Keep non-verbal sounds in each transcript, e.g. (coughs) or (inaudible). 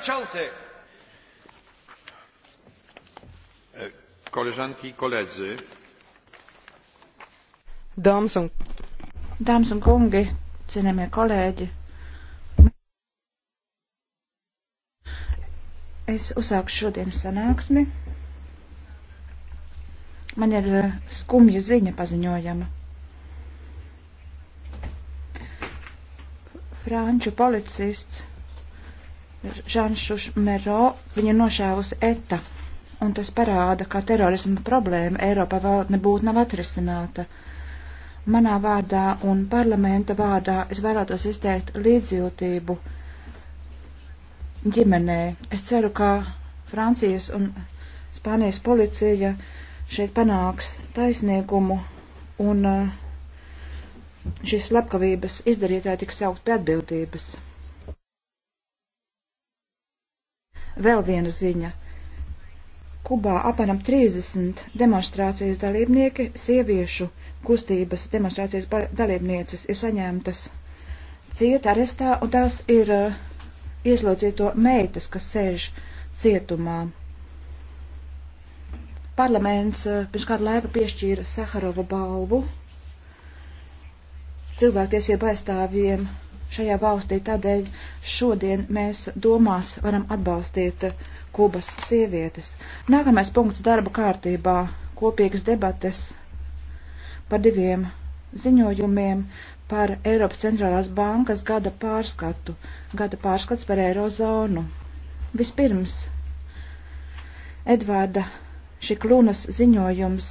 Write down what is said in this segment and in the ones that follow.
przewodniczący! E, koleżanki i koledzy. Dāmas un, Dāmas un kungi, cienījamie kolēģi, es uzsāku šodienas sanāksmi. Man ir e, skumja ziņa paziņojama. Franču policists Žanšuš Mero, viņa nošāvusi ETA, un tas parāda, ka terorisma problēma Eiropā vēl nebūtu nav atrisināta. Manā vārdā un parlamenta vārdā es vēlētos izteikt līdzjūtību ģimenē. Es ceru, ka Francijas un Spānijas policija šeit panāks taisnīgumu un uh, šīs slepkavības izdarītāji tiks saukt pie atbildības. Vēl viena ziņa. Kubā apmēram 30 demonstrācijas dalībnieki, sieviešu kustības demonstrācijas dalībnieces ir saņemtas cieta arestā, un tās ir uh, ieslodzīto meitas, kas sēž cietumā. Parlaments uh, pirms kāda laika piešķīra Saharova balvu cilvēktiesību aizstāvjiem šajā valstī. Tādēļ šodien mēs domās varam atbalstīt Kubas sievietes. Nākamais punkts darba kārtībā - kopīgas debates par diviem ziņojumiem par Eiropas centrālās bankas gada pārskatu, gada pārskats par eirozonu. Vispirms Edvarda Šiklūnas ziņojums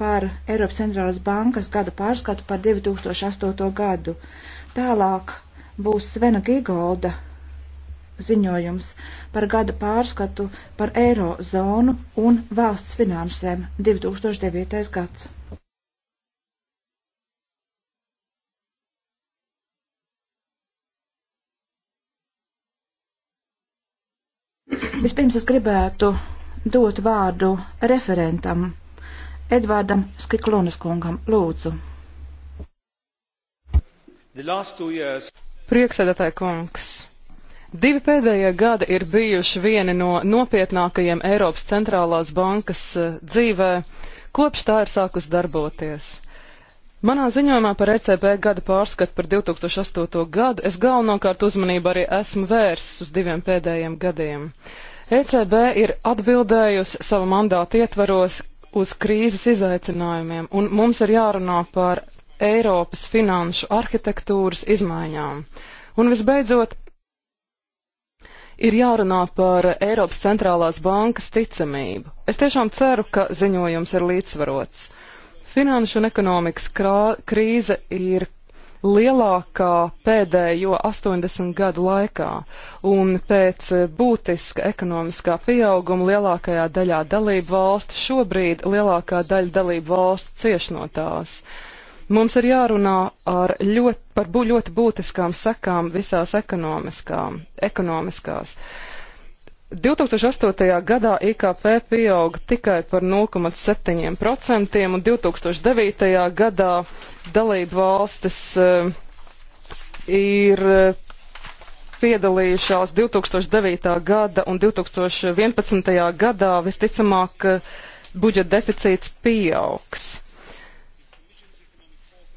par Eiropas centrālās bankas gada pārskatu par 2008. gadu. Tālāk būs Svena Gigolda ziņojums par gada pārskatu par eirozonu un valsts finansēm 2009. gads. Vispirms es gribētu dot vārdu referentam Edvardam Skiklunas kungam. Lūdzu. Prieksēdētāja kungs. Divi pēdējie gadi ir bijuši vieni no nopietnākajiem Eiropas centrālās bankas eh, dzīvē, kopš tā ir sākus darboties. Manā ziņojumā par ECB gada pārskatu par 2008. gadu es galvenokārt uzmanību arī esmu vērsis uz diviem pēdējiem gadiem. ECB ir atbildējusi savu mandātu ietvaros uz krīzes izaicinājumiem, un mums ir jārunā par Eiropas finanšu arhitektūras izmaiņām. Un visbeidzot, ir jārunā par Eiropas centrālās bankas ticamību. Es tiešām ceru, ka ziņojums ir līdzsvarots. Finanšu un ekonomikas krā, krīze ir lielākā pēdējo 80 gadu laikā, un pēc būtiska ekonomiskā pieauguma lielākajā daļā dalību valstu šobrīd lielākā daļa dalību valstu cieš no tās. Uh, Mums ir jārunā ar ļoti, par bu, ļoti būtiskām sekām visās ekonomiskās. 2008. gadā IKP pieauga tikai par 0,7% un 2009. gadā dalību valstis eh, ir eh, piedalījušās 2009. gada un 2011. gadā visticamāk eh, budžeta deficīts pieaugs.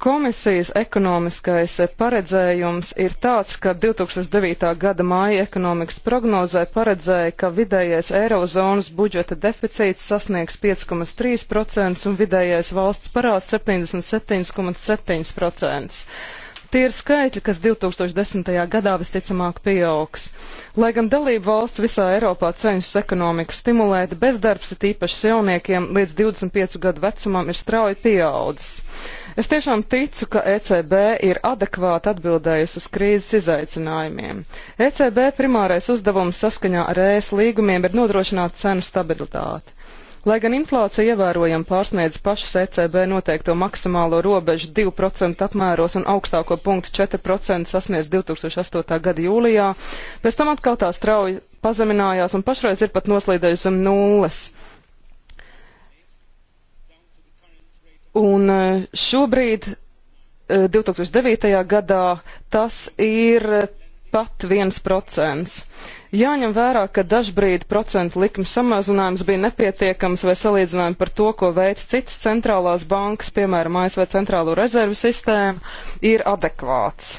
Komisijas ekonomiskais paredzējums ir tāds, ka 2009. gada māja ekonomikas prognozē paredzēja, ka vidējais eirozonas budžeta deficīts sasniegs 5,3% un vidējais valsts parāds 77,7%. Tie ir skaitļi, kas 2010. gadā visticamāk pieaugs. Lai gan dalību valsts visā Eiropā cenšas ekonomiku stimulēt, bezdarbs ir īpaši jauniekiem līdz 25 gadu vecumam ir strauji pieaudzis. Es tiešām ticu, ka ECB ir adekvāti atbildējusi uz krīzes izaicinājumiem. ECB primārais uzdevums saskaņā ar ES līgumiem ir nodrošināt cenu stabilitāti. Lai gan inflācija ievērojami pārsniedz pašas ECB noteikto maksimālo robežu 2% apmēros un augstāko punktu 4% sasniedz 2008. gada jūlijā, pēc tam atkal tā strauji pazeminājās un pašreiz ir pat noslīdējusi zem nulles. Un e, šobrīd, 2009. E, gadā, tas ir pat 1%. Jāņem vērā, ka dažbrīd procentu likuma samazinājums bija nepietiekams vai salīdzinājumi par to, ko veic citas centrālās bankas, piemēram, ASV centrālo rezervu sistēmu, ir adekvāts.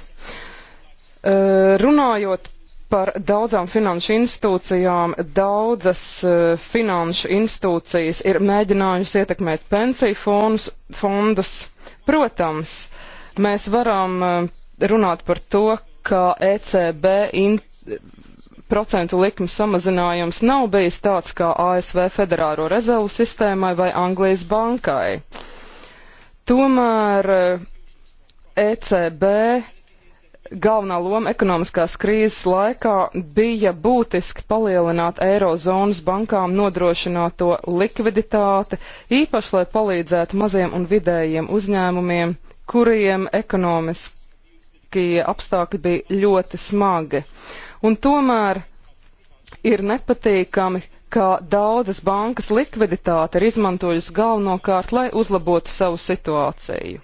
E, runājot par daudzām finanšu institūcijām. Daudzas uh, finanšu institūcijas ir mēģinājušas ietekmēt pensiju fondus. fondus. Protams, mēs varam uh, runāt par to, ka ECB in, procentu likuma samazinājums nav bijis tāds kā ASV Federālo rezervu sistēmai vai Anglijas bankai. Tomēr ECB eh, e galvenā loma ekonomiskās krīzes laikā bija būtiski palielināt Eirozonas bankām nodrošināto likviditāti, īpaši lai palīdzētu maziem un vidējiem uzņēmumiem, kuriem ekonomiskie apstākļi bija ļoti smagi. Un tomēr ir nepatīkami, ka daudzas bankas likviditāte ir izmantojusi galvenokārt, lai uzlabotu savu situāciju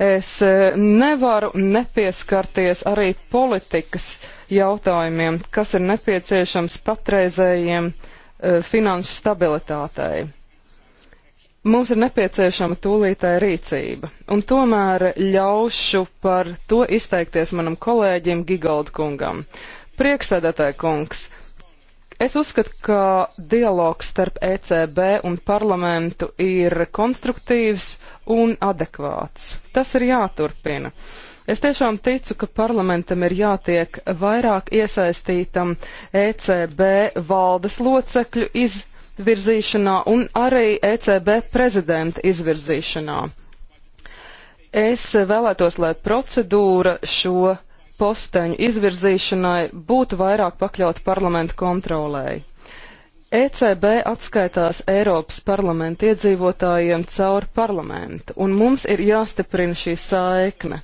es e, nevaru nepieskarties arī politikas jautājumiem, kas ir nepieciešams patreizējiem e, finanšu stabilitātei. Mums ir nepieciešama tūlītēja rīcība, un tomēr ļaušu par to izteikties manam kolēģim Gigaldu kungam. Prieksēdētāja kungs, es uzskatu, ka dialogs starp ECB un parlamentu ir konstruktīvs un adekvāts. Tas ir jāturpina. Es tiešām ticu, ka parlamentam ir jātiek vairāk iesaistītam ECB valdes locekļu izvirzīšanā un arī ECB prezidenta izvirzīšanā. Es vēlētos, lai procedūra šo posteņu izvirzīšanai būtu vairāk pakļauta parlamenta kontrolēji. ECB atskaitās Eiropas parlamenta iedzīvotājiem caur parlamentu, un mums ir jāstiprina šī saikne.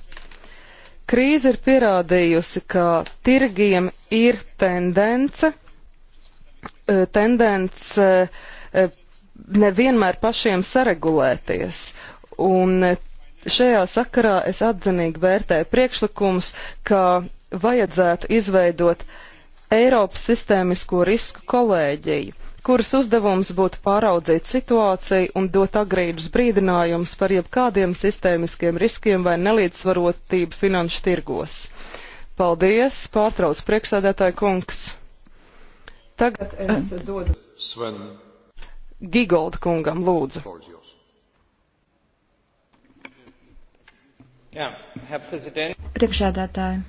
Krīze ir pierādījusi, ka tirgiem ir tendence, e, tendence e, nevienmēr pašiem saregulēties, un šajā sakarā es atzinīgi vērtēju priekšlikumus, ka vajadzētu izveidot uh, Eiropas sistēmisko risku kolēģiju, kuras uzdevums būtu pāraudzīt situāciju un dot agrīdus brīdinājumus par jebkādiem sistēmiskiem riskiem vai nelīdzsvarotību finanšu tirgos. Paldies, pārtrauc priekšsēdētāja kungs. Tagad es dodu Sven. Gigolda kungam lūdzu. Priekšsēdētāji.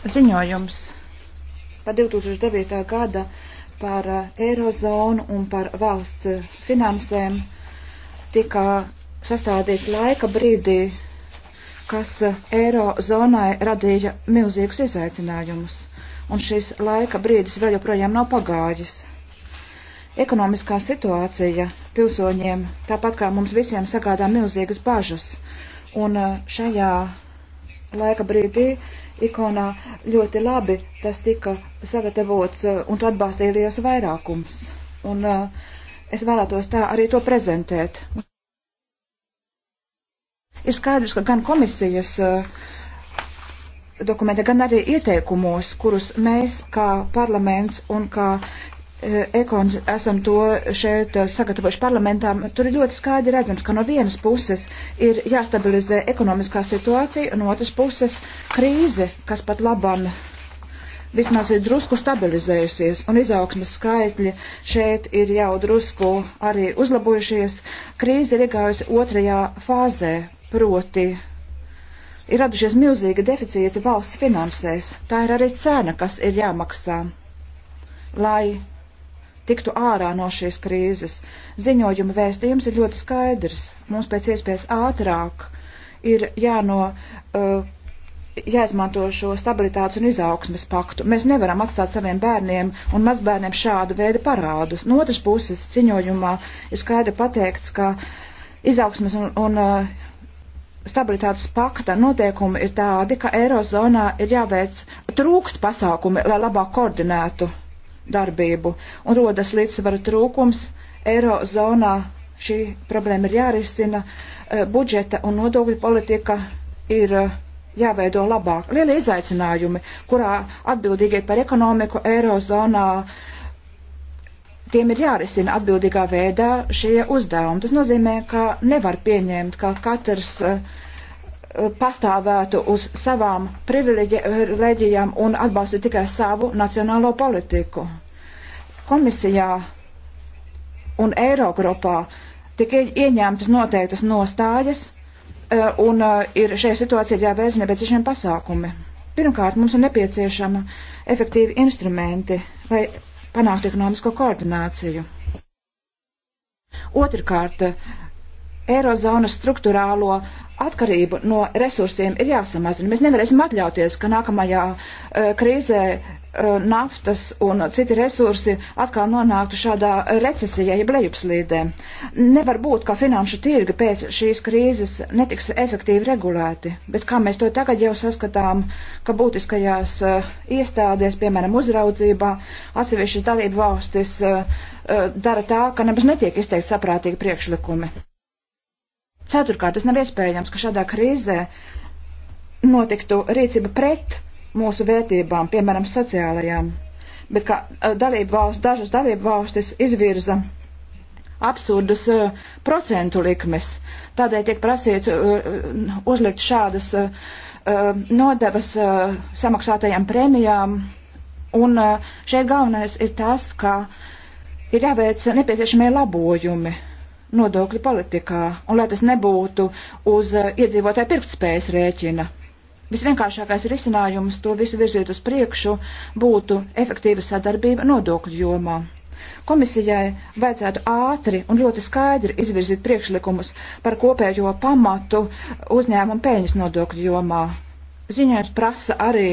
Ziņojums par 2009. gada par eh, eirozonu un par valsts eh, finansēm tika sastādīts laika brīdī, kas eh, eirozonai radīja milzīgus izaicinājumus. Un šis laika brīdis vēl joprojām nav pagājis. Ekonomiskā situācija pilsoņiem, tāpat kā mums visiem, sagādā milzīgas bažas. Un šajā laika brīdī uh, ikonā ļoti labi tas tika sagatavots eh, un to atbalstīja liels vairākums. Un eh, es vēlētos tā arī to prezentēt. Ir skaidrs, ka gan komisijas eh, dokumenta, gan arī ieteikumos, kurus mēs kā parlaments un kā Ekons esam to šeit sagatavojuši parlamentām, tur ir ļoti skaidri redzams, ka no vienas puses ir jāstabilizē ekonomiskā situācija, no otras puses krīze, kas pat labam vismaz ir drusku stabilizējusies, un izaugsmes skaitļi šeit ir jau drusku arī uzlabojušies. Krīze ir iegājusi otrajā fāzē, proti ir radušies milzīgi deficīti valsts finansēs. Tā ir arī cena, kas ir jāmaksā, lai tiktu ārā no šīs krīzes. Ziņojuma vēstījums ir ļoti skaidrs. Mums pēc iespējas ātrāk ir jāno, uh, jāizmanto šo stabilitātes un izaugsmes paktu. Mēs nevaram atstāt saviem bērniem un mazbērniem šādu veidu parādus. No otras puses, ziņojumā ir skaidri pateikts, ka izaugsmes un. un uh, stabilitātes pakta noteikumi ir tādi, ka Eirozonā ir jāveic trūkst pasākumi, lai labāk koordinētu darbību un rodas līdzsvara trūkums eirozonā. Šī problēma ir jārisina, e, budžeta un nodokļu politika ir e, jāveido labāk. Lielie izaicinājumi, kurā atbildīgie par ekonomiku eirozonā tiem ir jārisina atbildīgā veidā šie uzdevumi. Tas nozīmē, ka nevar pieņemt, ka katrs uh, pastāvētu uz savām privileģijām un atbalsta tikai savu nacionālo politiku. Komisijā un Eirogrupā tika ieņemtas noteiktas nostājas, e, un e, ir šajā situācijā jāveic nepieciešami pasākumi. Pirmkārt, mums ir nepieciešama efektīvi instrumenti, lai panāktu ekonomisko koordināciju. Otrkārt, Eirozonas struktūrālo atkarību no resursiem ir jāsamazina. Mēs nevarēsim atļauties, ka nākamajā uh, krīzē uh, naftas un citi resursi atkal nonāktu šādā recesijā, jeb lejupslīdē. Nevar būt, ka finanšu tirgi pēc šīs krīzes netiks efektīvi regulēti, bet kā mēs to tagad jau saskatām, ka būtiskajās uh, iestādēs, piemēram, uzraudzībā, atsevišķas dalību valstis dara tā, ka nemaz netiek izteikt saprātīgi priekšlikumi. Ceturkārt, tas nav iespējams, ka šādā krīzē notiktu rīcība pret mūsu vērtībām, piemēram, sociālajām, bet kā dalību valsts, dažas dalību valstis izvirza absurdas uh, procentu likmes. Tādēļ tiek prasīts uh, uzlikt šādas uh, nodevas samaksātajām prēmijām. Un šeit galvenais ir tas, ka ir jāveic nepieciešamie labojumi nodokļu politikā, un lai tas nebūtu uz eh, iedzīvotāju pirktspējas rēķina. Visvienkāršākais risinājums to visu virzīt uz priekšu būtu efektīva sadarbība nodokļu jomā. Komisijai vajadzētu ātri un ļoti skaidri izvirzīt priekšlikumus par kopējo pamatu uzņēmumu peļņas nodokļu jomā. Ziņojums prasa arī,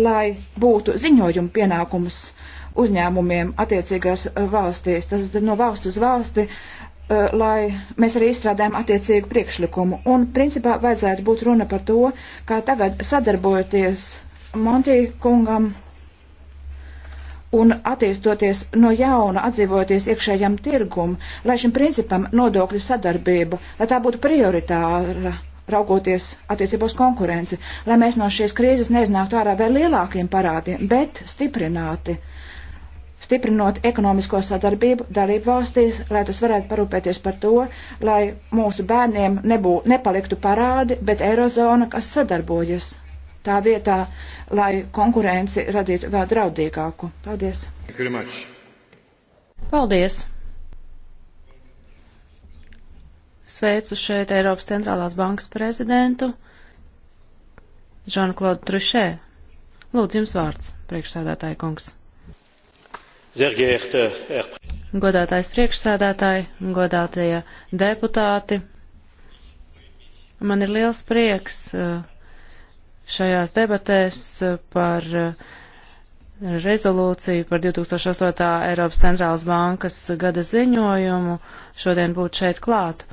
lai būtu ziņojumu pienākums uzņēmumiem attiecīgās valstīs, tas no valsts uz valsti, eh, lai mēs arī izstrādājam attiecīgu priekšlikumu. Un principā vajadzētu būt runa par to, kā tagad sadarbojoties Monti kungam un attīstoties no jauna, atdzīvoties iekšējam tirgum, lai šim principam nodokļu sadarbība, lai tā būtu prioritāra, raugoties attiecībos konkurenci, lai mēs no šīs krīzes neiznāktu ārā vēl lielākiem parādiem, bet stiprināti. Uh, stiprinot ekonomisko sadarbību darību valstīs, lai tas varētu parūpēties par to, lai mūsu bērniem nebū, nepaliktu parādi, bet eirozona, kas sadarbojas tā vietā, lai konkurenci radītu vēl draudīgāku. Paldies! Paldies! Sveicu šeit Eiropas centrālās bankas prezidentu Žanu Klodu Trušē. Lūdzu, jums vārds, priekšsēdētāja kungs. Godātais priekšsēdētāji, godātie deputāti, man ir liels prieks eh, šajās debatēs eh, par eh, rezolūciju par 2008. Eiropas centrālas bankas gada ziņojumu šodien būt šeit klāt.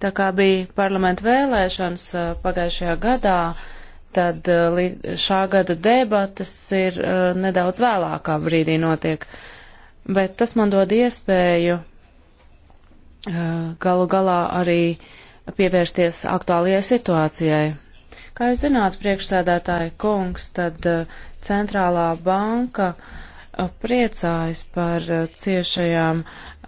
Tā kā bija parlamenta vēlēšanas pagājušajā gadā, tad eh, šā gada debatas ir eh, nedaudz vēlākā brīdī notiek. Bet tas man dod iespēju eh, galu galā arī pievērsties aktuālajai situācijai. Kā jūs zināt, priekšsēdētāja kungs, tad centrālā banka priecājas par ciešajām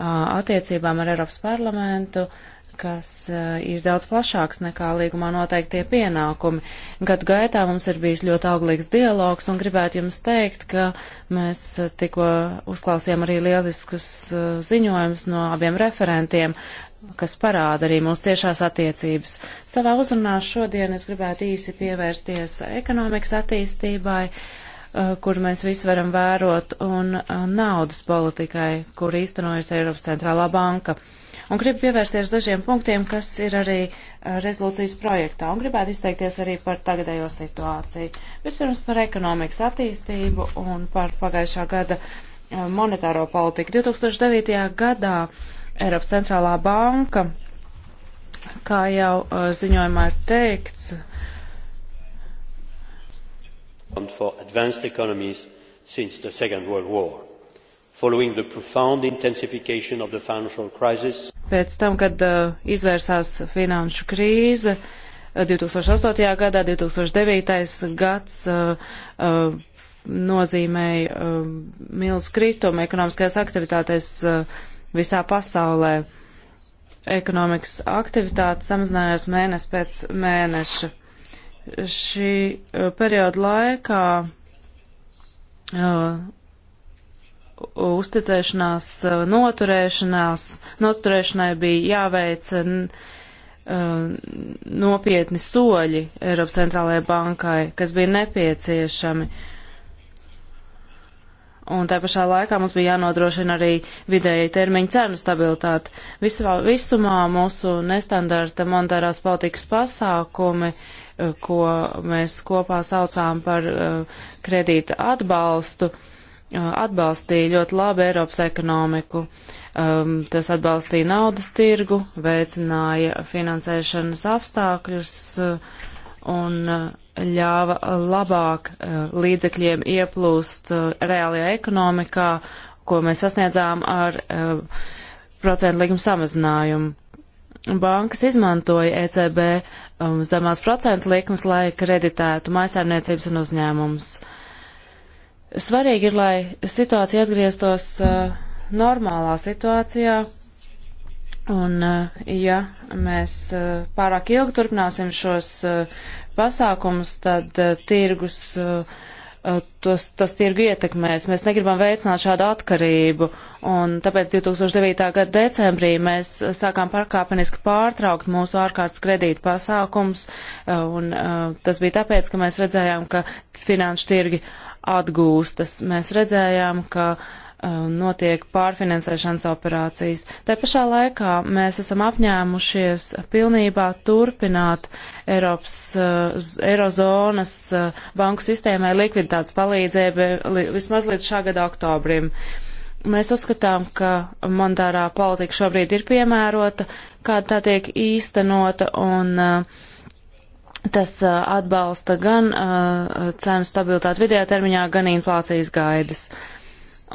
attiecībām ar Eiropas parlamentu, uh, kas eh, ir daudz plašāks nekā līgumā noteiktie pienākumi. Gadu gaitā mums ir bijis ļoti auglīgs dialogs un gribētu jums teikt, ka mēs eh, tikko uzklausījām arī lieliskus eh, ziņojumus no abiem referentiem, kas parāda arī mūsu tiešās attiecības. Savā uzrunā šodien es gribētu īsi pievērsties ekonomikas attīstībai kur mēs visi varam vērot, un naudas politikai, kur īstenojas Eiropas centrālā banka. Uh, Un gribu pievērsties dažiem punktiem, kas ir arī rezolūcijas projektā, un gribētu izteikties arī par tagadējo situāciju. Vispirms par ekonomikas attīstību un par pagājušā gada monetāro politiku. 2009. gadā Eiropas centrālā banka, kā jau ziņojumā ir teikts, for advanced economies since the Second World War following the profound intensification of the financial crisis. Pēc tam, kad uh, izvērsās finanšu krīze 2008. Uh, gadā, 2009. gads uh, uh, nozīmēja uh, um, milz kritumu ekonomiskajās aktivitātēs uh, visā pasaulē. Ekonomikas aktivitāte samazinājās mēnesi pēc mēneša. Šī uh, perioda laikā uh, uzticēšanās eh, noturēšanās, noturēšanai bija jāveic eh, eh, nopietni soļi Eiropas centrālajai bankai, kas bija nepieciešami. Un tā pašā laikā mums bija jānodrošina arī vidēji termiņa cenu stabilitāte. Visumā, visumā mūsu nestandarta monetārās politikas pasākumi, ko mēs kopā saucām par kredīta atbalstu, uh, atbalstīja ļoti labi Eiropas ekonomiku. Um, tas atbalstīja naudas tirgu, veicināja finansēšanas apstākļus un ļāva labāk līdzekļiem ieplūst reālajā ekonomikā, ko mēs sasniedzām ar uh, procentu likumu samazinājumu. Bankas izmantoja ECB um, zemās procentu likumus, lai kreditētu maisaimniecības un uzņēmumus. Uh, Svarīgi ir, lai situācija atgrieztos uh, normālā situācijā, un uh, ja mēs uh, pārāk ilgi turpināsim šos uh, pasākumus, tad uh, tirgus, uh, uh tos, tas tirgu ietekmēs. Mēs negribam veicināt šādu atkarību, un tāpēc 2009. gada decembrī mēs sākām pārkāpeniski pārtraukt mūsu ārkārtas kredītu pasākums, uh, un uh, tas bija tāpēc, ka mēs redzējām, ka finanšu tirgi uh, atgūstas. Mēs redzējām, ka uh, notiek pārfinansēšanas operācijas. Tā pašā laikā mēs esam apņēmušies pilnībā turpināt Eiropas, uh, Eirozonas uh, banku sistēmai likviditātes palīdzēbu vismaz līdz šā gada oktobrim. Mēs uzskatām, ka monetārā politika šobrīd ir piemērota, kāda tā tiek īstenota un uh, Tas atbalsta gan uh, cenu stabilitāti vidējā termiņā, gan inflācijas gaidas.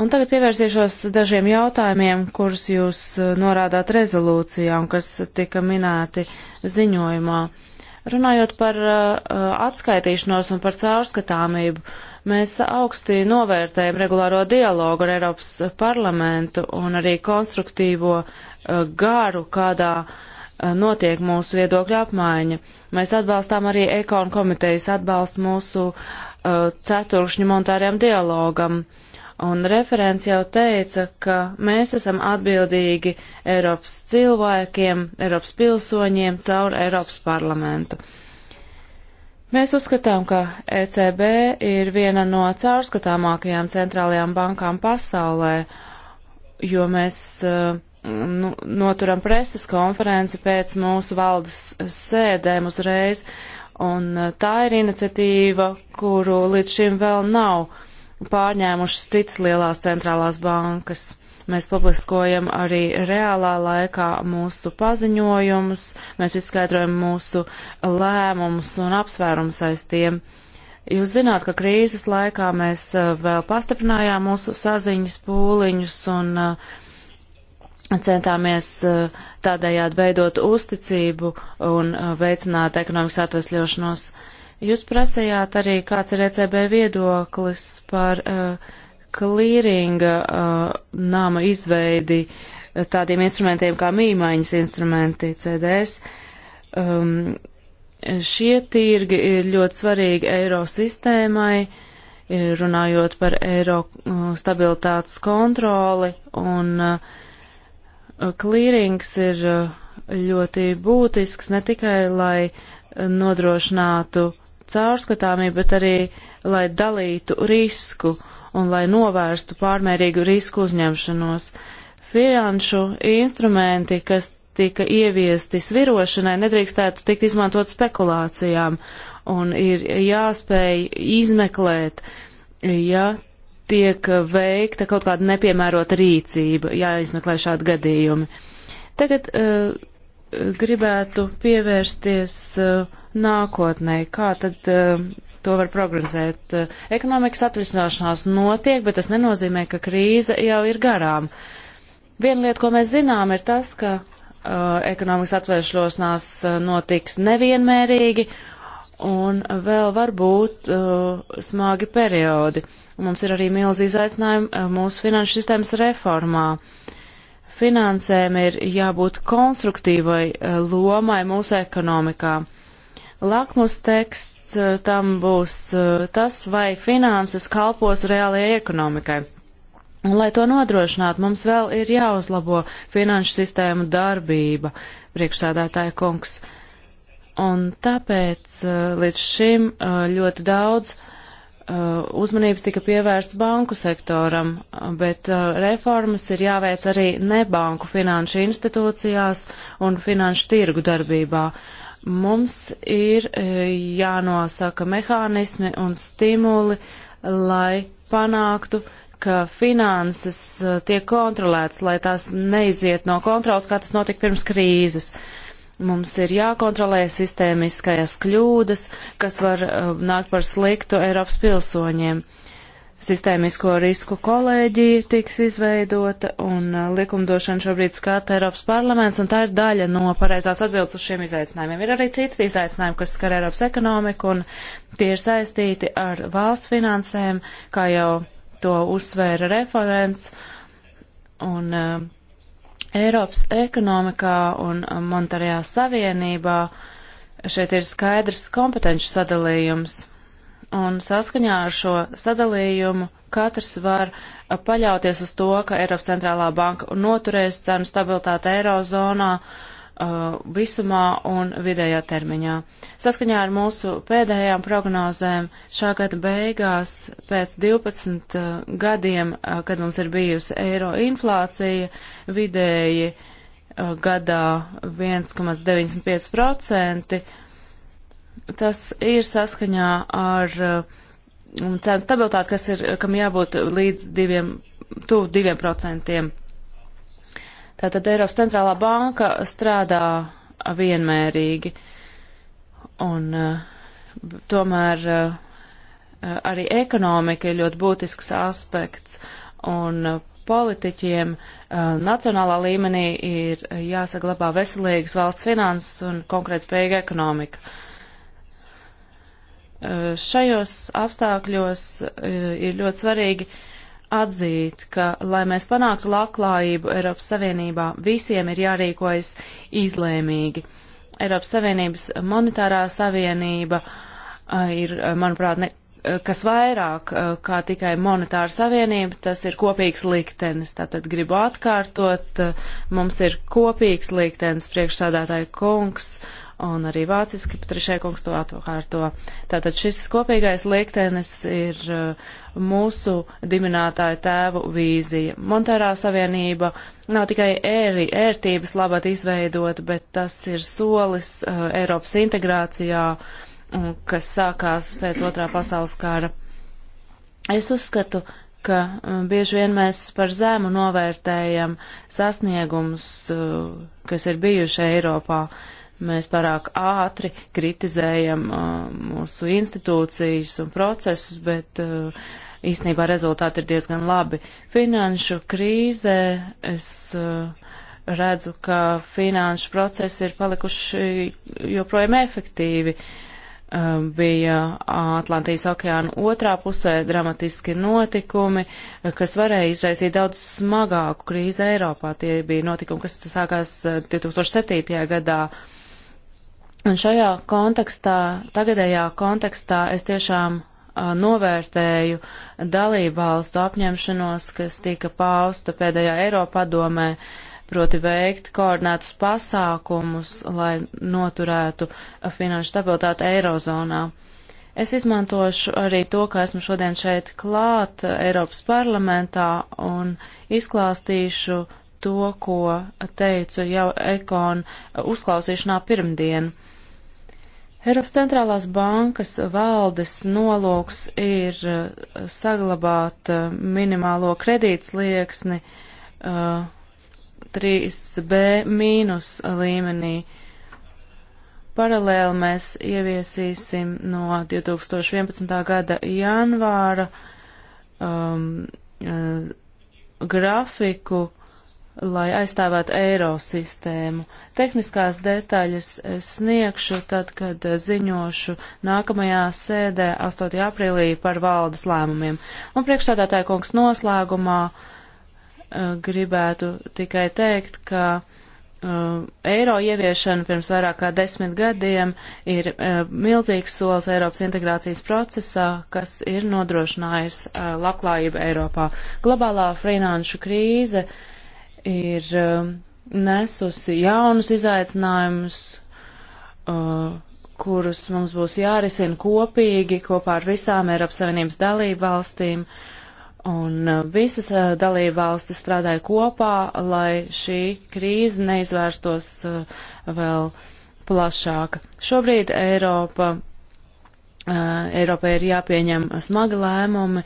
Un tagad pievērsīšos dažiem jautājumiem, kurus jūs norādāt rezolūcijā un kas tika minēti ziņojumā. Runājot par uh, atskaitīšanos un par caurskatāmību, mēs augstī novērtējam regulāro dialogu ar Eiropas parlamentu un arī konstruktīvo uh, garu, kādā uh, Eh, notiek mūsu viedokļa apmaiņa. Mēs atbalstām arī ekonu komitejas atbalstu mūsu uh, ceturkšņu monetārajam dialogam. Un referents jau teica, ka mēs esam atbildīgi Eiropas cilvēkiem, Eiropas pilsoņiem caur Eiropas parlamentu. Mēs uzskatām, ka ECB ir viena no caurskatāmākajām centrālajām bankām pasaulē, jo mēs uh, nu, noturam preses konferenci pēc mūsu valdes sēdēm uzreiz, un e, tā ir iniciatīva, kuru līdz šim vēl nav pārņēmušas citas lielās centrālās bankas. Mēs publiskojam arī reālā laikā mūsu paziņojumus, mēs izskaidrojam mūsu lēmumus un apsvērumus aiz tiem. Jūs zināt, ka krīzes laikā mēs e, vēl pastiprinājām mūsu saziņas pūliņus un uh, centāmies eh, tādējādi veidot uzticību un eh, veicināt ekonomikas atvesļošanos. Jūs prasījāt arī, kāds ir ECB viedoklis par klīringa eh, uh, uh, nama izveidi tādiem instrumentiem kā mīmaiņas instrumenti CDS. Um, šie tirgi ir ļoti svarīgi eiro sistēmai, runājot par eiro stabilitātes kontroli un uh, Klīrings eh, ir eh, ļoti būtisks ne tikai, lai nodrošinātu caurskatāmību, bet arī, lai dalītu risku un lai novērstu pārmērīgu risku uzņemšanos. Finanšu instrumenti, kas tika ieviesti svirošanai, nedrīkstētu tikt izmantot spekulācijām un ir jāspēj izmeklēt, ja tiek eh, veikta kaut kāda nepiemērota rīcība, jāizmeklē šādi gadījumi. Tagad uh, gribētu pievērsties uh, nākotnē, kā tad uh, to var prognozēt. Uh, ekonomikas atrisināšanās notiek, bet tas nenozīmē, ka krīze jau ir garām. Viena lieta, ko mēs zinām, ir tas, ka uh, ekonomikas atvēršanās notiks nevienmērīgi, uh, un vēl var būt uh, smagi periodi. Mums ir arī milz izaicinājumi uh, mūsu finanšu sistēmas reformā. Finansēm ir jābūt konstruktīvai uh, lomai mūsu ekonomikā. Lakmus teksts uh, tam būs uh, tas, vai finanses kalpos reālajai ekonomikai. Un, lai to nodrošinātu, mums vēl ir jāuzlabo finanšu sistēmu darbība, priekšsādātāja kungs. Uh, Un tāpēc uh, līdz šim uh, ļoti daudz uh, uzmanības tika pievērsts banku sektoram, bet reformas ir jāveic arī nebanku finanšu institūcijās un finanšu tirgu darbībā. Mums ir jānosaka mehānismi un stimuli, lai panāktu, ka finanses tiek kontrolētas, lai tās neiziet no kontrols, kā tas notika pirms krīzes. Uh, Mums ir jākontrolē sistēmiskajās kļūdas, kas var uh, nākt par sliktu Eiropas pilsoņiem. Sistēmisko risku kolēģija tiks izveidota un uh, likumdošana šobrīd skata Eiropas parlaments, un tā ir daļa no pareizās atbildes uz šiem izaicinājumiem. Ir arī citi izaicinājumi, kas skar Eiropas ekonomiku, un tie ir saistīti ar valsts finansēm, kā jau to uzsvēra referents. Un, uh, Eiropas ekonomikā un monetārajā savienībā šeit ir skaidrs kompetenci sadalījums. Un saskaņā ar šo sadalījumu katrs var paļauties uz to, ka Eiropas centrālā banka noturēs cenu stabilitāti eirozonā uh, visumā un vidējā termiņā. Saskaņā ar mūsu pēdējām prognozēm šā gada beigās pēc 12 uh, gadiem, uh, kad mums ir bijusi eiro inflācija, vidēji uh, gadā 1,95%, tas ir saskaņā ar uh, cenu stabilitāti, kas ir, kam jābūt līdz diviem, tuvu diviem procentiem. Tātad Eiropas centrālā banka strādā vienmērīgi, un eh, tomēr eh, arī ekonomika ir ļoti būtisks aspekts, un eh, politiķiem nacionālā līmenī ir jāsaglabā veselīgas valsts finanses un konkrēt spējīga ekonomika. Šajos apstākļos ir ļoti svarīgi atzīt, ka, lai mēs panāktu labklājību Eiropas Savienībā, visiem ir jārīkojas izlēmīgi. Eiropas Savienības monetārā savienība eh, ir, eh, manuprāt, ne, eh, kas vairāk kā tikai monetāra savienība, tas ir kopīgs liktenis. Tātad gribu atkārtot, mums ir kopīgs liktenis priekšsādātāja kungs un arī vāciski Patrišē kungs to atkārto. Tātad šis kopīgais liktenis ir uh, mūsu dibinātāju tēvu vīzija. Montērā savienība nav tikai ēri, ērtības labāk izveidota, bet tas ir solis uh, Eiropas integrācijā, un, kas sākās pēc otrā pasaules kara. Es uzskatu, ka uh, bieži vien mēs par zēmu novērtējam sasniegumus, uh, kas ir bijuši Eiropā. Uh, mēs pārāk ātri kritizējam uh, mūsu institūcijas un procesus, bet uh, īstenībā rezultāti ir diezgan labi. Finanšu krīzē es uh, redzu, ka finanšu procesi ir palikuši joprojām efektīvi. Uh, bija Atlantijas okeāna otrā pusē dramatiski notikumi, kas varēja izraisīt daudz smagāku krīzi Eiropā. Tie bija notikumi, kas sākās 2007. Uh, gadā. Uh, Un šajā kontekstā, tagadējā kontekstā es tiešām a, novērtēju dalību valstu apņemšanos, kas tika pausta pēdējā Eiropadomē, proti veikt koordinētus pasākumus, lai noturētu finanšu stabilitāti Eirozonā. Es izmantošu arī to, ka esmu šodien šeit klāt Eiropas parlamentā un izklāstīšu to, ko teicu jau ekonu uzklausīšanā pirmdien. Eiropas centrālās bankas valdes nolūks ir uh, saglabāt uh, minimālo kredītslieksni uh, 3B mīnus līmenī. Paralēli mēs ieviesīsim no 2011. gada janvāra um, uh, grafiku, lai aizstāvētu eiro sistēmu. Tehniskās detaļas sniegšu tad, kad eh, ziņošu nākamajā sēdē 8. aprīlī par valdes lēmumiem. Un priekšstādātāja kungs noslēgumā eh, gribētu tikai teikt, ka eh, eiro ieviešana pirms vairāk kā desmit gadiem ir milzīgs solis Eiropas integrācijas procesā, kas ir nodrošinājis labklājību Eiropā. Globālā finanšu krīze ir nesusi jaunus izaicinājumus, uh, kurus mums būs jārisina kopīgi kopā ar visām Eiropas Savienības dalību valstīm. Un uh, visas uh, dalību valstis strādāja kopā, lai šī krīze neizvērstos uh, vēl plašāka. Šobrīd Eiropa Eiropai ir jāpieņem smagi lēmumi,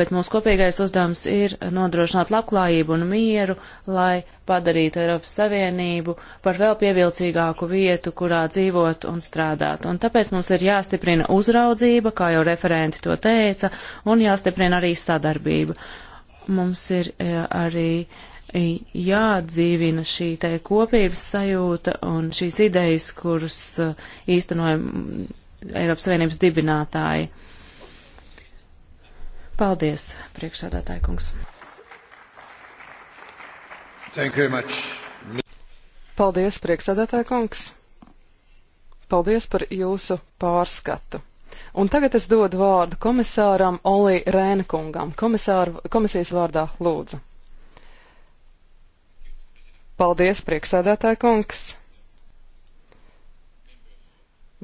bet mūsu kopīgais uzdevums ir nodrošināt labklājību un mieru, lai padarītu Eiropas Savienību par vēl pievilcīgāku vietu, kurā dzīvot un strādāt. Un tāpēc mums ir jāstiprina uzraudzība, kā jau referenti to teica, un jāstiprina arī sadarbība. Mums ir arī jāatdzīvina šī te kopības sajūta un šīs idejas, kuras īstenojam Eiropas Savienības dibinātāji. Paldies, priekšsādātāja kungs. Paldies, priekšsādātāja kungs. Paldies par jūsu pārskatu. Un tagad es dodu vārdu komisāram Olī Rēnkungam. Komisāru, komisijas vārdā lūdzu. Paldies, priekšsādātāja kungs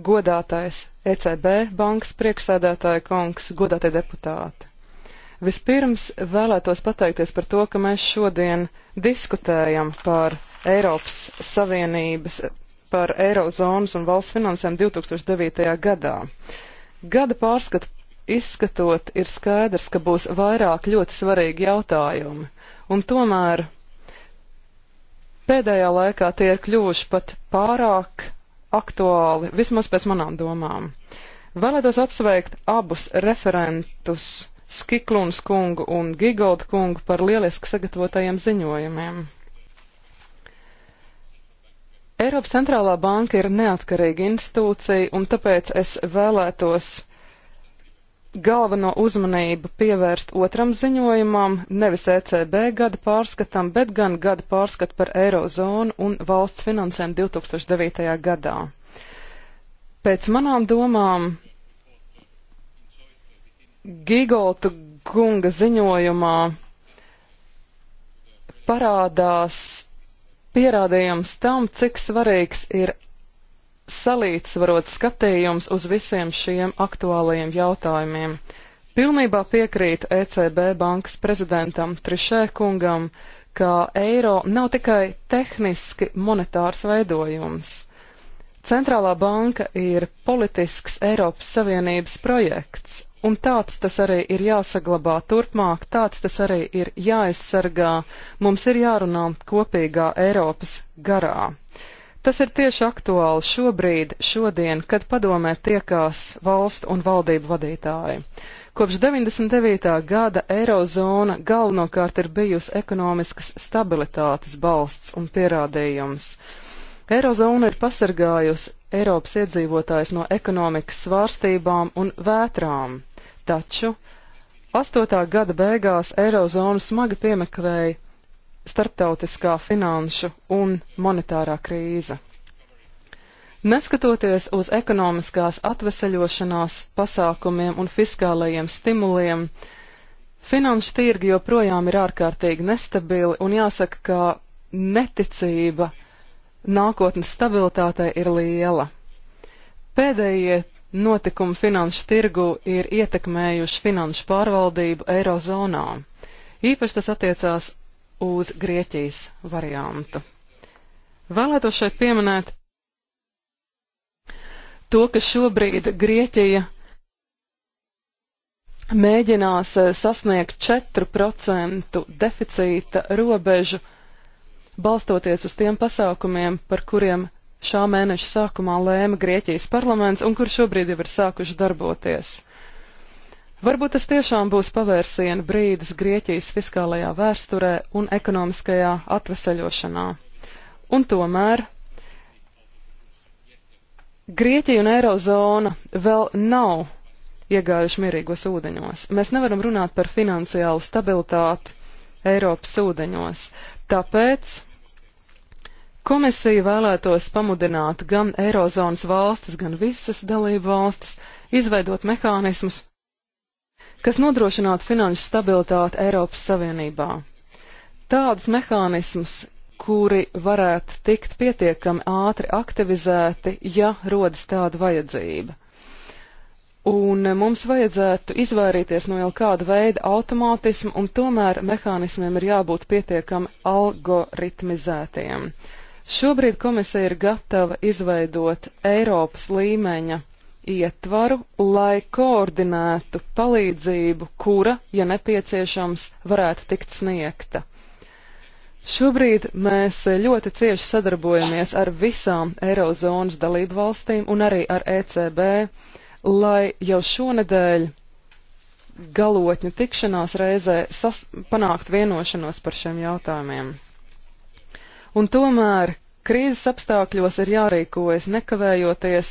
godātais ECB bankas priekšsēdētāja kungs, godātie deputāti. Vispirms vēlētos pateikties par to, ka mēs šodien diskutējam par Eiropas Savienības, par Eirozonas un valsts finansēm 2009. gadā. Gada pārskatu izskatot, ir skaidrs, ka būs vairāk ļoti svarīgi jautājumi, un tomēr pēdējā laikā tie ir kļuvuši pat pārāk aktuāli, vismaz pēc manām domām. Vēlētos apsveikt abus referentus, Skiklunas kungu un Gigolda kungu par lieliski sagatavotajiem ziņojumiem. Eiropas centrālā banka ir neatkarīga institūcija, un tāpēc es vēlētos galveno uzmanību pievērst otram ziņojumam, nevis ECB gada pārskatam, bet gan gada pārskatu par Eirozonu un valsts finansēm 2009. gadā. Pēc manām domām, Gigolta kunga ziņojumā parādās pierādījums tam, cik svarīgs ir salīdzvarot skatījums uz visiem šiem aktuālajiem jautājumiem. Pilnībā piekrītu ECB bankas prezidentam Trišē kungam, ka eiro nav tikai tehniski monetārs veidojums. Centrālā banka ir politisks Eiropas Savienības projekts, un tāds tas arī ir jāsaglabā turpmāk, tāds tas arī ir jāaizsargā, mums ir jārunā kopīgā Eiropas garā. Tas ir tieši aktuāli šobrīd, šodien, kad padomē tiekās valstu un valdību vadītāji. Kopš 99. gada Eirozona galvenokārt ir bijusi ekonomiskas stabilitātes balsts un pierādījums. Eirozona ir pasargājusi Eiropas iedzīvotājs no ekonomikas svārstībām un vētrām, taču 8. gada beigās Eirozona smagi piemeklēja starptautiskā finanšu un monetārā krīze. Neskatoties uz ekonomiskās atveseļošanās pasākumiem un fiskālajiem stimuliem, finanšu tirgi joprojām ir ārkārtīgi nestabili un jāsaka, ka neticība nākotnes stabilitātei ir liela. Pēdējie notikumi finanšu tirgu ir ietekmējuši finanšu pārvaldību Eirozonā. Īpaši tas attiecās uz Grieķijas variantu. Vēlētos šeit pieminēt to, ka šobrīd Grieķija mēģinās eh, sasniegt 4% deficīta robežu, balstoties uz tiem pasākumiem, par kuriem šā mēneša sākumā lēma Grieķijas parlaments un kur šobrīd jau ir sākuši darboties. Varbūt tas tiešām būs pavērsiena brīdis Grieķijas fiskālajā vēsturē un ekonomiskajā atveseļošanā. Un tomēr Grieķija un Eirozona vēl nav iegājuši mierīgos ūdeņos. Mēs nevaram runāt par finansiālu stabilitāti Eiropas ūdeņos. Tāpēc komisija vēlētos pamudināt gan Eirozonas valstis, gan visas dalību valstis izveidot mehānismus, kas nodrošinātu finanšu stabilitāti Eiropas Savienībā. Tādus mehānismus, kuri varētu tikt pietiekami ātri aktivizēti, ja rodas tāda vajadzība. Un mums vajadzētu izvairīties no jau kāda veida automātismu, un tomēr mehānismiem ir jābūt pietiekami algoritmizētiem. Šobrīd komisija ir gatava izveidot Eiropas līmeņa ietvaru, lai koordinētu palīdzību, kura, ja nepieciešams, varētu tikt sniegta. Šobrīd mēs ļoti cieši sadarbojamies ar visām Eirozonas dalību valstīm un arī ar ECB, lai jau šonedēļ galotņu tikšanās reizē panākt vienošanos par šiem jautājumiem. Un tomēr Krīzes apstākļos ir jārīkojas nekavējoties,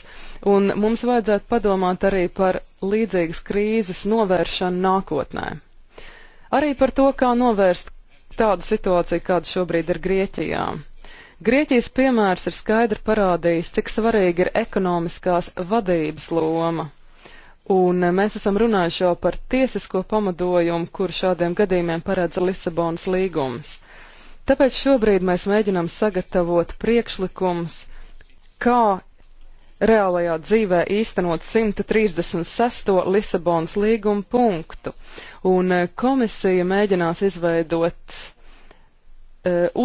un mums vajadzētu padomāt arī par līdzīgas krīzes novēršanu nākotnē. Arī par to, kā novērst tādu situāciju, kāda šobrīd ir Grieķijā. Grieķijas piemērs ir skaidri parādījis, cik svarīga ir ekonomiskās vadības loma. Un mēs esam runājuši jau par tiesisko pamadojumu, kur šādiem gadījumiem paredz Lisabonas līgums. Tāpēc šobrīd mēs mēģinām sagatavot priekšlikums, kā reālajā dzīvē īstenot 136. Lisabonas līguma punktu, un eh, komisija mēģinās izveidot e,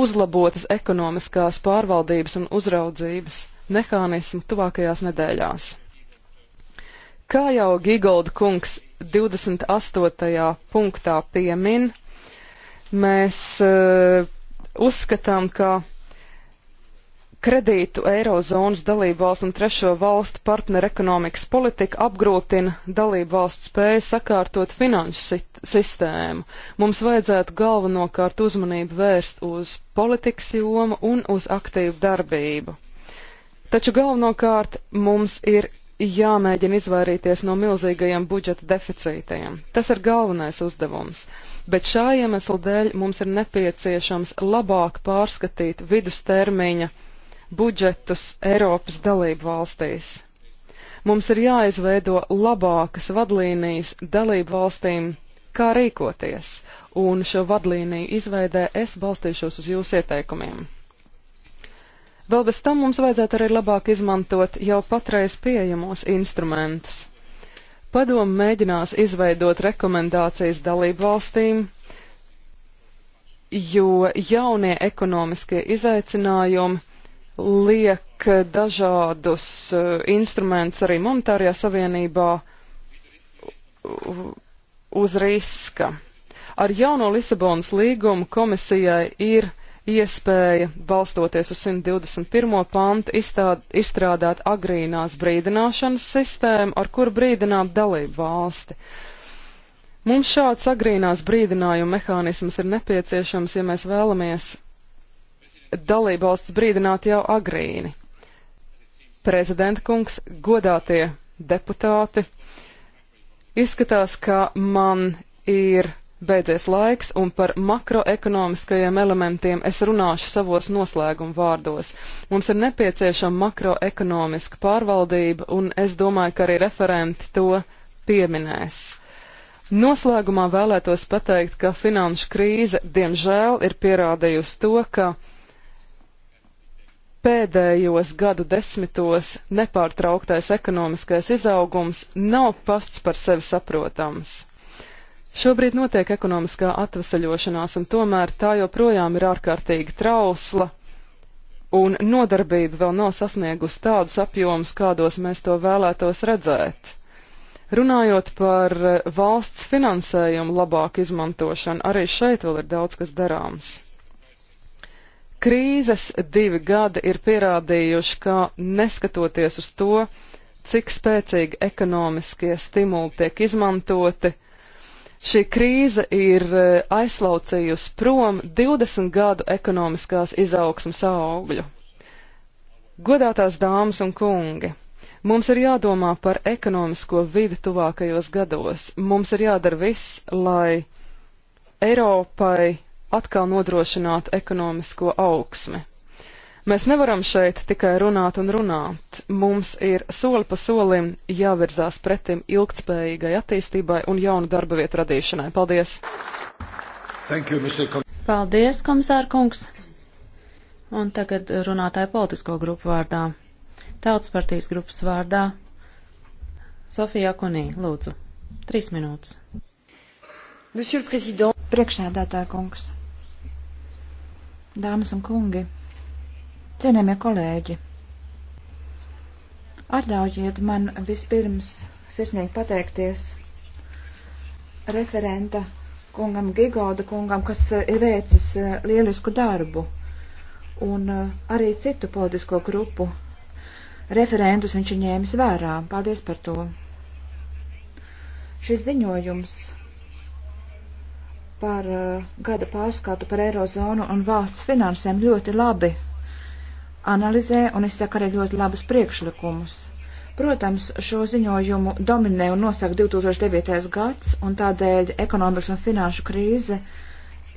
uzlabotas ekonomiskās pārvaldības un uzraudzības mehānismu tuvākajās nedēļās. Kā jau Gigolda kungs 28. punktā piemin, mēs e, uzskatām, ka kredītu eirozonas dalībvalstu un trešo valstu partneru ekonomikas politika apgrūtina dalībvalstu spēju sakārtot finanšu sistēmu. Mums vajadzētu galvenokārt uzmanību vērst uz politikas jomu un uz aktīvu darbību. Taču galvenokārt mums ir jāmēģina izvairīties no milzīgajiem budžeta deficītiem. Tas ir galvenais uzdevums bet šā iemesla dēļ mums ir nepieciešams labāk pārskatīt vidustermiņa budžetus Eiropas dalību valstīs. Mums ir jāizveido labākas vadlīnijas dalību valstīm, kā rīkoties, un šo vadlīniju izveidē es balstīšos uz jūsu ieteikumiem. Vēl bez tam mums vajadzētu arī labāk izmantot jau patreiz pieejamos instrumentus. Padomu mēģinās izveidot rekomendācijas dalību valstīm, jo jaunie ekonomiskie izaicinājumi liek dažādus eh, instrumentus arī monetārajā savienībā uz riska. Ar jauno Lisabonas līgumu komisijai ir iespēja, balstoties uz 121. pantu, izstād, izstrādāt agrīnās brīdināšanas sistēmu, ar kuru brīdināt dalību valsti. Mums šāds agrīnās brīdinājuma mehānisms ir nepieciešams, ja mēs vēlamies dalību valsts brīdināt jau agrīni. Prezidenta kungs, godātie deputāti, izskatās, ka man ir beidzies laiks, un par makroekonomiskajiem elementiem es runāšu savos noslēguma vārdos. Mums ir nepieciešama makroekonomiska pārvaldība, un es domāju, ka arī referenti to pieminēs. Noslēgumā vēlētos pateikt, ka finanšu krīze, diemžēl, ir pierādījusi to, ka pēdējos gadu desmitos nepārtrauktais ekonomiskais izaugums nav pasts par sevi saprotams. Šobrīd notiek ekonomiskā atvesaļošanās, un tomēr tā joprojām ir ārkārtīgi trausla, un nodarbība vēl nav sasniegusi tādus apjomus, kādos mēs to vēlētos redzēt. Runājot par eh, valsts finansējumu labāku izmantošanu, arī šeit vēl ir daudz kas darāms. Krīzes divi gadi ir pierādījuši, ka neskatoties uz to, cik spēcīgi ekonomiskie stimuli tiek izmantoti, Šī krīze ir e, aizslaucījusi prom 20 gadu ekonomiskās izaugsmas augļu. Godātās dāmas un kungi, mums ir jādomā par ekonomisko vidi tuvākajos gados. Mums ir jādara viss, lai Eiropai atkal nodrošinātu ekonomisko augsmi. Mēs nevaram šeit tikai runāt un runāt. Mums ir soli pa solim jāvirzās pretim ilgtspējīgai attīstībai un jaunu darba vietu radīšanai. Paldies! Thank you, Mr. Kom Paldies, komisārkungs! Un tagad runātāja politisko grupu vārdā. Tautas partijas grupas vārdā Sofija Kunī, lūdzu, trīs minūtes. Priekšsēdētāja kungs, dāmas un kungi, Cienējamie kolēģi, atļaujiet man vispirms sirsnīgi pateikties referenta kungam Gigoda kungam, kas eh, ir veicis eh, lielisku darbu un eh, arī citu politisko grupu referentus viņš ir ņēmis vērā. Paldies par to. Šis ziņojums par gada pārskatu par Eirozonu un valsts finansēm ļoti labi analizē un izsaka arī ļoti labus priekšlikumus. Protams, šo ziņojumu dominē un nosaka 2009. gads, un tādēļ ekonomikas un finanšu krīze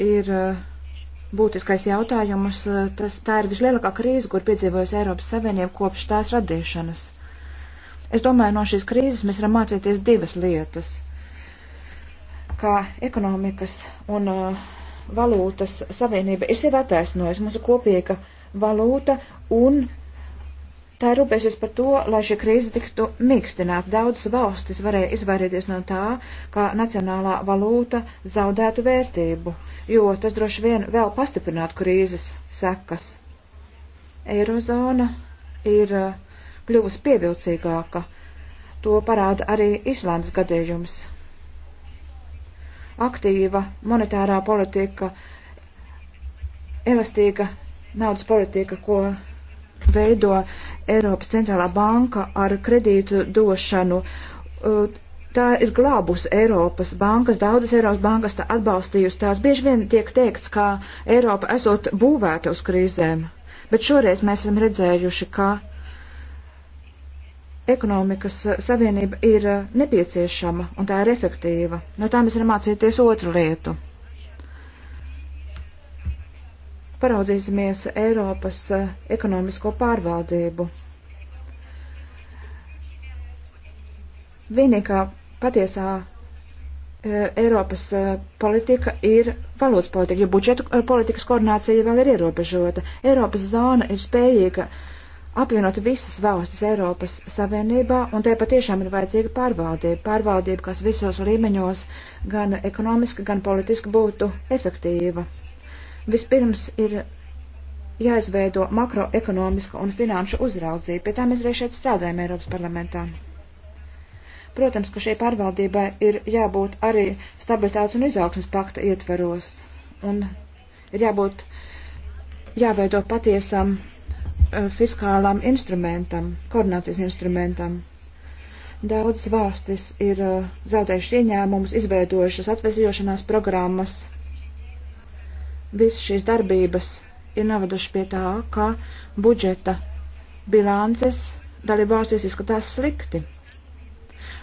ir eh, būtiskais jautājums. Tas, tā ir vislielākā krīze, kur piedzīvojas Eiropas Savienība kopš tās radīšanas. Es domāju, no šīs krīzes mēs varam mācīties divas lietas - kā ekonomikas un uh, valūtas savienība ir sevi attaisnojusi. Mums ir kopīga uh, valūta un tā ir rūpēsies par to, lai šī krīze tiktu mīkstināta. Daudzas valstis varēja izvairīties no tā, kā nacionālā valūta zaudētu vērtību, jo tas droši vien vēl pastiprinātu krīzes sekas. Eirozona ir uh, kļuvusi pievilcīgāka. To parāda arī Islandes gadījums. Aktīva monetārā politika, elastīga naudas politika, ko veido Eiropas centrālā banka ar kredītu došanu. Uh, tā ir glābus Eiropas bankas, daudzas Eiropas bankas tā atbalstījusi tās. Bieži vien tiek teikts, ka Eiropa esot būvēta uz krīzēm, bet šoreiz mēs esam redzējuši, ka ekonomikas savienība ir nepieciešama un tā ir efektīva. No tā mēs varam mācīties otru lietu. paraudzīsimies Eiropas eh, ekonomisko pārvaldību. Vienīgā patiesā eh, Eiropas eh, politika ir valūtas politika, jo budžeta politikas koordinācija vēl ir ierobežota. Eiropas zona ir spējīga apvienot visas valstis Eiropas Savienībā, un tai patiešām ir vajadzīga pārvaldība. Pārvaldība, kas visos līmeņos gan ekonomiski, gan politiski būtu efektīva. Vispirms ir jāizveido makroekonomiska un finanšu uzraudzība, pie tā mēs arī šeit strādājam Eiropas parlamentā. Protams, ka šai pārvaldībai ir jābūt arī stabilitātes un izaugsmas pakta ietveros, un ir jābūt jāveido patiesam eh, fiskālam instrumentam, koordinācijas instrumentam. Daudzas valstis ir eh, zaudējušas ieņēmumus, izveidojušas atvesļošanās programmas Viss šīs darbības ir noveduši pie tā, ka budžeta bilances dalībvalstīs izskatās slikti.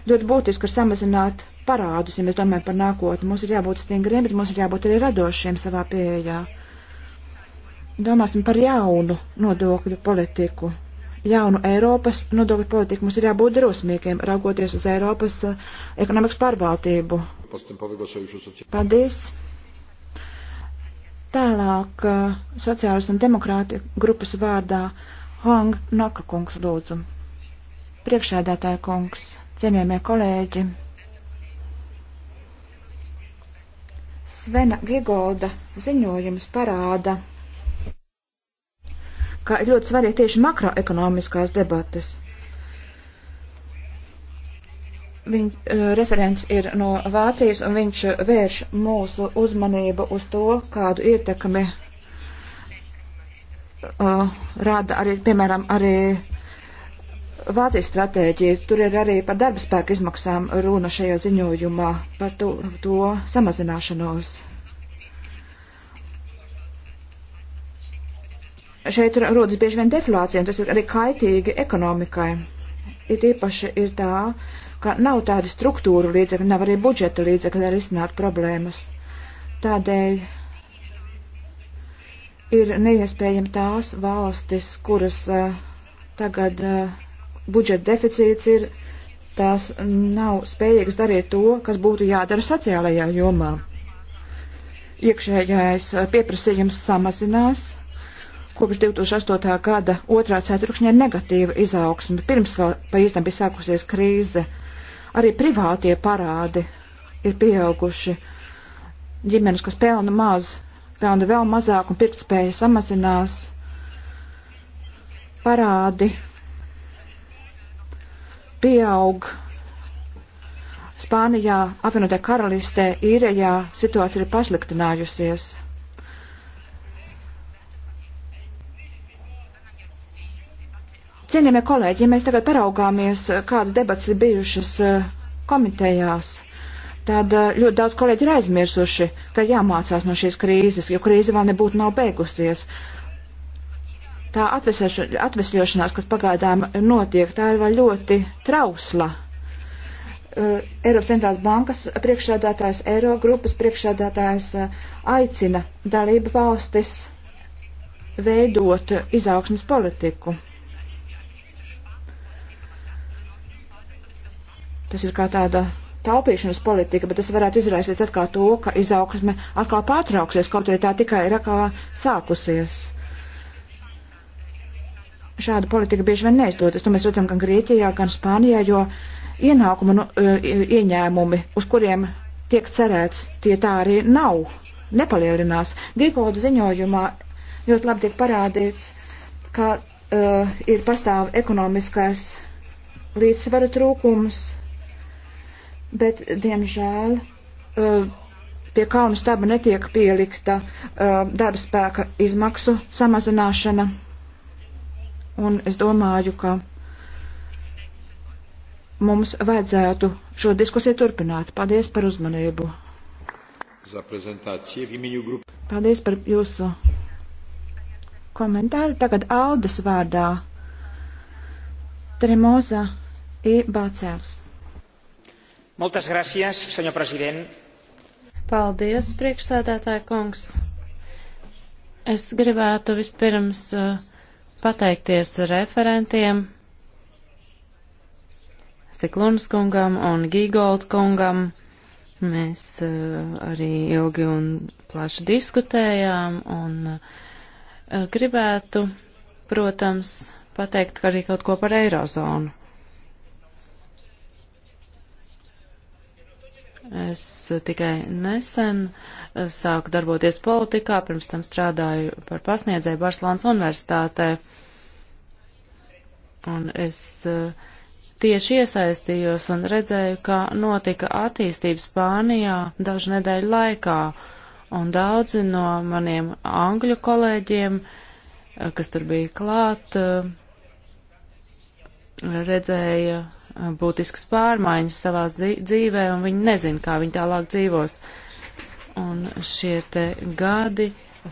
Ļoti būtiski ir samazināt parādus, ja mēs domājam par nākotni. Mums ir jābūt stingriem, bet mums ir jābūt arī radošiem savā pieejā. Domāsim par jaunu nodokļu politiku. Jaunu Eiropas nodokļu politiku mums ir jābūt drosmīgiem, raugoties uz Eiropas eh, ekonomikas pārvaldību. Paldies! Tālāk uh, sociālistu un demokrātu grupas vārdā Hong Naka kungs lūdzu. Priekšēdētāja kungs, cienījamie kolēģi. Svena Gigolda ziņojums parāda, ka ļoti svarīgi tieši makroekonomiskās debates. Viņ, eh, referents ir no Vācijas, un viņš eh, vērš mūsu uzmanību uz to, kādu ietekmi uh, rada arī, piemēram, arī Vācijas stratēģija. Tur ir arī par darba spēku izmaksām runa šajā ziņojumā, par to, to samazināšanos. Šeit rodas bieži vien deflācija, un tas ir arī kaitīgi ekonomikai. It īpaši ir tā, uh, ka nav tādu struktūru līdzekļu, nav arī budžeta līdzekļu, lai risinātu problēmas. Tādēļ ir neiespējami tās valstis, kuras uh, tagad uh, budžeta deficīts ir, tās nav spējīgas darīt to, kas būtu jādara sociālajā jomā. Iekšējais pieprasījums samazinās, kopš 2008. gada otrā ceturkšņa ir negatīva izaugsme. Pirms vēl pa īstam bija sākusies krīze. Arī privātie parādi ir pieauguši. Ģimenes, kas pelna maz, pelna vēl mazāk un pirktspēja samazinās. Parādi pieaug. Spānijā, apvienotā karalistē, īrijā situācija ir pasliktinājusies. Cienījamie kolēģi, ja mēs tagad paraugāmies, kādas debats ir bijušas eh, komitejās, tad eh, ļoti daudz kolēģi ir aizmirsuši, ka jāmācās no šīs krīzes, jo krīze vēl nebūtu nav beigusies. Tā atvesļošanās, kas pagaidām notiek, tā ir vēl ļoti trausla. Eh, Eiropas centrālās bankas priekšsēdētājs, Eiro grupas priekšsēdētājs aicina dalību valstis veidot izaugsmas politiku. Tas ir kā tāda taupīšanas politika, bet tas varētu izraisīt atkal to, ka izaugsme atkal pārtrauksies, kaut arī tā tikai ir atkal sākusies. Šāda politika bieži vien neizdodas. To nu, mēs redzam gan Grieķijā, gan Spānijā, jo ienākuma nu, e, ieņēmumi, uz kuriem tiek cerēts, tie tā arī nav, nepalielinās. Gīgolda ziņojumā ļoti labi tiek parādīts, ka uh, ir pastāv ekonomiskais līdzsvaru trūkums bet, diemžēl, e, pie kauna staba netiek pielikta e, darba spēka izmaksu samazināšana. Un es domāju, ka mums vajadzētu šo diskusiju turpināt. Paldies par uzmanību. Paldies par jūsu komentāru. Tagad Aldas vārdā Tremoza I. Bācēls. Moltes gràcies, senyor president. Paldies, priekšsēdētāja kungs. Es gribētu vispirms uh, pateikties referentiem Siklunas kungam un Gīgold kungam. Mēs uh, arī ilgi un plaši diskutējām un uh, gribētu, protams, pateikt arī kaut ko par Eirozonu. Es tikai nesen eh, sāku darboties politikā, pirms tam strādāju par pasniedzēju Barcelonas universitātē. Un es eh, tieši iesaistījos un redzēju, kā notika attīstība Spānijā dažu nedēļu laikā. Un daudzi no maniem angļu kolēģiem, eh, kas tur bija klāt, redzēja būtiskas pārmaiņas savās dzīvē, un viņi nezina, kā viņi tālāk dzīvos. Un šie te gadi,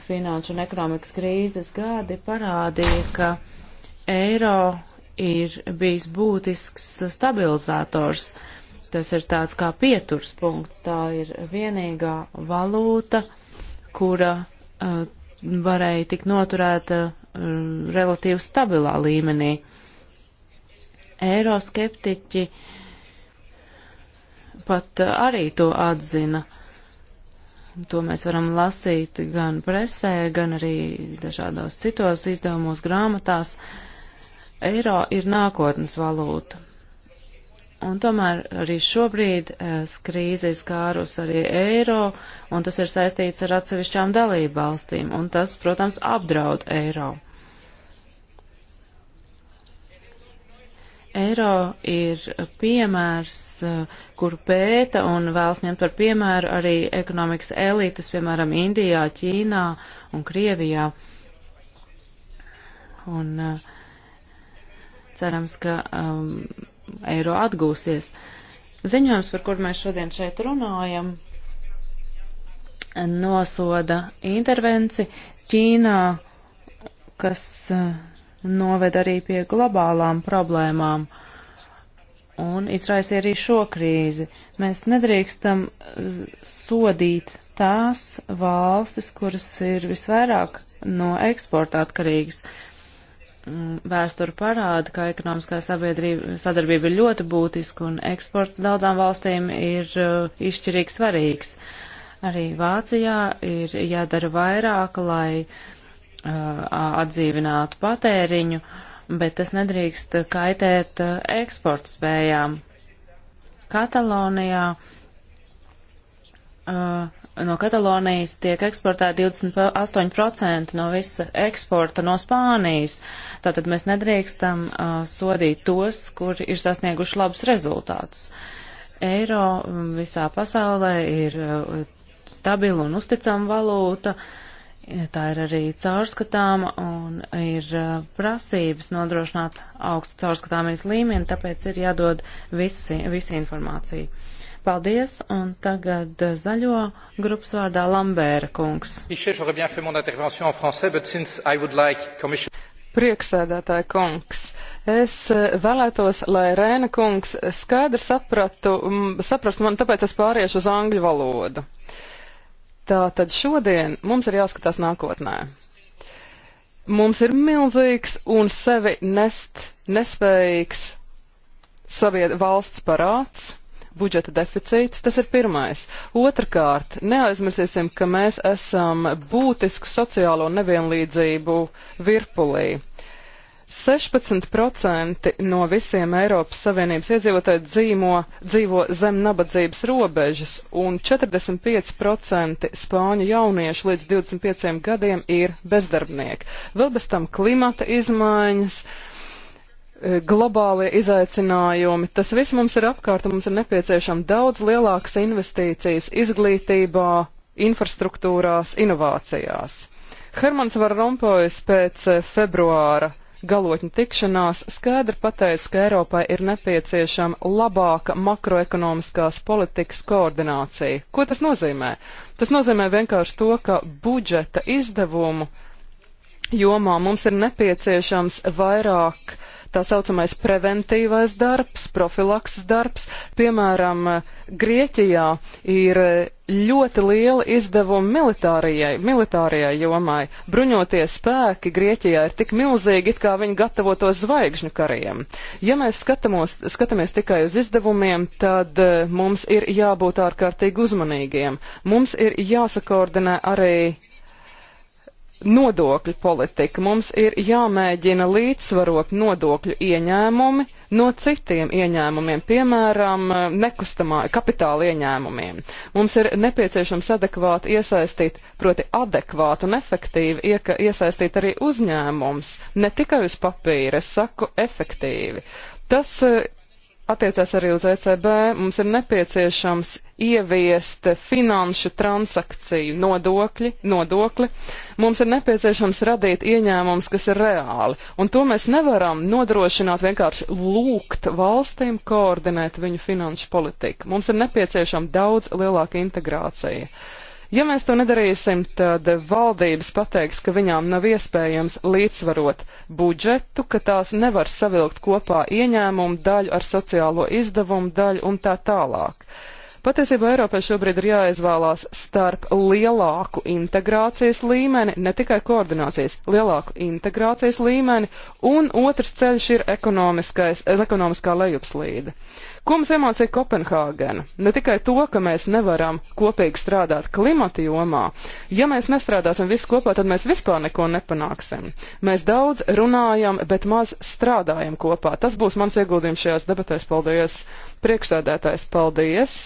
finanšu un ekonomikas krīzes gadi, parādīja, ka eiro ir bijis būtisks stabilizators. Tas ir tāds kā pieturs punkts. Tā ir vienīgā valūta, kura uh, varēja tik noturēta uh, relatīvi stabilā līmenī. Uh, Eiroskeptiķi pat arī to atzina. To mēs varam lasīt gan presē, gan arī dažādos citos izdevumos, grāmatās. Eiro ir nākotnes valūta. Un tomēr arī šobrīd eh, krīze ir skārus arī eiro, un tas ir saistīts ar atsevišķām dalību valstīm, un tas, protams, apdraud eiro. Eiro ir piemērs, kuru pēta un vēlas ņemt par piemēru arī ekonomikas elites, piemēram, Indijā, Ķīnā un Krievijā. Un eh, cerams, ka um, eiro atgūsies. Ziņojums, par kur mēs šodien šeit runājam, nosoda intervenci Ķīnā, kas. Uh, noved arī pie globālām problēmām un izraisīja arī šo krīzi. Mēs nedrīkstam sodīt tās valstis, kuras ir visvairāk no eksporta atkarīgas. Mm, vēsture parāda, ka ekonomiskā sadarbība ir ļoti būtiska un eksports daudzām valstīm ir uh, izšķirīgi svarīgs. Arī Vācijā ir jādara vairāk, lai uh, atdzīvinātu patēriņu, bet tas nedrīkst kaitēt eksporta spējām. Katalonijā no Katalonijas tiek eksportēta 28% no visa eksporta no Spānijas. Tātad mēs nedrīkstam uh, sodīt tos, kuri ir sasnieguši labus rezultātus. Eiro visā pasaulē ir uh, stabila un uzticama valūta. Uh, Tā ir arī caurskatāma un ir uh, prasības nodrošināt augstu caurskatāmības līmeni, tāpēc ir jādod visa, visa informācija. Paldies, un tagad uh, zaļo grupas vārdā Lambēra kungs. Prieksēdētāja kungs, es uh, vēlētos, lai Rēna kungs skaidri sapratu, saprast man, tāpēc es pāriešu uz angļu valodu. Uh, Tā tad šodien mums ir jāskatās nākotnē. Mums ir milzīgs un sevi nest nespējīgs saviet valsts parāds, budžeta deficīts, tas ir pirmais. Otrakārt, neaizmirsīsim, ka mēs esam būtisku sociālo nevienlīdzību virpulī. 16% no visiem Eiropas Savienības iedzīvotāji dzīvo, dzīvo zem nabadzības robežas, un 45% spāņu jauniešu līdz 25 gadiem ir bezdarbnieki. Vēl bez tam klimata izmaiņas, e, globālie izaicinājumi, tas viss mums ir apkārt, un mums ir nepieciešama daudz lielākas investīcijas izglītībā, infrastruktūrās, inovācijās. Hermans Varrompojas pēc e, februāra galotņu tikšanās skaidri pateica, ka Eiropai ir nepieciešama labāka makroekonomiskās politikas koordinācija. Ko tas nozīmē? Tas nozīmē vienkārši to, ka budžeta izdevumu jomā mums ir nepieciešams vairāk tā saucamais preventīvais darbs, profilakses darbs. Piemēram, Grieķijā ir ļoti liela izdevuma militārajai, militārajai jomai. Bruņotie spēki Grieķijā ir tik milzīgi, it kā viņi gatavotos zvaigžņu kariem. Ja mēs skatamos, skatāmies tikai uz izdevumiem, tad eh, mums ir jābūt ārkārtīgi uzmanīgiem. Mums ir jāsakoordinē arī nodokļu politika. Mums ir jāmēģina līdzsvarot nodokļu ieņēmumi no citiem ieņēmumiem, piemēram, nekustamā kapitāla ieņēmumiem. Mums ir nepieciešams adekvāti iesaistīt, proti adekvāti un efektīvi ieka, iesaistīt arī uzņēmums, ne tikai uz papīra, es saku efektīvi. Tas eh, attiecās arī uz ECB. Mums ir nepieciešams ieviest finanšu transakciju nodokļi, nodokli, mums ir nepieciešams radīt ieņēmums, kas ir reāli, un to mēs nevaram nodrošināt vienkārši lūgt valstīm koordinēt viņu finanšu politiku. Mums ir nepieciešama daudz lielāka integrācija. Ja mēs to nedarīsim, tad valdības pateiks, ka viņām nav iespējams līdzsvarot budžetu, ka tās nevar savilkt kopā ieņēmumu daļu ar sociālo izdevumu daļu un tā tālāk. Patiesībā Eiropai šobrīd ir jāizvēlās starp lielāku integrācijas līmeni, ne tikai koordinācijas, lielāku integrācijas līmeni, un otrs ceļš ir ekonomiskā lejupslīde. Ko mums iemācīja Kopenhāgena? Ne tikai to, ka mēs nevaram kopīgi strādāt klimata jomā. Ja mēs nestrādāsim visi kopā, tad mēs vispār neko nepanāksim. Mēs daudz runājam, bet maz strādājam kopā. Tas būs mans ieguldījums šajās debatēs. Paldies! Priekšsēdētājs, paldies!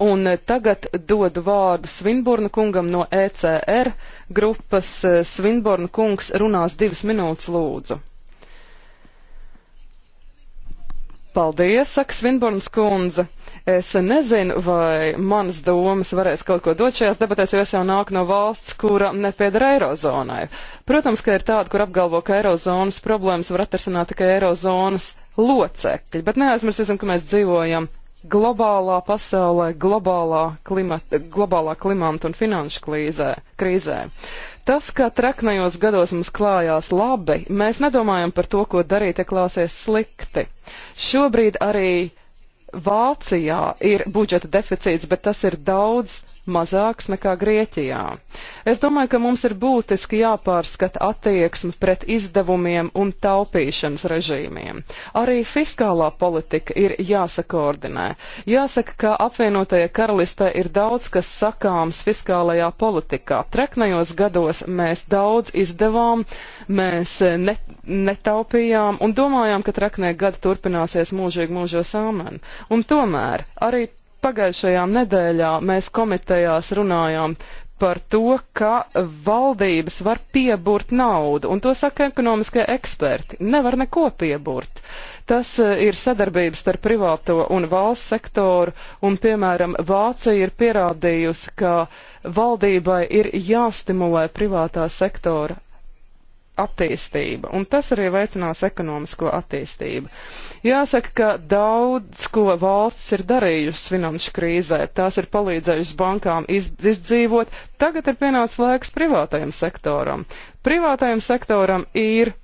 Un tagad dodu vārdu Svinborna kungam no ECR grupas. Eh, Svinborna kungs runās divas minūtes lūdzu. Paldies, saka Svinborns kundze. Es nezinu, vai manas domas varēs kaut ko dot šajās debatēs, jo es jau nāku no valsts, kura nepiedara Eirozonai. Protams, ka ir tāda, kur apgalvo, ka Eirozonas problēmas var atrasināt tikai Eirozonas locekļi, bet neaizmirsīsim, ka mēs dzīvojam globālā pasaulē, globālā klimata, globālā klimata un finanšu klīzē, krīzē. Tas, ka traknajos gados mums klājās labi, mēs nedomājam par to, ko darīt, ja klāsies slikti. Šobrīd arī Vācijā ir budžeta deficīts, bet tas ir daudz mazāks nekā Grieķijā. Es domāju, ka mums ir būtiski jāpārskata attieksme pret izdevumiem un taupīšanas režīmiem. Arī fiskālā politika ir jāsakoordinē. Jāsaka, ka apvienotajai karalistē ir daudz, kas sakāms fiskālajā politikā. Treknajos gados mēs daudz izdevām, mēs eh, ne, netaupījām un domājām, ka treknie gadi turpināsies mūžīgi mūžos āmen. Un tomēr arī pagājušajā nedēļā mēs komitejās runājām par to, ka valdības var pieburt naudu, un to saka ekonomiskie eksperti. Nevar neko pieburt. Tas eh, ir sadarbības starp privāto un valsts sektoru, un, piemēram, Vācija ir pierādījusi, ka valdībai ir jāstimulē privātā sektora attīstība, un tas arī veicinās ekonomisko attīstību. Jāsaka, ka daudz ko valsts ir darījusi finanšu krīzē, tās ir palīdzējusi bankām iz, izdzīvot, tagad ir pienācis laiks privātajam sektoram. Privātajam sektoram ir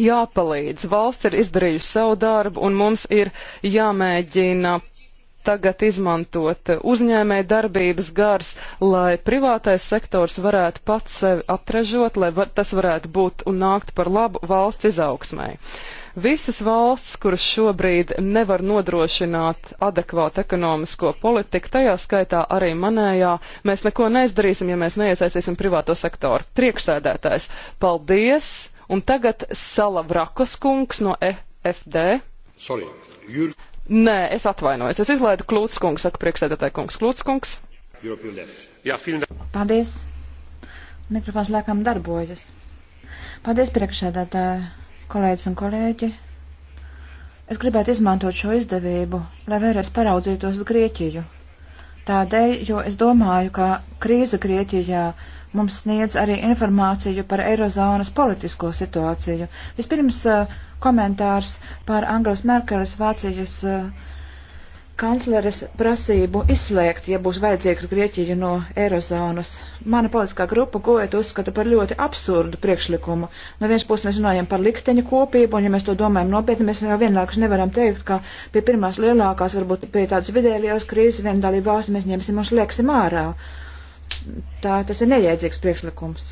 jāpalīdz. Valsts ir izdarījusi savu darbu, un mums ir jāmēģina tagad izmantot uzņēmēja darbības gars, lai privātais sektors varētu pats sevi atražot, lai var, tas varētu būt un nākt par labu valsts izaugsmai. Visas valsts, kuras šobrīd nevar nodrošināt adekvātu ekonomisko politiku, tajā skaitā arī manējā, mēs neko neizdarīsim, ja mēs neiesaistīsim privāto sektoru. Priekšsēdētājs, paldies! Un tagad Salavrakos kungs no e FD. Sorry, Jur... Nē, es atvainojos. Es izlaidu Klūts kungs, saka priekšsēdētāji kungs. Klūts kungs. Paldies. Mikrofons lēkām darbojas. Paldies priekšsēdētāji, kolēģis un kolēģi. Es gribētu izmantot šo izdevību, lai vēlreiz paraudzītos uz Grieķiju. Tādēļ, jo es domāju, ka krīze Grieķijā mums sniedz arī informāciju par Eirozonas politisko situāciju. Vispirms komentārs par Anglas Merkeles Vācijas eh, kancleres prasību izslēgt, ja būs vajadzīgs Grieķiju no Eirozonas. Mana politiskā grupa goet uzskata par ļoti absurdu priekšlikumu. No vienas puses mēs runājam par likteņu kopību, un ja mēs to domājam nopietni, mēs jau vienlaikus nevaram teikt, ka pie pirmās lielākās, varbūt pie tādas vidējās krīzes viena dalība valsts mēs ņemsim un slēgsim ārā. Tā tas ir neiedzīgs priekšlikums.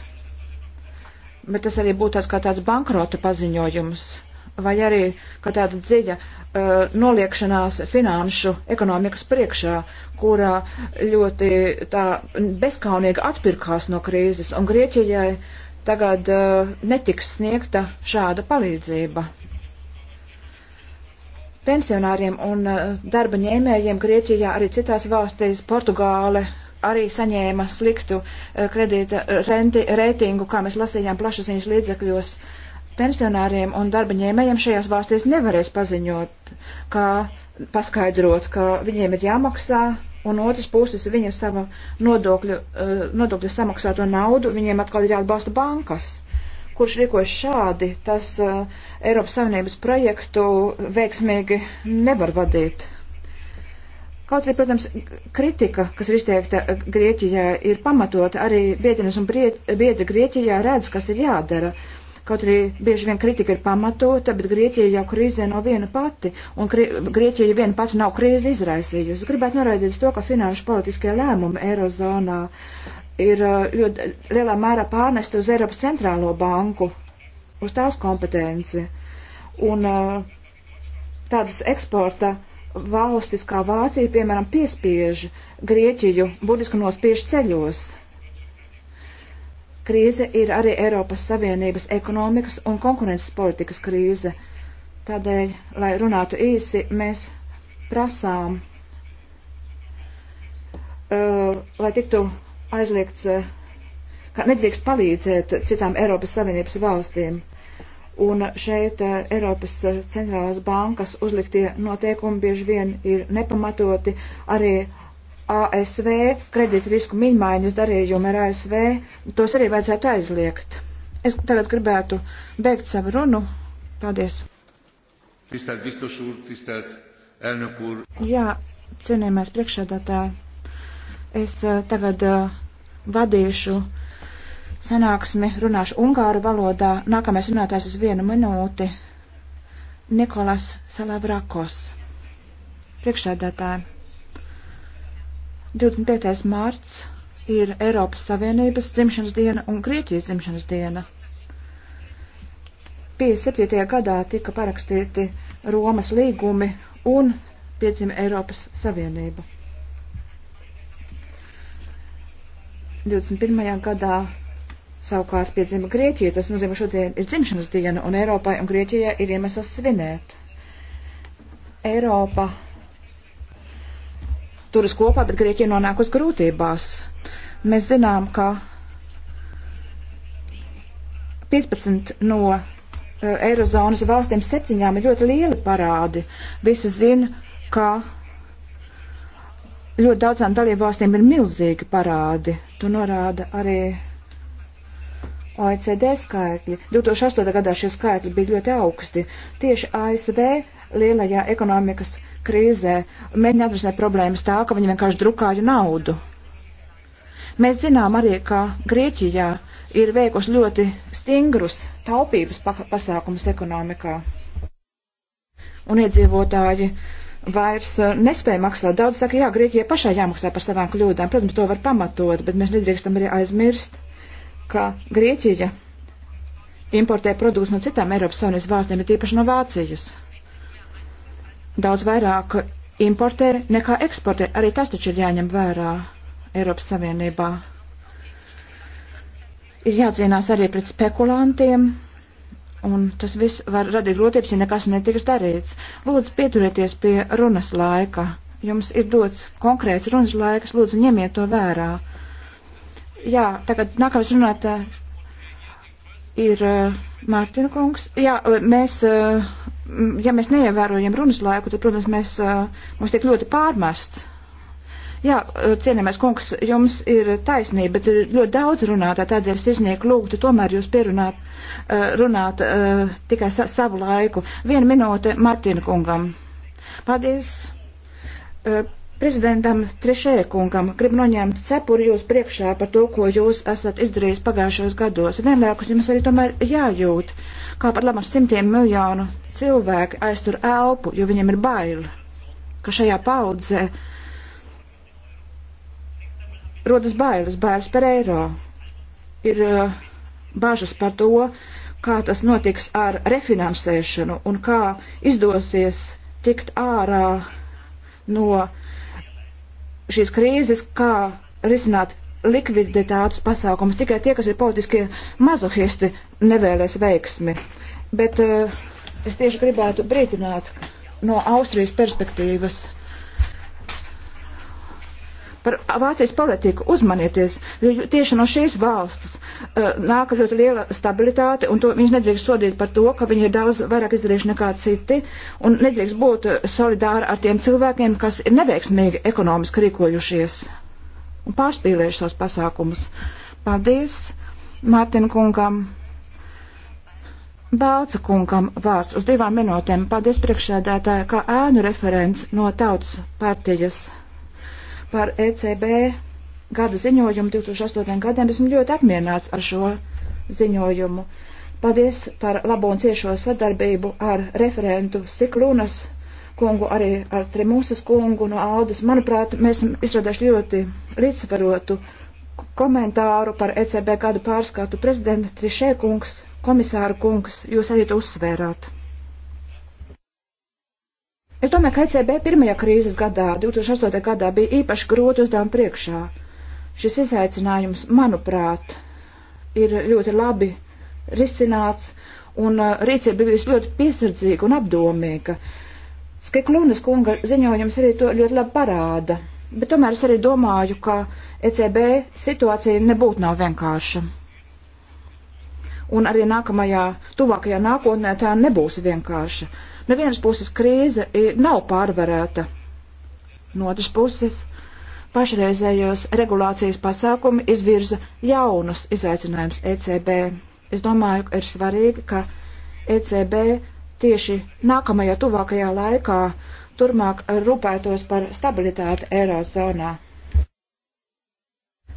Bet tas arī būtu tāds kā tāds bankrota paziņojums vai arī kā tāda dziļa uh, noliekšanās finanšu ekonomikas priekšā, kurā ļoti tā bezkaunīgi atpirkās no krīzes, un Grieķijai tagad uh, netiks sniegta šāda palīdzība. Pensionāriem un uh, darba ņēmējiem Grieķijā arī citās valstīs Portugāle arī saņēma sliktu uh, kredīta uh, renti, reitingu, kā mēs lasījām plašsaziņas līdzekļos uh, pensionāriem un darba ņēmējiem šajās valstīs nevarēs paziņot, kā paskaidrot, ka viņiem ir jāmaksā, un otrs puses viņa sava nodokļu, eh, nodokļu samaksāto naudu, viņiem atkal ir jāatbalsta bankas. Kurš rīkojas šādi, tas eh, Eiropas Savienības projektu veiksmīgi nevar vadīt. Kaut arī, protams, kritika, kas ir izteikta eh, Grieķijā, ir pamatota arī biedrenes un biedri Grieķijā redz, kas ir jādara. Uh, Kaut arī bieži vien kritika ir pamatota, bet Grieķija jau krīzē no viena pati, un Grieķija jau viena pati nav krīze izraisījusi. Gribētu norādīt to, ka finanšu politiskie lēmumi Eirozonā ir uh, ļoti lielā mērā pārnest uz Eiropas centrālo banku, uz tās kompetenci. Un uh, tādas eksporta valstis kā Vācija, piemēram, piespiež Grieķiju, būtiski nospiež ceļos krīze ir arī Eiropas Savienības ekonomikas un konkurences politikas krīze. Tādēļ, lai runātu īsi, mēs prasām, uh, lai tiktu aizliegts, uh, ka nedrīkst palīdzēt citām Eiropas Savienības valstīm. Un šeit uh, Eiropas centrālās bankas uzliktie noteikumi bieži vien ir nepamatoti arī ASV kredīta risku mīņmaiņas darījumi ar ASV, tos arī vajadzētu aizliegt. Es tagad gribētu beigt savu runu. Paldies. Tistēt, biztos úr, tistēt, elnök úr. Jā, cienījamais priekšsēdētāji, es eh, tagad uh, vadīšu sanāksmi, runāšu ungāru valodā. Nākamais runātājs uz vienu minūti - Nikolas Salavrakos. Priekšsēdētāji. 25. mārts ir Eiropas Savienības dzimšanas diena un Grieķijas dzimšanas diena. 57. gadā tika parakstīti Romas līgumi un piedzima Eiropas Savienība. 21. gadā savukārt piedzima Grieķija, tas nozīmē šodien ir dzimšanas diena un Eiropai un Grieķijai ir iemesls svinēt. Eiropa turas kopā, bet Grieķija nonāk uz grūtībās. Mēs zinām, ka 15 no eh, Eirozonas valstīm septiņām ir ļoti lieli parādi. Visi zina, ka ļoti daudzām dalībvalstīm ir milzīgi parādi. To norāda arī OECD skaitļi. 2008. gadā šie skaitļi bija ļoti augsti. Tieši ASV lielajā ekonomikas krīzē mēģina atrisināt problēmas tā, ka viņi vienkārši drukāja naudu. Mēs zinām arī, ka Grieķijā ir veikuši ļoti stingrus taupības pasākumus ekonomikā. Un iedzīvotāji vairs eh, nespēja maksāt. Daudz saka, jā, Grieķijai pašai jāmaksā par savām kļūdām. Protams, to var pamatot, bet mēs nedrīkstam arī aizmirst, ka Grieķija importē produktus no citām Eiropas Savienības valstīm, bet īpaši no Vācijas daudz vairāk importē nekā eksportē. Arī tas taču ir jāņem vērā Eiropas Savienībā. Ir jācīnās arī pret spekulantiem, un tas viss var radīt grūtības, ja nekas netiks darīts. Lūdzu, pieturieties pie runas laika. Jums ir dots konkrēts runas laiks, lūdzu, ņemiet to vērā. Jā, tagad nākamais runātājs ir uh, Mārtiņa kungs. Jā, eh, mēs. Uh, Mm, ja mēs neievērojam runas laiku, tad, protams, mēs, mums tiek ļoti pārmests. Jā, cienījamais kungs, jums ir taisnība, bet ir ļoti daudz runātā, tādēļ es iznieku lūgtu tomēr jūs pierunāt, runāt tikai sa savu laiku. Vienu minūte Martina kungam. Paldies prezidentam Trešē kungam. Gribu noņemt cepuri jūs priekšā par to, ko jūs esat izdarījis pagājušos gados. Vienlaikus jums arī tomēr jājūt. Uh, kā pat labam simtiem miljonu cilvēki aiztur elpu, jo viņiem ir bail, ka šajā paudzē rodas bailes, bailes par eiro. Ir uh, bažas par to, kā tas notiks ar refinansēšanu un kā izdosies tikt ārā no šīs krīzes, kā risināt likviditātes pasākums. Tikai tie, kas ir politiskie mazohisti, nevēlēs veiksmi. Bet uh, es tieši gribētu brīdināt no Austrijas perspektīvas par Vācijas politiku uzmanieties, jo tieši no šīs valstis uh, nāk ļoti liela stabilitāte, un to viņš nedrīkst sodīt par to, ka viņi ir daudz vairāk izdarījuši nekā citi, un nedrīkst būt eh, solidāri ar tiem cilvēkiem, kas ir neveiksmīgi ekonomiski rīkojušies un pārspīlējuši savus pasākumus. Paldies Mārtin kungam, Bāca kungam vārds uz divām minūtēm. Paldies priekšsēdētāja, kā ēnu referents no tautas partijas par ECB gada ziņojumu 2008. gadiem. Esmu ļoti apmierināts ar šo ziņojumu. Paldies par labo un ciešo sadarbību ar referentu Siklūnas kungu, arī ar Tremūsas kungu no Aldas. Manuprāt, mēs esam izstrādājuši ļoti līdzsvarotu komentāru par ECB kādu pārskatu prezidenta Trišē kungs, komisāra kungs, jūs arī to uzsvērāt. Es domāju, ka ECB pirmajā krīzes gadā, 2008. gadā, bija īpaši grūti uzdevumi priekšā. Šis izaicinājums, manuprāt, ir ļoti labi risināts, un uh, rīcība bija ļoti piesardzīga un apdomīga. Skeklunas kunga ziņojums arī to ļoti labi parāda, bet tomēr es arī domāju, ka ECB situācija nebūtu nav vienkārša. Un arī nākamajā, tuvākajā nākotnē tā nebūs vienkārša. No vienas puses krīze nav pārvarēta, no otras puses pašreizējos regulācijas pasākumi izvirza jaunus izaicinājumus ECB. Es domāju, ka ir svarīgi, ka ECB tieši nākamajā tuvākajā laikā turmāk rūpētos par stabilitāti Eirozonā.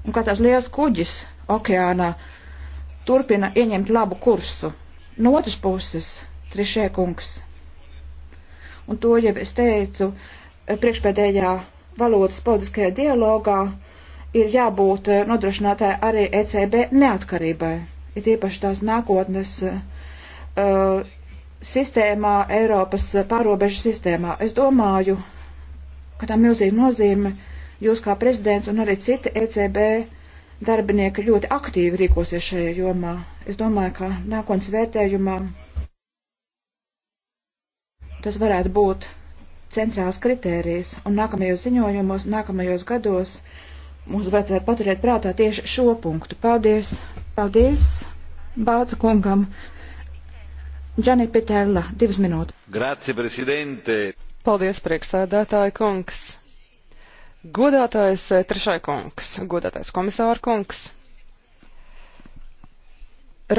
Un kā tās liels kuģis okeānā turpina ieņemt labu kursu. No otras puses, trešē kungs. Un to jau es teicu priekšpēdējā valodas politiskajā dialogā ir jābūt nodrošinātāji arī ECB neatkarībai, ir īpaši tās nākotnes uh, sistēmā, Eiropas pārobežu sistēmā. Es domāju, ka tā milzīga nozīme jūs kā prezidents un arī citi ECB darbinieki ļoti aktīvi rīkosies šajā jomā. Es domāju, ka nākotnes vērtējumā tas varētu būt centrāls kritērijs, un nākamajos ziņojumos, nākamajos gados mums vajadzētu paturēt prātā tieši šo punktu. Paldies! Paldies! Bāca kungam Džanī Pitēla, divas minūtes. Grazie, prezidente! Paldies, prieksēdētāji kungs! Godātais eh, trešai kungs, godātais komisāra kungs!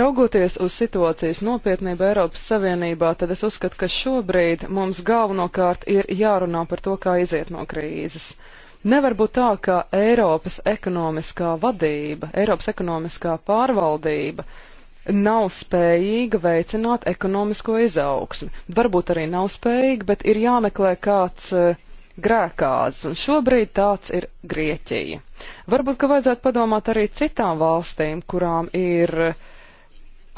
Raugoties uz situācijas nopietnību Eiropas Savienībā, tad es uzskatu, ka šobrīd mums galvenokārt ir jārunā par to, kā iziet no krīzes. Nevar būt tā, ka Eiropas ekonomiskā vadība, Eiropas ekonomiskā pārvaldība nav spējīga veicināt ekonomisko izaugsmi. Varbūt arī nav spējīga, bet ir jāmeklē kāds uh, eh, grēkāzes, un šobrīd tāds ir Grieķija. Varbūt, ka vajadzētu padomāt arī citām valstīm, kurām ir eh,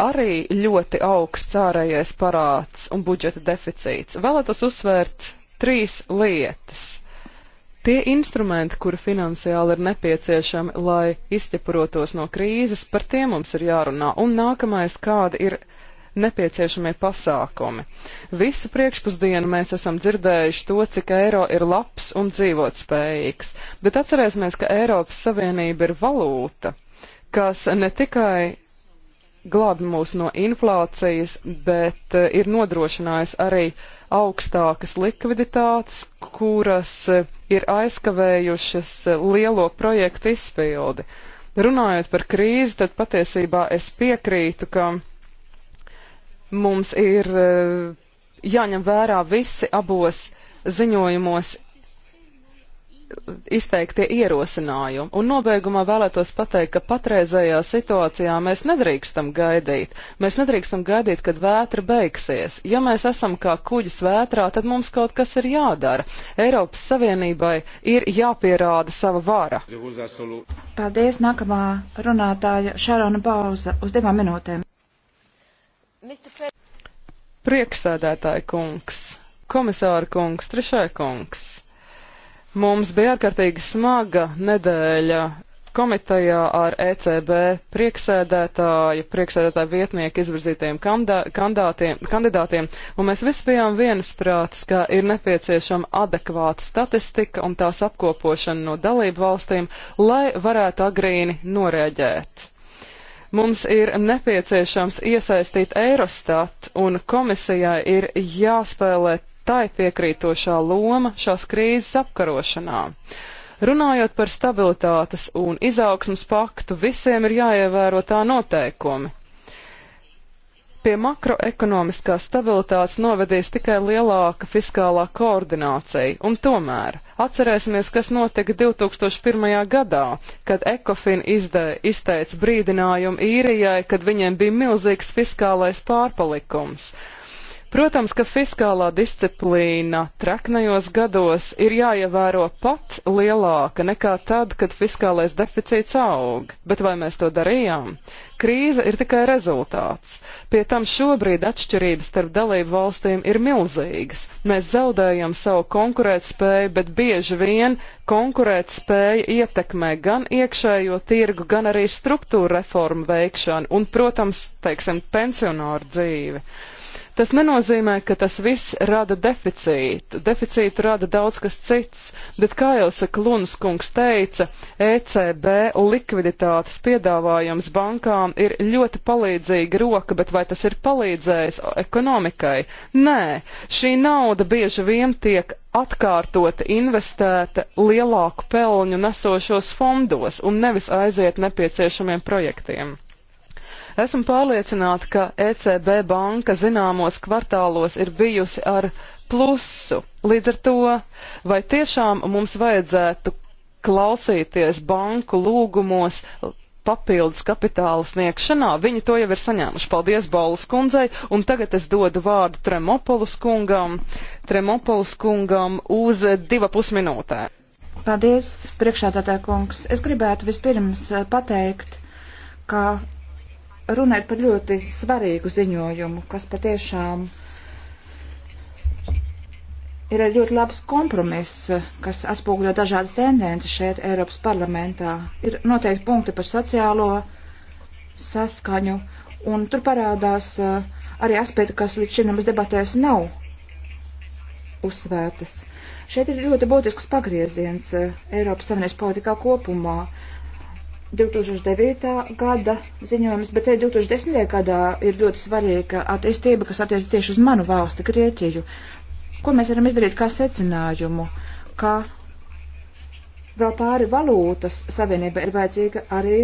arī ļoti augsts ārējais parāds un budžeta deficīts. Vēlētos uzsvērt trīs lietas. Tie instrumenti, kuri finansiāli ir nepieciešami, lai izķeprotos no krīzes, par tiem mums ir jārunā. Un nākamais, kāda ir nepieciešamie pasākumi. Visu priekšpusdienu mēs esam dzirdējuši to, cik eiro ir labs un dzīvotspējīgs, bet atcerēsimies, ka Eiropas Savienība ir valūta, kas ne tikai glābi mūs no inflācijas, bet eh, ir nodrošinājis arī uh, augstākas likviditātes, kuras ir aizkavējušas lielo projektu izpildi. Runājot par krīzi, tad patiesībā es piekrītu, ka mums ir eh, jāņem vērā visi abos ziņojumos izteiktie ierosinājumi. Un nobeigumā vēlētos pateikt, ka patreizējā situācijā mēs nedrīkstam gaidīt. Mēs nedrīkstam gaidīt, kad vētra beigsies. Ja mēs esam kā kuģis vētrā, tad mums kaut kas ir jādara. Eiropas Savienībai ir jāpierāda sava vara. Paldies, nākamā runātāja Šarona Bauza uz divām minūtēm. Prieksēdētāja kungs, komisāra kungs, trešā kungs. Mums bija ārkārtīgi smaga nedēļa komitejā ar ECB prieksēdētāju, prieksēdētāju vietnieku izvirzītajiem kandidātiem, un mēs visi bijām viensprātis, ka ir nepieciešama adekvāta statistika un tās apkopošana no dalību valstīm, lai varētu agrīni norēģēt. Mums ir nepieciešams iesaistīt Eirostat, un komisijai ir jāspēlēt tai piekrītošā loma šās krīzes apkarošanā. Runājot par stabilitātes un izaugsmas paktu, visiem ir jāievēro tā noteikumi. Pie makroekonomiskās stabilitātes novedīs tikai lielāka fiskālā koordinācija, un tomēr atcerēsimies, kas notika 2001. gadā, kad Ekofin izde, izteica brīdinājumu īrijai, kad viņiem bija milzīgs fiskālais pārpalikums. Protams, ka fiskālā disciplīna traknajos gados ir jāievēro pat lielāka nekā tad, kad fiskālais deficīts aug, bet vai mēs to darījām? Krīze ir tikai rezultāts. Pie tam šobrīd atšķirības starp dalību valstīm ir milzīgas. Mēs zaudējam savu konkurētspēju, bet bieži vien konkurētspēja ietekmē gan iekšējo tirgu, gan arī struktūra reformu veikšanu un, protams, teiksim, pensionāru dzīvi. Tas nenozīmē, ka tas viss rada deficītu. Deficītu rada daudz kas cits, bet, kā jau saka Lunskungs teica, ECB likviditātes piedāvājums bankām ir ļoti palīdzīga roka, bet vai tas ir palīdzējis ekonomikai? Nē, šī nauda bieži vien tiek atkārtot investēta lielāku pelņu nesošos fondos un nevis aiziet nepieciešamiem projektiem. Esmu pārliecināta, ka ECB banka zināmos kvartālos ir bijusi ar plusu. Līdz ar to, vai tiešām mums vajadzētu klausīties banku lūgumos papildus kapitāla sniegšanā. Viņi to jau ir saņēmuši. Paldies Baulas kundzei, un tagad es dodu vārdu Tremopolus kungam, Tremopolus kungam uz diva pusminūtē. Paldies, priekšādātā kungs. Es gribētu vispirms eh, pateikt, ka runājat par ļoti svarīgu ziņojumu, kas patiešām ir arī ļoti labs kompromiss, kas atspūgļo dažādas tendences šeit Eiropas parlamentā. Ir noteikti punkti par sociālo saskaņu, un tur parādās uh, arī aspekti, kas līdz šim mums debatēs nav uzsvērtas. Šeit ir ļoti būtisks pagrieziens uh, Eiropas Savienības politikā kopumā. Uh, 2009. gada ziņojums, bet eh, arī 2010. gadā ir ļoti svarīga attīstība, kas attiecas tieši uz manu valsti, Grieķiju. Ko mēs varam izdarīt kā secinājumu, ka vēl pāri valūtas savienība ir vajadzīga arī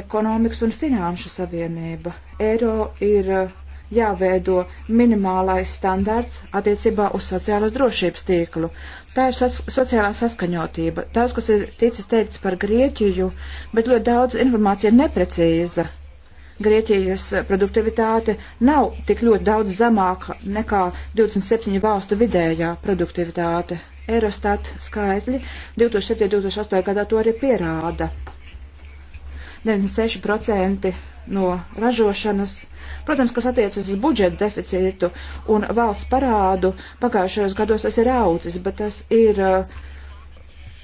ekonomikas un finanšu savienība. Eiro ir eh, jāveido minimālais standarts attiecībā uz sociālas drošības tīklu. Tā ir sas sociālā saskaņotība. Daudz, kas ir ticis teikts par Grieķiju, bet ļoti daudz informācija ir neprecīza. Grieķijas produktivitāte nav tik ļoti daudz zemāka nekā 27 valstu vidējā produktivitāte. Eurostat skaitļi 2007-2008 gadā to arī pierāda. 96% no ražošanas Protams, kas attiecas uz budžeta deficītu un valsts parādu, pagājušajos gados tas ir aucis, bet tas ir uh,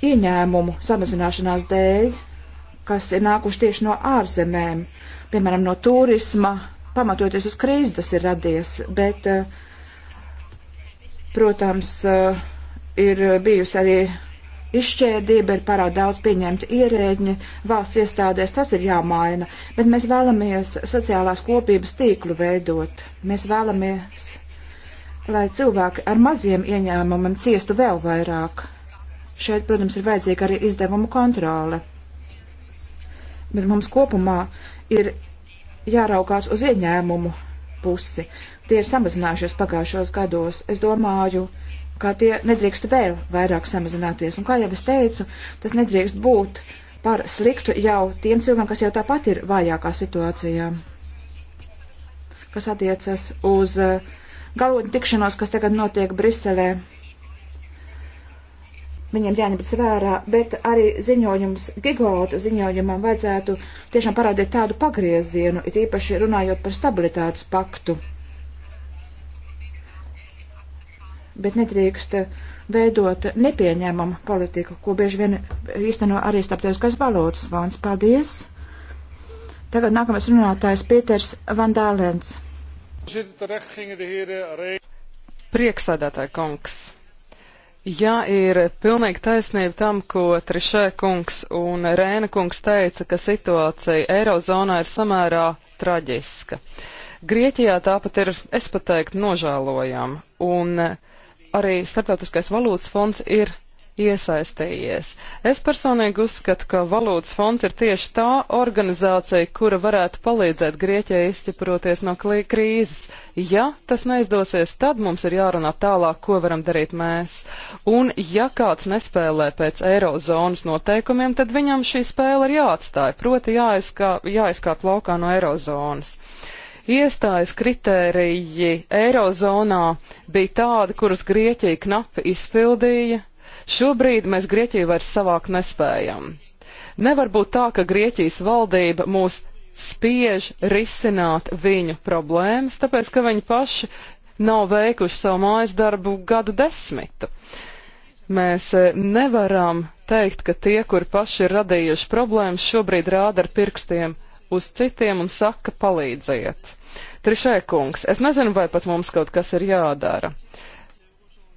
ieņēmumu samazināšanās dēļ, kas ir nākuši tieši no ārzemēm, piemēram, no turisma, pamatoties uz krīzi tas ir radies, bet, uh, protams, uh, ir bijusi arī izšķērdība, ir pārāk daudz pieņemta ierēģiņa valsts iestādēs, tas ir jāmaina, bet mēs vēlamies sociālās kopības tīklu veidot. Mēs vēlamies, lai cilvēki ar maziem ieņēmumiem ciestu vēl vairāk. Šeit, protams, ir vajadzīga arī izdevumu kontrole. Bet mums kopumā ir jāraugās uz ieņēmumu pusi. Tie ir samazinājušies pagājušos gados. Es domāju, ka ka tie nedrīkst vēl vairāk samazināties. Un kā jau es teicu, tas nedrīkst būt par sliktu jau tiem cilvēkiem, kas jau tāpat ir vājākā situācijā. Kas attiecas uz eh, galotņu tikšanos, kas tagad notiek Briselē. Viņiem jāņemas vērā, bet arī ziņojums, gigauta ziņojumam vajadzētu tiešām parādīt tādu pagriezienu, it īpaši runājot par stabilitātes paktu bet nedrīkst veidot nepieņēmumu politiku, ko bieži vien īsteno arī starptautiskās valodas fonds. Paldies! Tagad nākamais runātājs Pēters Vandālēns. Prieksēdētāji kungs. Jā, ir pilnīgi taisnība tam, ko Trišē kungs un Rēna kungs teica, ka situācija Eirozonā ir samērā traģiska. Grieķijā tāpat ir, es pateiktu, nožēlojama. Un uh, arī Startautiskais valūtas fonds ir iesaistījies. Es personīgi uzskatu, ka valūtas fonds ir tieši tā organizācija, kura varētu palīdzēt Grieķijai izķeproties no krīzes. Ja tas neizdosies, tad mums ir jārunā tālāk, ko varam darīt mēs. Un ja kāds nespēlē pēc eirozonas noteikumiem, tad viņam šī spēle ir jāatstāja, proti jāizkāp, jāizkāp laukā no eirozonas. Uh, Iestājas kritēriji Eirozonā bija tādi, kurus Grieķija knapi izpildīja. Šobrīd mēs Grieķiju vairs savākt nespējam. Nevar būt tā, ka Grieķijas valdība mūs spiež risināt viņu problēmas, tāpēc, ka viņi paši nav veikuši savu mājas darbu gadu desmitu. Mēs e, nevaram teikt, ka tie, kuri paši ir radījuši problēmas, šobrīd rāda ar pirkstiem uz citiem un saka palīdziet. Trišē kungs, es nezinu, vai pat mums kaut kas ir jādara.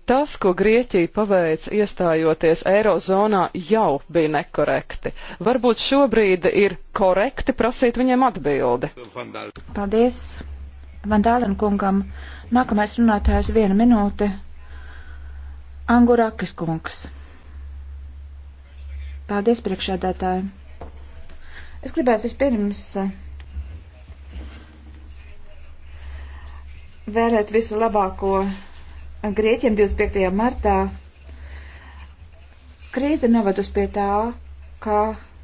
Tas, ko Grieķija paveic iestājoties Eirozonā, jau bija nekorekti. Varbūt šobrīd ir korekti prasīt viņiem atbildi. Paldies Vandālen kungam. Nākamais runātājs viena minūte. Angurakis kungs. Paldies priekšēdētājiem. Es gribētu vispirms eh, vēlēt visu labāko Grieķiem 25. martā. Krīze novedus pie tā, ka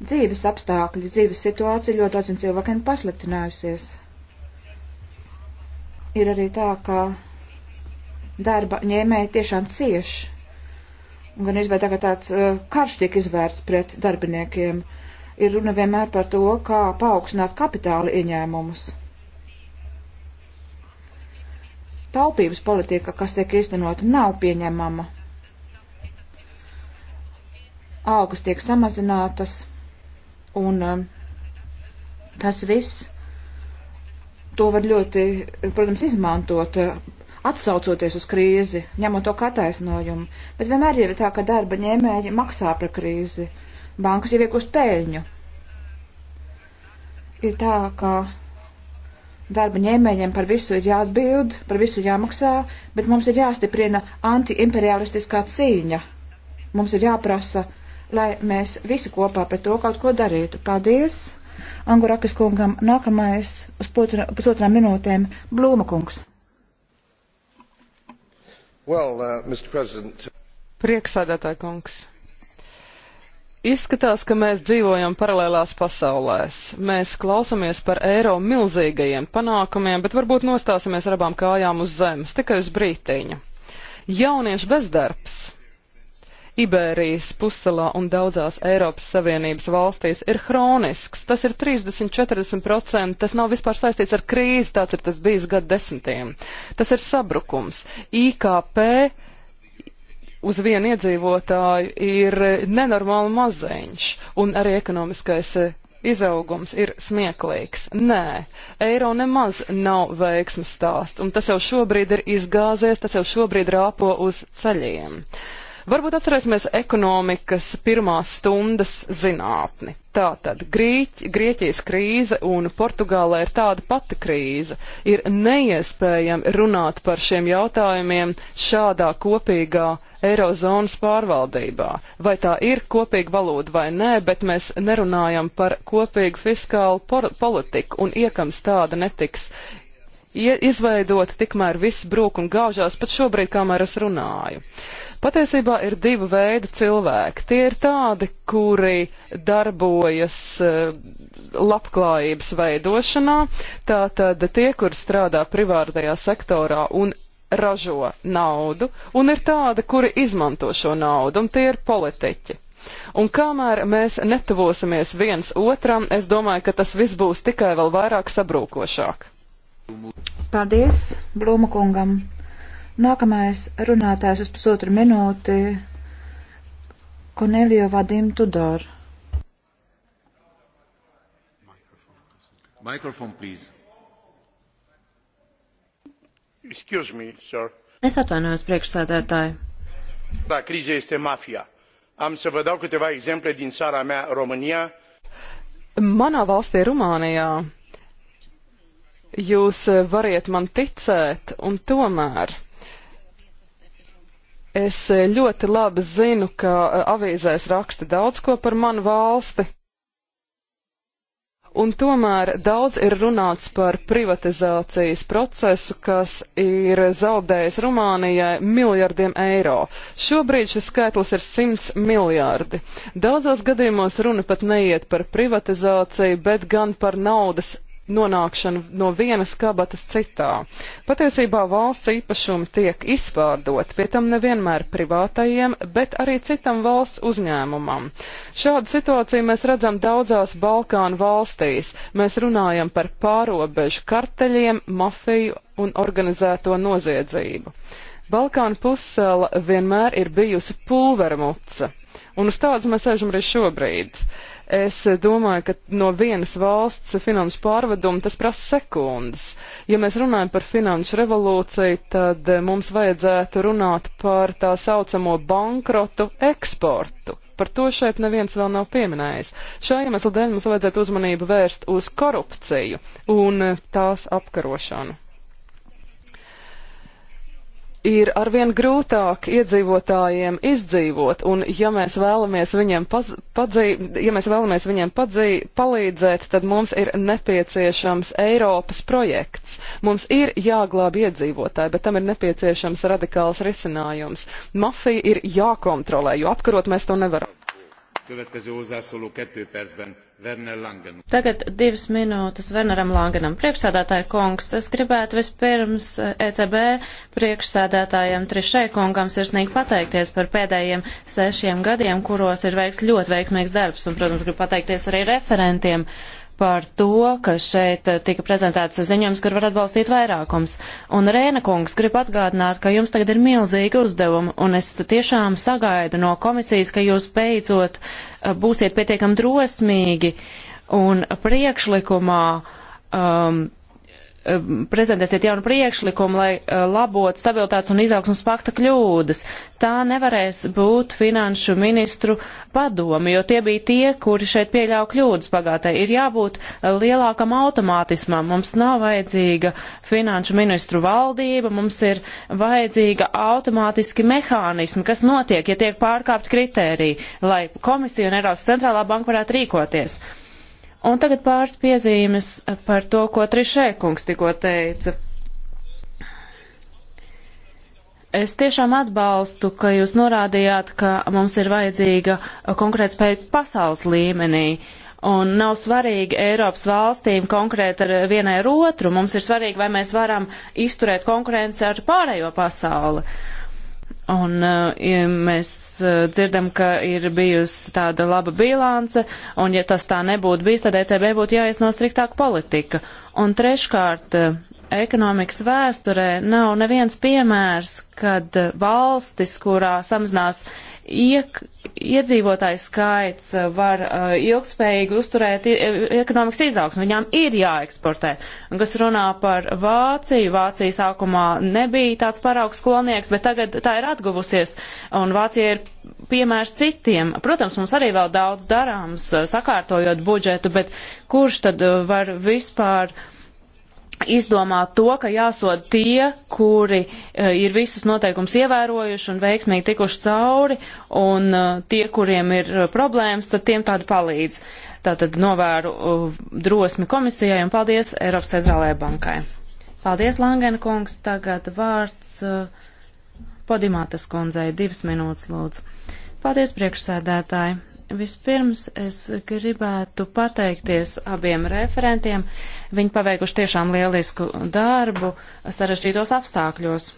dzīves apstākļi, dzīves situācija ļoti daudziem cilvēkiem pasliktinājusies. Ir arī tā, ka darba ņēmēji tiešām cieši. Gan izvēl tā, ka tāds eh, karš tiek izvērts pret darbiniekiem. Uh, ir runa vienmēr par to, kā paaugstināt kapitāla ieņēmumus. Taupības politika, kas tiek īstenota, nav pieņemama. Algas tiek samazinātas, un um, tas viss to var ļoti, protams, izmantot, uh, atsaucoties uz krīzi, ņemot to kā taisnojumu. Bet vienmēr ir tā, ka darba ņēmēji maksā par krīzi bankas jau iegūst peļņu. Ir tā, ka darba ņēmējiem par visu ir jāatbild, par visu jāmaksā, bet mums ir jāstiprina antiimperialistiskā cīņa. Mums ir jāprasa, lai mēs visi kopā pret to kaut ko darītu. Paldies! Angurakas kungam nākamais uz pusotrām minūtēm Blūma kungs. Well, uh, Prieksādātāja kungs, Izskatās, ka mēs dzīvojam paralēlās pasaulēs. Mēs klausamies par eiro milzīgajiem panākumiem, bet varbūt nostāsimies ar abām kājām uz zemes tikai uz brītiņu. Jauniešu bezdarbs Iberijas puselā un daudzās Eiropas Savienības valstīs ir hronisks. Tas ir 30-40%, tas nav vispār saistīts ar krīzi, tāds ir tas bijis gadu desmitiem. Tas ir sabrukums. IKP uz vienu iedzīvotāju ir nenormāli maziņš, un arī ekonomiskais eh, izaugums ir smieklīgs. Nē, eiro nemaz nav veiksmes stāsts, un tas jau šobrīd ir izgāzies, tas jau šobrīd rāpo uz ceļiem. Uh, Varbūt atcerēsimies ekonomikas pirmās stundas zinātni. Tātad Grīķ, Grieķijas krīze un Portugālē ir tāda pati krīze. Ir neiespējami runāt par šiem jautājumiem šādā kopīgā eirozonas pārvaldībā. Vai tā ir kopīga valūta vai nē, bet mēs nerunājam par kopīgu fiskālu politiku un iekams tāda netiks izveidota, tikmēr viss brūk un gaužās pat šobrīd, kamēr es runāju. Patiesībā ir divi veidi cilvēki. Tie ir tādi, kuri darbojas eh, labklājības veidošanā, tātad tie, kur strādā privātajā sektorā un ražo naudu, un ir tādi, kuri izmanto šo naudu, un tie ir politiķi. Un kamēr mēs netuvosimies viens otram, es domāju, ka tas viss būs tikai vēl vairāk sabrūkošāk. Paldies Blūma kungam. Nākamais runātājs uz pusotru minūti - Kornelio Vadim Tudor. Mikrofon, please. Excuse me, sir. Es atvainojos priekšsēdētāji. Da, criza este mafia. Am să vă dau câteva exemple din țara mea, România. Manā valstī, Rumānijā, Jūs eh, variet man ticēt, un tomēr es eh, ļoti labi zinu, ka eh, avīzēs raksta daudz ko par manu valsti. Un tomēr daudz ir runāts par privatizācijas procesu, kas ir zaudējis Rumānijai miljardiem eiro. Šobrīd šis skaitlis ir 100 miljardi. Daudzās gadījumos runa pat neiet par privatizāciju, bet gan par naudas nonākšanu no vienas kabatas citā. Patiesībā valsts īpašumi tiek izpārdot, pie tam nevienmēr privātajiem, bet arī citam valsts uzņēmumam. Šādu situāciju mēs redzam daudzās Balkānu valstīs. Mēs runājam par pārobežu karteļiem, mafiju un organizēto noziedzību. Balkānu pusēla vienmēr ir bijusi pulvermuca, un uz tādas mēs sēžam arī šobrīd. Es domāju, ka no vienas valsts finanšu pārveduma tas prasa sekundes. Ja mēs runājam par finanšu revolūciju, tad eh, mums vajadzētu runāt par tā saucamo bankrotu eksportu. Par to šeit neviens vēl nav pieminējis. Šā iemesla dēļ mums vajadzētu uzmanību vērst uz korupciju un eh, tās apkarošanu ir arvien grūtāk iedzīvotājiem izdzīvot, un ja mēs vēlamies viņiem, paz, padzī, ja mēs vēlamies viņiem padzī, palīdzēt, tad mums ir nepieciešams Eiropas projekts. Mums ir jāglāb iedzīvotāji, bet tam ir nepieciešams radikāls risinājums. Mafija ir jākontrolē, jo apkarot mēs to nevaram. Tagad divas minūtes Werneram Langenam. Priekšsēdētāja kungs, es gribētu vispirms ECB eh, e priekšsēdētājiem Trišai kungam sirsnīgi pateikties par pēdējiem sešiem gadiem, kuros ir veiks ļoti veiksmīgs darbs, un, protams, gribu pateikties arī referentiem. Uh, par to, ka šeit eh, tika prezentēts ziņojums, kur var atbalstīt vairākums. Un Rēna kungs grib atgādināt, ka jums tagad ir milzīgi uzdevumi, un es tiešām sagaidu no komisijas, ka jūs beidzot eh, būsiet pietiekami drosmīgi un priekšlikumā um, Um, prezentēsiet jaunu priekšlikumu, lai uh, labotu stabilitātes un izaugsmas pakta kļūdas. Tā nevarēs būt finanšu ministru padomi, jo tie bija tie, kuri šeit pieļāva kļūdas pagātē. Ir jābūt uh, lielākam automātismam. Mums nav vajadzīga finanšu ministru valdība, mums ir vajadzīga automātiski mehānismi, kas notiek, ja tiek pārkāpt kritēriji, lai komisija un Eiropas centrālā banka varētu rīkoties. Un tagad pāris piezīmes par to, ko Trišēkungs tikko teica. Es tiešām atbalstu, ka jūs norādījāt, ka mums ir vajadzīga konkrēta spēja pasaules līmenī. Un nav svarīgi Eiropas valstīm konkrēti ar vienai ar otru. Mums ir svarīgi, vai mēs varam izturēt konkurenci ar pārējo pasauli. Uh, Un eh, ja mēs eh, dzirdam, ka ir bijusi tāda laba bilance, un ja tas tā nebūtu bijis, tad ECB būtu jāizno striktāka politika. Un treškārt, eh, ekonomikas vēsturē nav neviens piemērs, kad valstis, kurā samazinās iek, iedzīvotājs skaits uh, var uh, ilgspējīgi uzturēt e, ekonomikas izaugsmu. Viņām ir jāeksportē. Un kas runā par Vāciju, Vācija sākumā nebija tāds paraugs skolnieks, bet tagad tā ir atguvusies. Un Vācija ir piemērs citiem. Protams, mums arī vēl daudz darāms, uh, sakārtojot budžetu, bet kurš tad uh, var vispār uh, izdomā to, ka jāsod tie, kuri uh, ir visus noteikumus ievērojuši un veiksmīgi tikuši cauri, un uh, tie, kuriem ir uh, problēmas, tad tiem tādu palīdz. Tātad novēru uh, drosmi komisijai un paldies Eiropas centrālajai bankai. Paldies, Langena kungs. Tagad vārds uh, Podimātas kundzei. Divas minūtes, lūdzu. Paldies, priekšsēdētāji. Vispirms es gribētu pateikties abiem referentiem. Uh, Viņi paveikuši tiešām lielisku darbu sarežģītos apstākļos.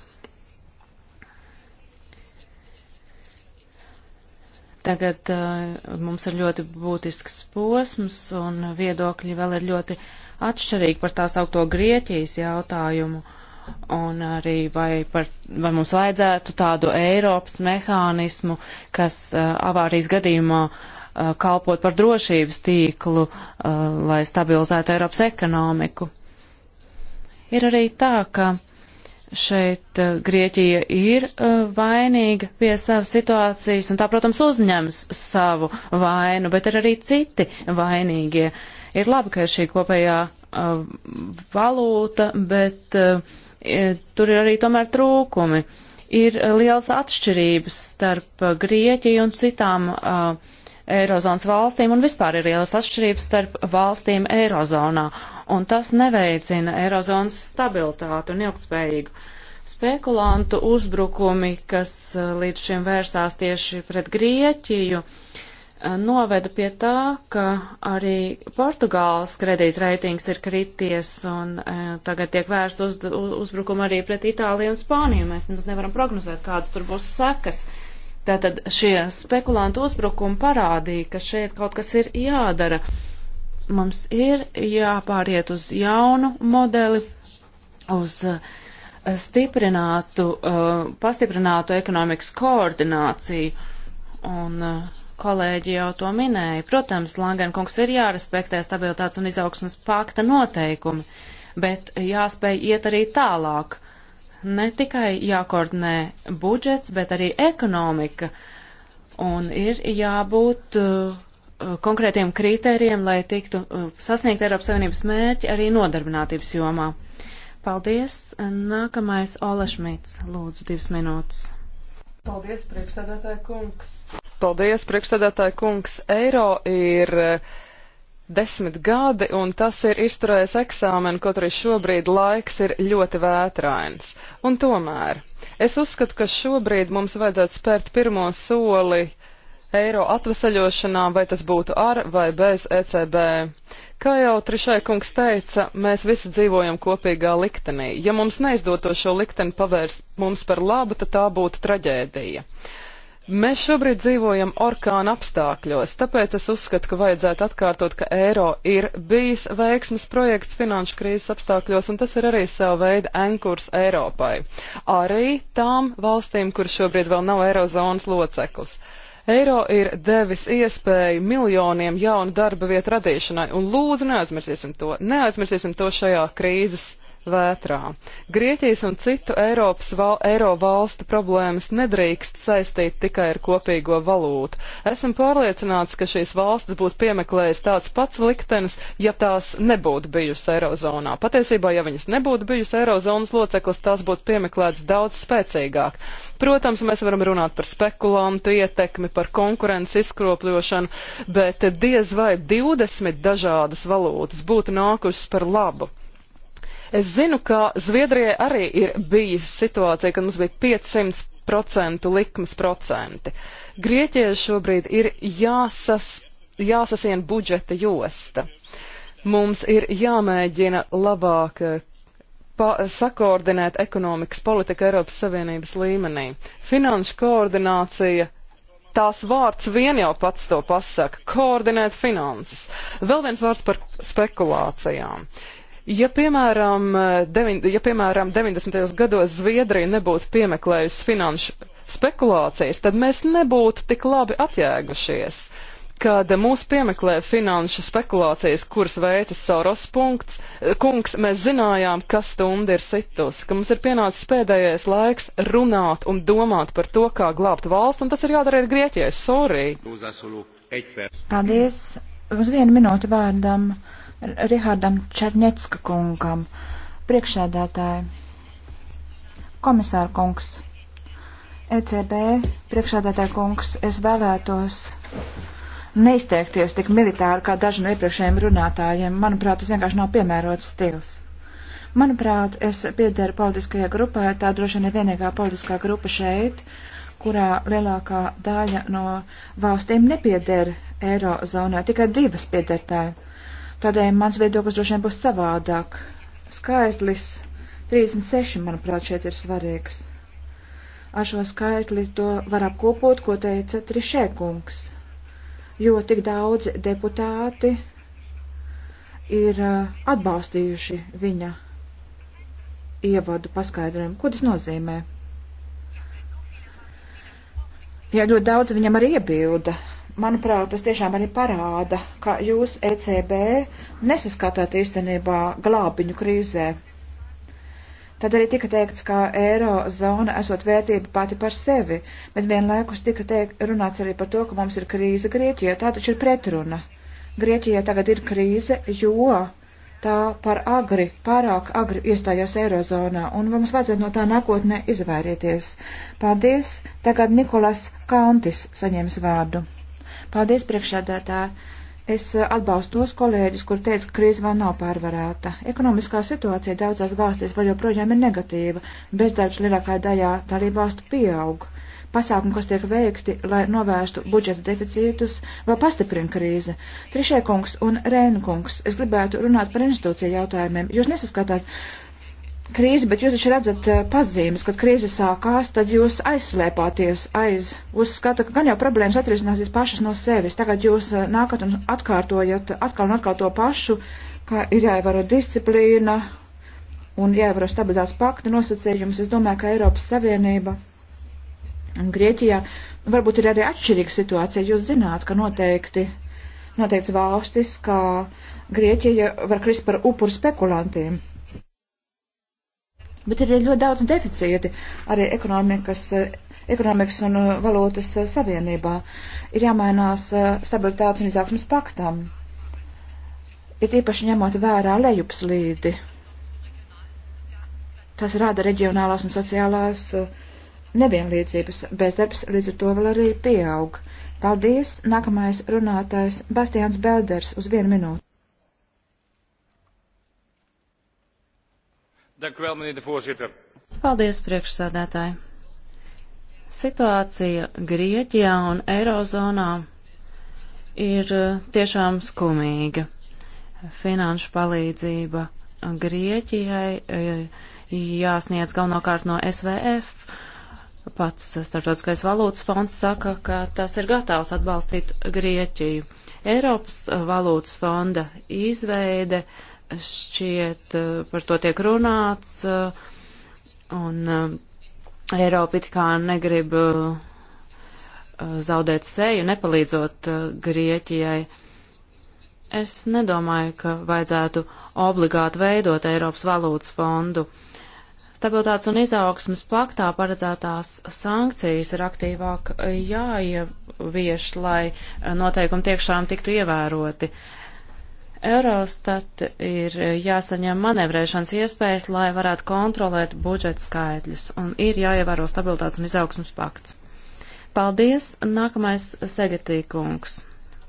Tagad uh, mums ir ļoti būtisks posms un viedokļi vēl ir ļoti atšķirīgi par tās augto Grieķijas jautājumu un arī vai, par, vai mums vajadzētu tādu Eiropas mehānismu, kas uh, avārijas gadījumā uh, Uh, kalpot par drošības tīklu, uh, lai stabilizētu Eiropas ekonomiku. Ir arī tā, ka šeit uh, Grieķija ir vainīga pie savas situācijas, un tā, protams, uzņems savu vainu, bet ir arī citi vainīgie. Ir labi, ka ir šī kopējā valūta, bet tur ir arī tomēr trūkumi. Ir liels atšķirības starp Grieķiju un citām uh, Eirozonas valstīm un vispār ir lielas atšķirības starp valstīm Eirozonā, un tas neveicina Eirozonas stabilitātu un ilgtspējīgu. Spekulantu uzbrukumi, kas eh, līdz šim vērsās tieši pret Grieķiju, eh, noveda pie tā, ka arī Portugāles kredītreitings ir krities un e, tagad tiek vērst uz, uzbrukumi arī pret Itāliju un Spāniju. Mēs nemaz nevaram prognozēt, kādas tur būs sekas. E, Tātad šie spekulantu uzbrukumi parādīja, ka šeit kaut kas ir jādara. Mums ir jāpāriet uz jaunu modeli, uz eh, stiprinātu, eh, pastiprinātu ekonomikas koordināciju. Un eh, kolēģi jau to minēja. Protams, Langenkungs ir jārespektē stabilitātes un izaugsmas pakta noteikumi, bet jāspēj iet arī tālāk. Uh, ne tikai jākoordinē budžets, bet arī ekonomika. Un ir jābūt uh, konkrētiem kritērijiem, lai tiktu uh, sasniegt Eiropas Savienības mērķi arī nodarbinātības jomā. Paldies. Nākamais Ola Šmits. Lūdzu, divas minūtes. Paldies, priekšsēdētāja kungs. Paldies, priekšsēdētāja kungs. Eiro ir. Uh, desmit gadi, un tas ir izturējis eksāmenu, kaut arī šobrīd laiks ir ļoti vētrains. Un tomēr es uzskatu, ka šobrīd mums vajadzētu spērt pirmo soli eiro atvesaļošanā, vai tas būtu ar vai bez ECB. Kā jau Trišai kungs teica, mēs visi dzīvojam kopīgā liktenī. Ja mums neizdoto šo likteni pavērst mums par labu, tad tā būtu traģēdija. Mēs šobrīd dzīvojam orkāna apstākļos, tāpēc es uzskatu, ka vajadzētu atkārtot, ka eiro ir bijis veiksmes projekts finanšu krīzes apstākļos, un tas ir arī sava veida enkurs Eiropai. Arī tām valstīm, kur šobrīd vēl nav eirozonas loceklis. Eiro ir devis iespēju miljoniem jaunu darba vietu radīšanai, un lūdzu neaizmirsīsim to. Neaizmirsīsim to šajā krīzes vētrā. Grieķijas un citu Eiropas val, Eiro valstu problēmas nedrīkst saistīt tikai ar kopīgo valūtu. Esmu pārliecināts, ka šīs valstis būtu piemeklējis tāds pats liktenis, ja tās nebūtu bijusi Eirozonā. Patiesībā, ja viņas nebūtu bijusi Eirozonas loceklis, tās būtu piemeklētas daudz spēcīgāk. Protams, mēs varam runāt par spekulantu ietekmi, par konkurences izkropļošanu, bet diez vai 20 dažādas valūtas būtu nākušas par labu. Es zinu, ka Zviedrijai arī ir bijusi situācija, kad mums bija 500 procentu likmes procenti. Grieķijai šobrīd ir jāsas, jāsasien budžeta josta. Mums ir jāmēģina labāk eh, sakoordinēt ekonomikas politiku Eiropas Savienības līmenī. Finanšu koordinācija tās vārds vien jau pats to pasaka - koordinēt finanses. Vēl viens vārds par spekulācijām. Ja piemēram, eh, deviņ, ja, piemēram 90. gados Zviedrija nebūtu piemeklējusi finanšu spekulācijas, tad mēs nebūtu tik labi atjēgušies kad mūs piemeklē finanšu spekulācijas, kuras veicis Soros punkts, eh, kungs, mēs zinājām, ka stunda ir situsi, ka mums ir pienācis pēdējais laiks runāt un domāt par to, kā glābt valsts, un tas ir jādara arī Grieķijai. Sorry! Paldies! Uz vienu minūti vārdam Rihardam Černecka kungam. Priekšsēdētāji, komisāra kungs, ECB, priekšsēdētāja kungs, es vēlētos neizteikties tik militāri kā daži no iepriekšējiem runātājiem. Manuprāt, tas vienkārši nav piemērots stils. Manuprāt, es piederu politiskajai grupai, tā droši vien ir vienīgā politiskā grupa šeit, kurā lielākā daļa no valstīm nepieder Eirozonā, tikai divas pieder tai. Tādēļ mans viedoklis droši vien būs savādāk. Skaitlis 36, manuprāt, šeit ir svarīgs. Ar šo skaitli to var apkopot, ko teica Trišēkungs, jo tik daudz deputāti ir uh, atbalstījuši viņa ievadu paskaidrojumu. Ko tas nozīmē? Jā, ļoti daudz viņam arī iebilda manuprāt, tas tiešām arī parāda, ka jūs ECB nesaskatāt īstenībā glābiņu krīzē. Tad arī tika teikts, ka eirozona esot vērtība pati par sevi, bet vienlaikus tika teikt, runāts arī par to, ka mums ir krīze Grieķijā. Tā taču ir pretruna. Grieķijā tagad ir krīze, jo tā par agri, pārāk agri iestājās eirozonā, un mums vajadzētu no tā nākotnē izvairīties. Paldies! Tagad Nikolas Kauntis saņems vārdu. Paldies, priekšādātāji! Es eh, atbalstu tos kolēģus, kur teica, ka krīze vēl nav pārvarēta. Ekonomiskā situācija daudzās valstīs vēl joprojām ir negatīva, bezdarbs lielākā daļā dalību valstu pieaug. Pasākumi, kas tiek veikti, lai novērstu budžeta deficītus, vēl pastiprina krīzi. Trišē kungs un Rēna kungs, es gribētu runāt par institūciju jautājumiem. Jūs nesaskatāt krīzi, bet jūs taču redzat eh, pazīmes, kad krīze sākās, tad jūs aizslēpāties aiz uzskata, ka gan jau problēmas atrisināsies pašas no sevis. Tagad jūs eh, nākat un atkārtojat atkal un atkal to pašu, ka ir jāievēro disciplīna un jāievēro stabilitātes pakta nosacījums. Es domāju, ka Eiropas Savienība un Grieķijā varbūt ir arī atšķirīga situācija. Jūs zināt, ka noteikti noteikts valstis, kā Grieķija var krist par upuru spekulantiem bet ir ļoti daudz deficīti arī ekonomikas, eh, ekonomikas un uh, valūtas uh, savienībā. Ir jāmainās uh, stabilitātes un izaugsmas paktam. Ir īpaši ņemot vērā lejupslīdi. Tas rada reģionālās un sociālās nevienlīdzības. Bezdarbs līdz ar to vēl arī pieaug. Paldies! Nākamais runātājs Bastians Belders uz vienu minūti. Paldies, priekšsēdētāji. Situācija Grieķijā un Eirozonā ir eh, tiešām skumīga. Finanšu palīdzība Grieķijai eh, jāsniedz galvenokārt no SVF. Pats Startautiskais valūtas fonds saka, ka tas ir gatavs atbalstīt Grieķiju. Eiropas valūtas fonda izveide uh, šķiet eh, par to tiek runāts, eh, un eh, Eiropa it kā negrib zaudēt seju, nepalīdzot Grieķijai. Es nedomāju, ka vajadzētu obligāti veidot Eiropas valūtas fondu. Stabilitātes un izaugsmas paktā paredzētās sankcijas ir aktīvāk jāievieš, lai noteikumi tiekšām tiktu ievēroti. Uh, Eurostat ir jāsaņem manevrēšanas iespējas, lai varētu kontrolēt budžeta skaitļus, un ir jāievēro stabilitātes un izaugsmas pakts. Paldies, nākamais Segatī kungs.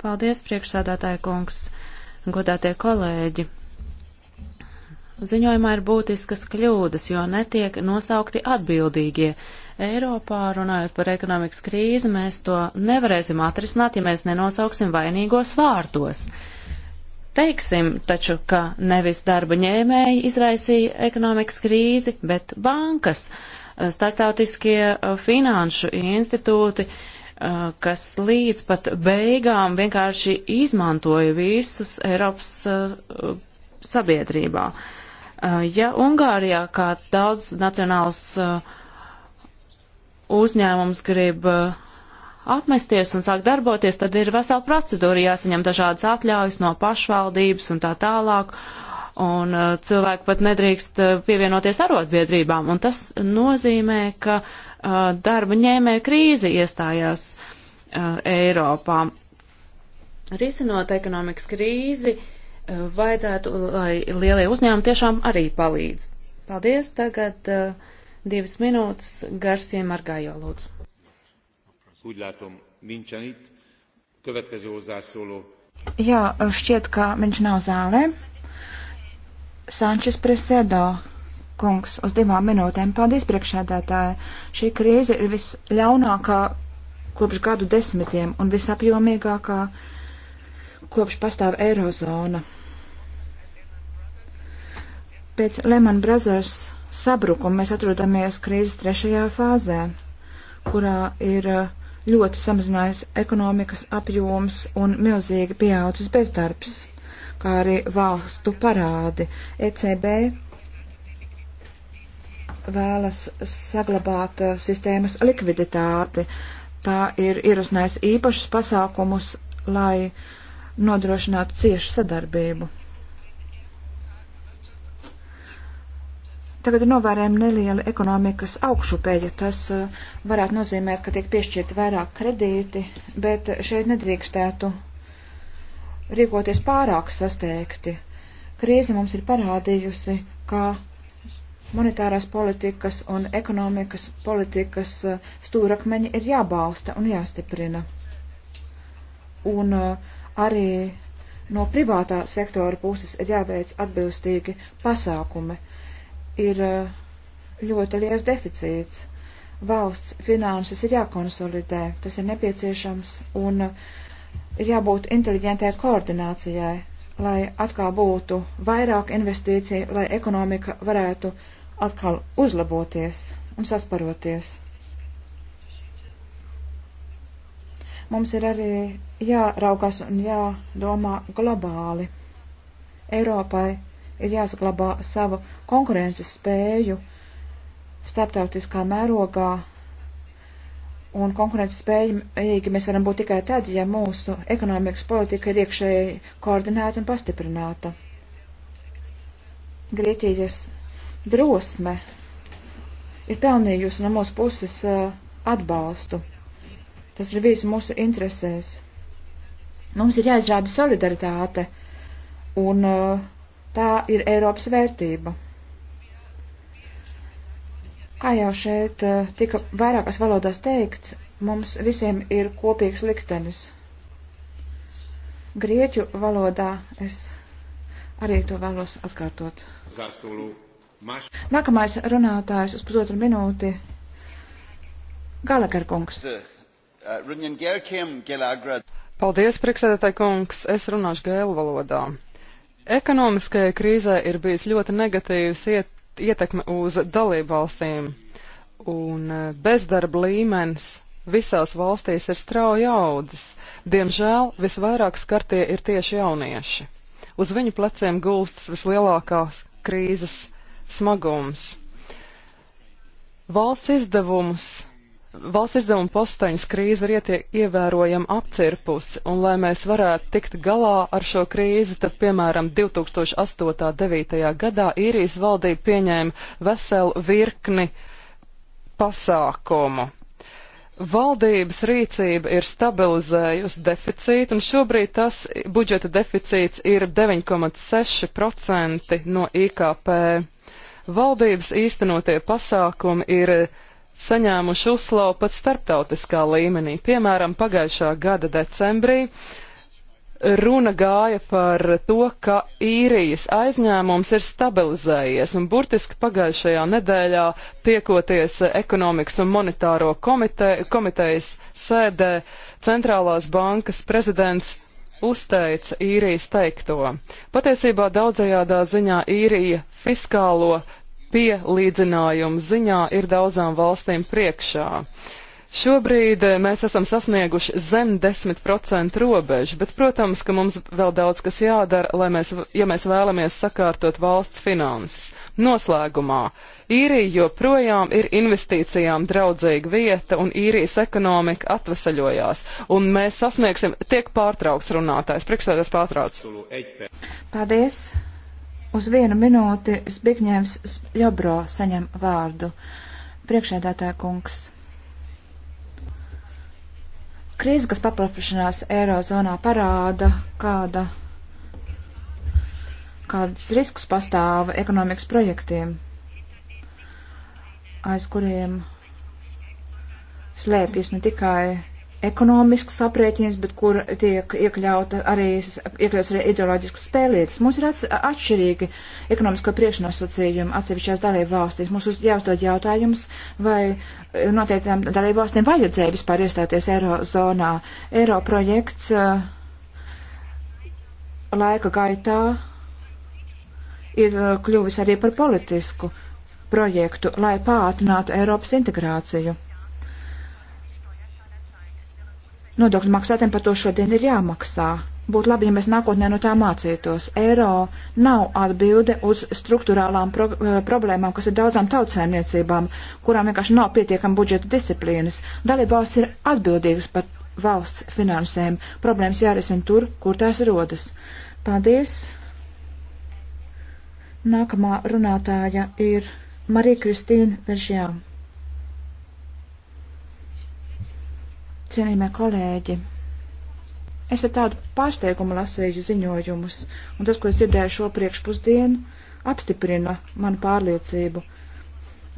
Paldies, priekšsādātāja kungs, godātie kolēģi. Ziņojumā ir būtiskas kļūdas, jo netiek nosaukti atbildīgie, Eiropā, runājot par ekonomikas krīzi, mēs to nevarēsim atrisināt, ja mēs nenosauksim vainīgos vārtos. Teiksim taču, ka nevis darba ņēmēji izraisīja ekonomikas krīzi, bet bankas, eh, startautiskie eh, finanšu institūti, eh, kas līdz pat beigām vienkārši izmantoja visus Eiropas sabiedrībā. Ja Ungārijā kāds daudz nacionāls uzņēmums grib uh, apmesties un sāk darboties, tad ir vesela procedūra, jāsaņem dažādas atļaujas no pašvaldības un tā tālāk. Un uh, cilvēki pat nedrīkst uh, pievienoties arotbiedrībām, un tas nozīmē, ka uh, darba ņēmē krīze iestājās uh, Eiropā. Risinot ekonomikas krīzi, uh, vajadzētu, lai lielie uzņēmumi tiešām arī palīdz. Paldies, tagad uh, divas minūtes Garsie Margājo lūdzu. Úgy látom, nincsen itt. Következő hozzászóló. Jā, šķiet, ka viņš nav zālē. Sančes Presēdo kungs uz divām minūtēm. Paldies, priekšsēdētāji. Šī krīze ir visļaunākā kopš gadu desmitiem un visapjomīgākā kopš pastāv Eirozona. Pēc Lehman Brothers sabrukuma mēs atrodamies krīzes trešajā fāzē, kurā ir uh, ļoti samazinājies ekonomikas apjoms un milzīgi pieaudzis bezdarbs, kā arī valstu parādi. ECB vēlas saglabāt uh, sistēmas likviditāti. Tā ir ierosinājusi īpašus pasākumus, lai nodrošinātu ciešu sadarbību Tagad novērējam nelielu ekonomikas augšupēju. Tas eh, varētu nozīmēt, ka tiek piešķirti vairāk kredīti, bet šeit nedrīkstētu rīkoties pārāk sasteigti. Krīze mums ir parādījusi, ka monetārās politikas un ekonomikas politikas eh, stūrakmeņi ir jābalsta un jāstiprina. Un eh, arī no privātā sektora puses ir jāveic atbilstīgi pasākumi ir eh, ļoti liels deficīts. Valsts finanses ir jākonsolidē, tas ir nepieciešams un eh, ir jābūt inteliģentai koordinācijai, lai atkal būtu vairāk investīciju, lai ekonomika varētu atkal uzlaboties un sasparoties. mums ir arī jāraugās un jādomā globāli. Eiropai ir jāsaglabā savu konkurences spēju starptautiskā mērogā. Un konkurences spējīgi mēs varam būt tikai tad, ja mūsu ekonomikas politika ir iekšēji koordinēta un pastiprināta. Grieķijas drosme ir pelnījusi no mūsu puses uh, atbalstu. Tas ir visu mūsu interesēs. Mums ir jāizrāda solidaritāte un uh, Tā ir Eiropas vērtība. Kā jau šeit eh, tika vairākās valodās teikts, mums visiem ir kopīgs liktenis. Grieķu valodā es arī to vēlos atkārtot. Zasulu. Nākamais runātājs uz pusotru minūti - Galagar kungs. Uh, uh, Paldies, priekšsēdētāji kungs, es runāšu gēlu valodā. Ekonomiskajai krīzē ir bijis ļoti negatīvs iet, ietekme uz dalībvalstīm, un e, bezdarba līmenis visās valstīs ir strauji audzis. Diemžēl visvairāk skartie ir tieši jaunieši. Uz viņu pleciem gulstas vislielākās krīzes smagums. Valsts izdevumus Valsts izdevuma posteņas krīze ir ievērojama apcirpus, un lai mēs varētu tikt galā ar šo krīzi, tad, piemēram, 2008.9. gadā īrijas valdība pieņēma veselu virkni pasākumu. Valdības rīcība ir stabilizējusi deficītu, un šobrīd tas budžeta deficīts ir 9,6% no IKP. Valdības īstenotie pasākumi ir saņēmuši uzslavu pat starptautiskā līmenī. Piemēram, pagājušā gada decembrī runa gāja par to, ka īrijas aizņēmums ir stabilizējies, un burtiski pagājušajā nedēļā tiekoties ekonomikas un monetāro komite, komitejas sēdē centrālās bankas prezidents uzteica īrijas teikto. Patiesībā daudzajādā ziņā īrija fiskālo pielīdzinājumu ziņā ir daudzām valstīm priekšā. Šobrīd eh, mēs esam sasnieguši zem 10% robežu, bet, protams, ka mums vēl daudz kas jādara, lai mēs, ja mēs vēlamies sakārtot valsts finanses. Noslēgumā īrija joprojām ir investīcijām draudzīga vieta, un īrijas ekonomika atvesaļojās, un mēs sasniegsim, tiek pārtraukts runātājs, priekšstādājs pārtrauc. Paldies! Uz vienu minūti Zbigņēvs Jobro saņem vārdu. Priekšēdētāja kungs. Krīze, kas paplašanās Eirozonā, parāda, kāda, kādas riskus pastāv ekonomikas projektiem, aiz kuriem slēpjas ne tikai ekonomisks aprēķins, bet kur tiek iekļauta arī, iekļauts arī ideoloģiskas spēlietas. Mums ir atšķirīgi ekonomisko priekšnosacījumi atsevišķās dalību valstīs. Mums jāuzdod jautājums, vai noteiktām dalību valstīm vajadzēja vispār iestāties Eirozonā. Eiro projekts eh, laika gaitā ir eh, kļuvis arī par politisku projektu, lai pātrinātu Eiropas integrāciju. Nodokļu maksātiem par to šodien ir jāmaksā. Būtu labi, ja mēs nākotnē no tā mācītos. Eiro nav atbilde uz struktūrālām pro eh, problēmām, kas ir daudzām tautsēmniecībām, kurām vienkārši nav pietiekama budžeta disciplīnas. Dalībās ir atbildīgas par valsts finansēm. Problēmas jārisina tur, kur tās rodas. Paldies! Nākamā runātāja ir Marija Kristīna Veržjā. Cienījamie kolēģi, es ar tādu pārsteigumu lasēju ziņojumus, un tas, ko es dzirdēju šo priekšpusdienu, apstiprina manu pārliecību.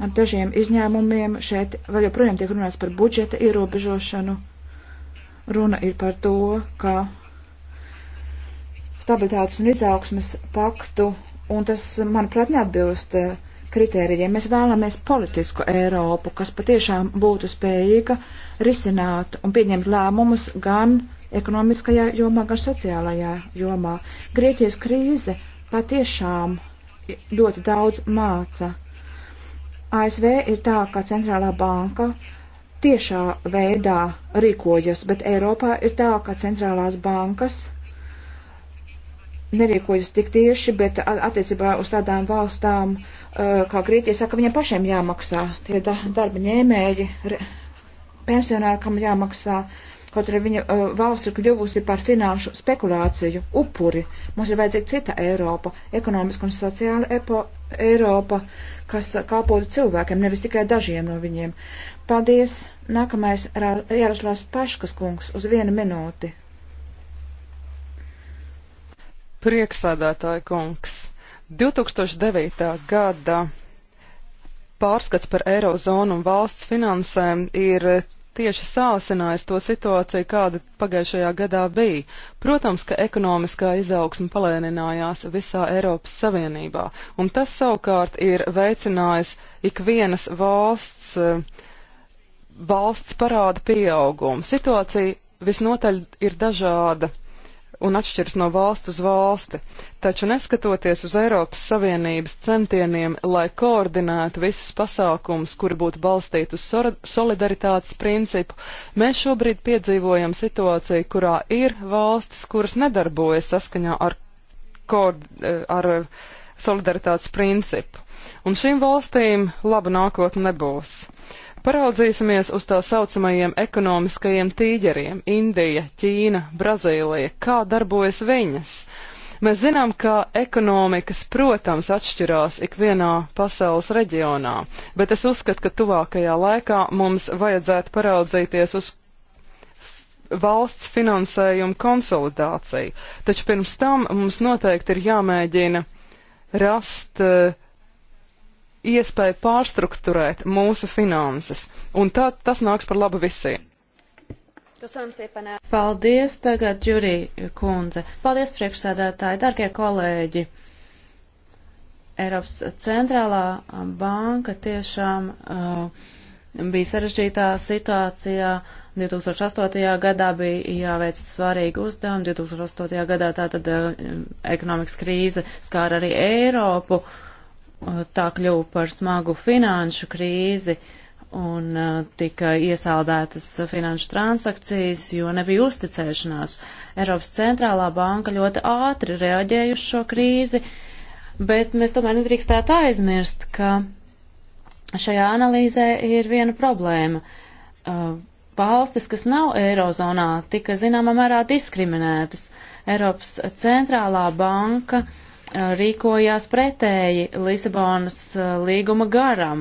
Ar dažiem izņēmumiem šeit vēl joprojām tiek runāts par budžeta ierobežošanu. Runa ir par to, ka stabilitātes un izaugsmes paktu, un tas, manuprāt, neatbilst uh, kritērijiem. Mēs vēlamies politisku Eiropu, kas patiešām būtu spējīga risināt un pieņemt lēmumus gan ekonomiskajā jomā, gan sociālajā jomā. Grieķijas krīze patiešām ļoti daudz māca. ASV ir tā, ka centrālā banka tiešā veidā rīkojas, bet Eiropā ir tā, ka centrālās bankas nerīkojas tik tieši, bet attiecībā uz tādām valstām, uh, kā Grieķija saka, viņiem pašiem jāmaksā. Tie darba ņēmēji, pensionāri, kam jāmaksā, kaut arī viņa uh, valsts ir kļuvusi par finanšu spekulāciju, upuri. Mums ir vajadzīga cita Eiropa, ekonomiska un sociāla epo, Eiropa, kas kalpotu cilvēkiem, nevis tikai dažiem no viņiem. Paldies! Nākamais Jāraslavs Paškas kungs uz vienu minūti. Prieksēdētāja kungs, 2009. gada pārskats par eirozonu un valsts finansēm ir tieši sāsinājis to situāciju, kāda pagājušajā gadā bija. Protams, ka ekonomiskā izaugsme palēninājās visā Eiropas Savienībā, un tas savukārt ir veicinājis ikvienas valsts, valsts parāda pieaugumu. Situācija visnotaļ ir dažāda un atšķiras no valsts uz valsti, taču neskatoties uz Eiropas Savienības centieniem, lai koordinētu visus pasākums, kuri būtu balstīti uz solidaritātes principu, mēs šobrīd piedzīvojam situāciju, kurā ir valstis, kuras nedarbojas saskaņā ar, kord, ar eh, solidaritātes principu. Un šīm valstīm laba nākotne nebūs. Paraudzīsimies uz tā saucamajiem ekonomiskajiem tīģeriem - Indija, Ķīna, Brazīlija. Kā darbojas viņas? Mēs zinām, ka ekonomikas, protams, atšķirās ikvienā pasaules reģionā, bet es uzskatu, ka tuvākajā laikā mums vajadzētu paraudzīties uz valsts finansējumu konsolidāciju. Taču pirms tam mums noteikti ir jāmēģina rast uh, iespēja pārstruktūrēt mūsu finanses, un tā, tas nāks par labu visiem. Paldies, tagad Jurī kundze. Paldies, priekšsēdētāji, darbie kolēģi. Eiropas centrālā banka tiešām uh, bija sarežģītā situācijā. 2008. gadā bija jāveic svarīgi uzdevumi, 2008. gadā tātad uh, ekonomikas krīze skāra arī Eiropu. Uh, Eh, tā kļuva par smagu finanšu krīzi un eh, tika iesaldētas finanšu transakcijas, jo nebija uzticēšanās. Eiropas centrālā banka ļoti ātri reaģēja uz šo krīzi, bet mēs tomēr nedrīkstētu aizmirst, ka šajā analīzē ir viena problēma. Eh, valstis, kas nav eirozonā, tika zināmā mērā diskriminētas. Eiropas centrālā banka uh, rīkojās pretēji Lisabonas uh, līguma garam,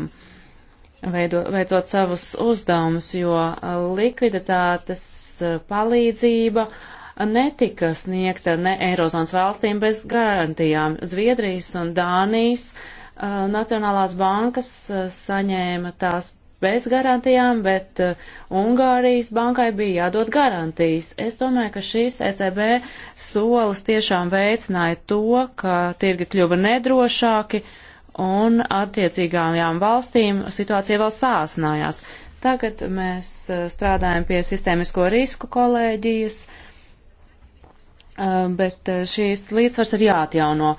veido, veicot savus uzdevumus, jo uh, likviditātes uh, palīdzība netika sniegta ne Eirozonas valstīm bez garantijām. Zviedrijas un Dānijas uh, Nacionālās bankas saņēma tās bez garantijām, bet uh, Ungārijas bankai bija jādod garantijas. Es domāju, ka šīs ECB solis tiešām veicināja to, ka tirgi kļuva nedrošāki un attiecīgām valstīm situācija vēl sāsnājās. Tagad mēs uh, strādājam pie sistēmisko risku kolēģijas, uh, bet uh, šīs līdzsvars ir jāatjauno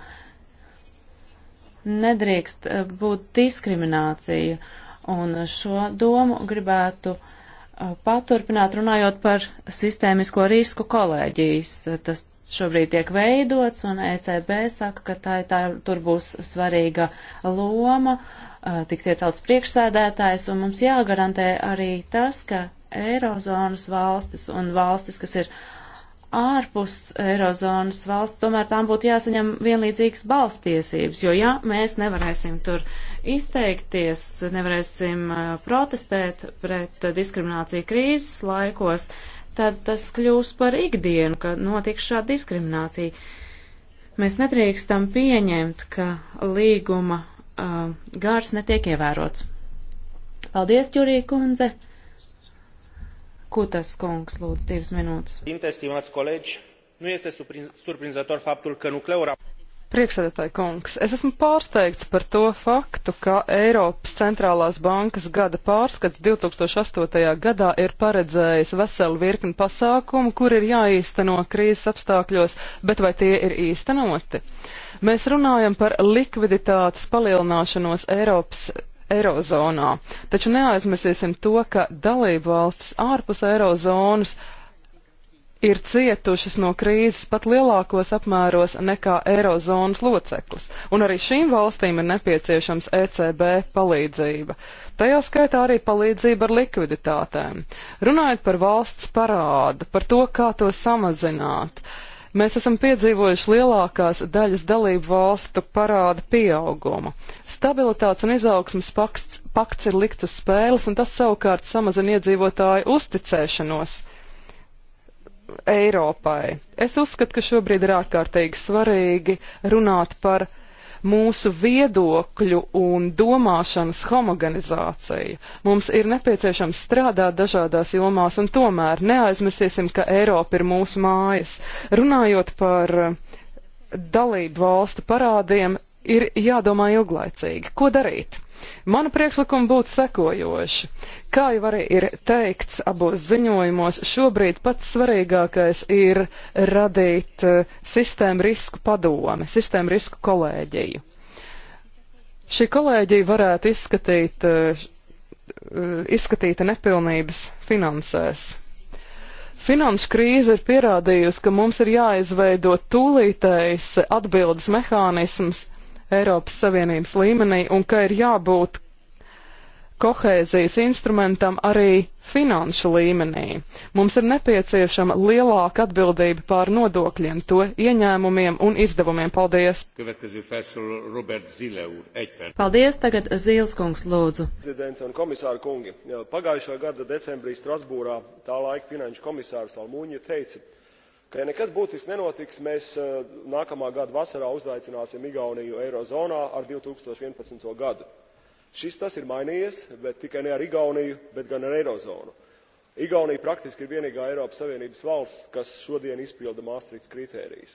nedrīkst uh, būt diskriminācija. Un šo domu gribētu uh, paturpināt runājot par sistēmisko risku kolēģijas. Tas šobrīd tiek veidots, un ECB saka, ka tā, tā tur būs svarīga loma, uh, tiks iecelts priekšsēdētājs, un mums jāgarantē arī tas, ka Eirozonas valstis un valstis, kas ir ārpus Eirozonas valsts, tomēr tām būtu jāsaņem vienlīdzīgas balstiesības, jo ja mēs nevarēsim tur izteikties, nevarēsim uh, protestēt pret uh, diskrimināciju krīzes laikos, tad tas kļūs par ikdienu, ka notiks šāda diskriminācija. Mēs nedrīkstam pieņemt, ka līguma uh, gārs netiek ievērots. Paldies, Ģurija kundze! Kutas kungs, lūdzu, divas minūtes. Nu este surprinzător faptul că nucleul Priekšsēdētāji kungs, es esmu pārsteigts par to faktu, ka Eiropas centrālās bankas gada pārskats 2008. gadā ir paredzējis veselu virkni pasākumu, kur ir jāīsteno krīzes apstākļos, bet vai tie ir īstenoti? Mēs runājam par likviditātes palielināšanos Eiropas Eirozonā. Taču neaizmirsīsim to, ka dalību valstis ārpus Eirozonas ir cietušas no krīzes pat lielākos apmēros nekā Eirozonas loceklis, un arī šīm valstīm ir nepieciešams ECB palīdzība. Tajā skaitā arī palīdzība ar likviditātēm. Runājot par valsts parādu, par to, kā to samazināt. Uh, Mēs esam piedzīvojuši lielākās daļas dalību valstu parāda pieaugumu. Stabilitātes un izaugsmas pakts, pakts ir likt uz spēles, un tas savukārt samazina iedzīvotāju uzticēšanos Eiropai. Es uzskatu, ka šobrīd ir ārkārtīgi svarīgi runāt par mūsu viedokļu un domāšanas homogenizācija. Mums ir nepieciešams strādāt dažādās jomās, un tomēr neaizmirsīsim, ka Eiropa ir mūsu mājas. Runājot par dalību valstu parādiem, ir jādomā ilglaicīgi. Ko darīt? Mana priekšlikuma būtu sekojoši. Kā jau arī ir teikts abos ziņojumos, šobrīd pats svarīgākais ir radīt eh, sistēmu risku padomi, sistēmu risku kolēģiju. Šī kolēģija varētu izskatīt, eh, eh, izskatīt nepilnības finansēs. Finanšu krīze ir pierādījusi, ka mums ir jāizveido tūlītējs atbildes mehānisms Eiropas Savienības līmenī un ka ir jābūt kohēzijas instrumentam arī finanšu līmenī. Mums ir nepieciešama lielāka atbildība pār nodokļiem, to ieņēmumiem un izdevumiem. Paldies! Paldies, tagad Zīles kungs lūdzu. Komisāri kungi, pagājušā gada decembrī Strasbūrā tā laika finanšu komisārs Almūņa teica, ka, ja nekas būtisks nenotiks, mēs uh, nākamā gada vasarā uzaicināsim Igauniju Eirozonā ar 2011. gadu. Šis tas ir mainījies, bet tikai ne ar Igauniju, bet gan ar Eirozonu. Igaunija praktiski ir vienīgā Eiropas Savienības valsts, kas šodien izpilda Maastrichts kritērijas.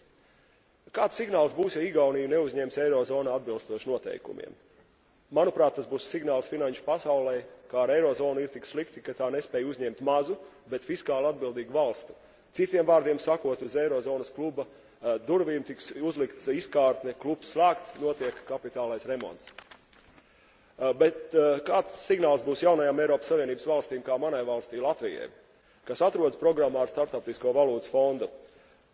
Kāds signāls būs, ja Igaunija neuzņems Eirozonā atbilstoši noteikumiem? Manuprāt, tas būs signāls finanšu pasaulē, kā ar Eirozonu ir tik slikti, ka tā nespēja uzņemt mazu, bet fiskāli atbildīgu valstu citiem vārdiem sakot uz eirozonas kluba eh, durvīm tiks uzlikts izkārtne klubs slēgts notiek kapitālais remonts. Eh, bet eh, kāds signāls būs jaunajām eiropas savienības valstīm kā manai valstij latvijai kas atrodas programmā ar starptautisko valūtas fondu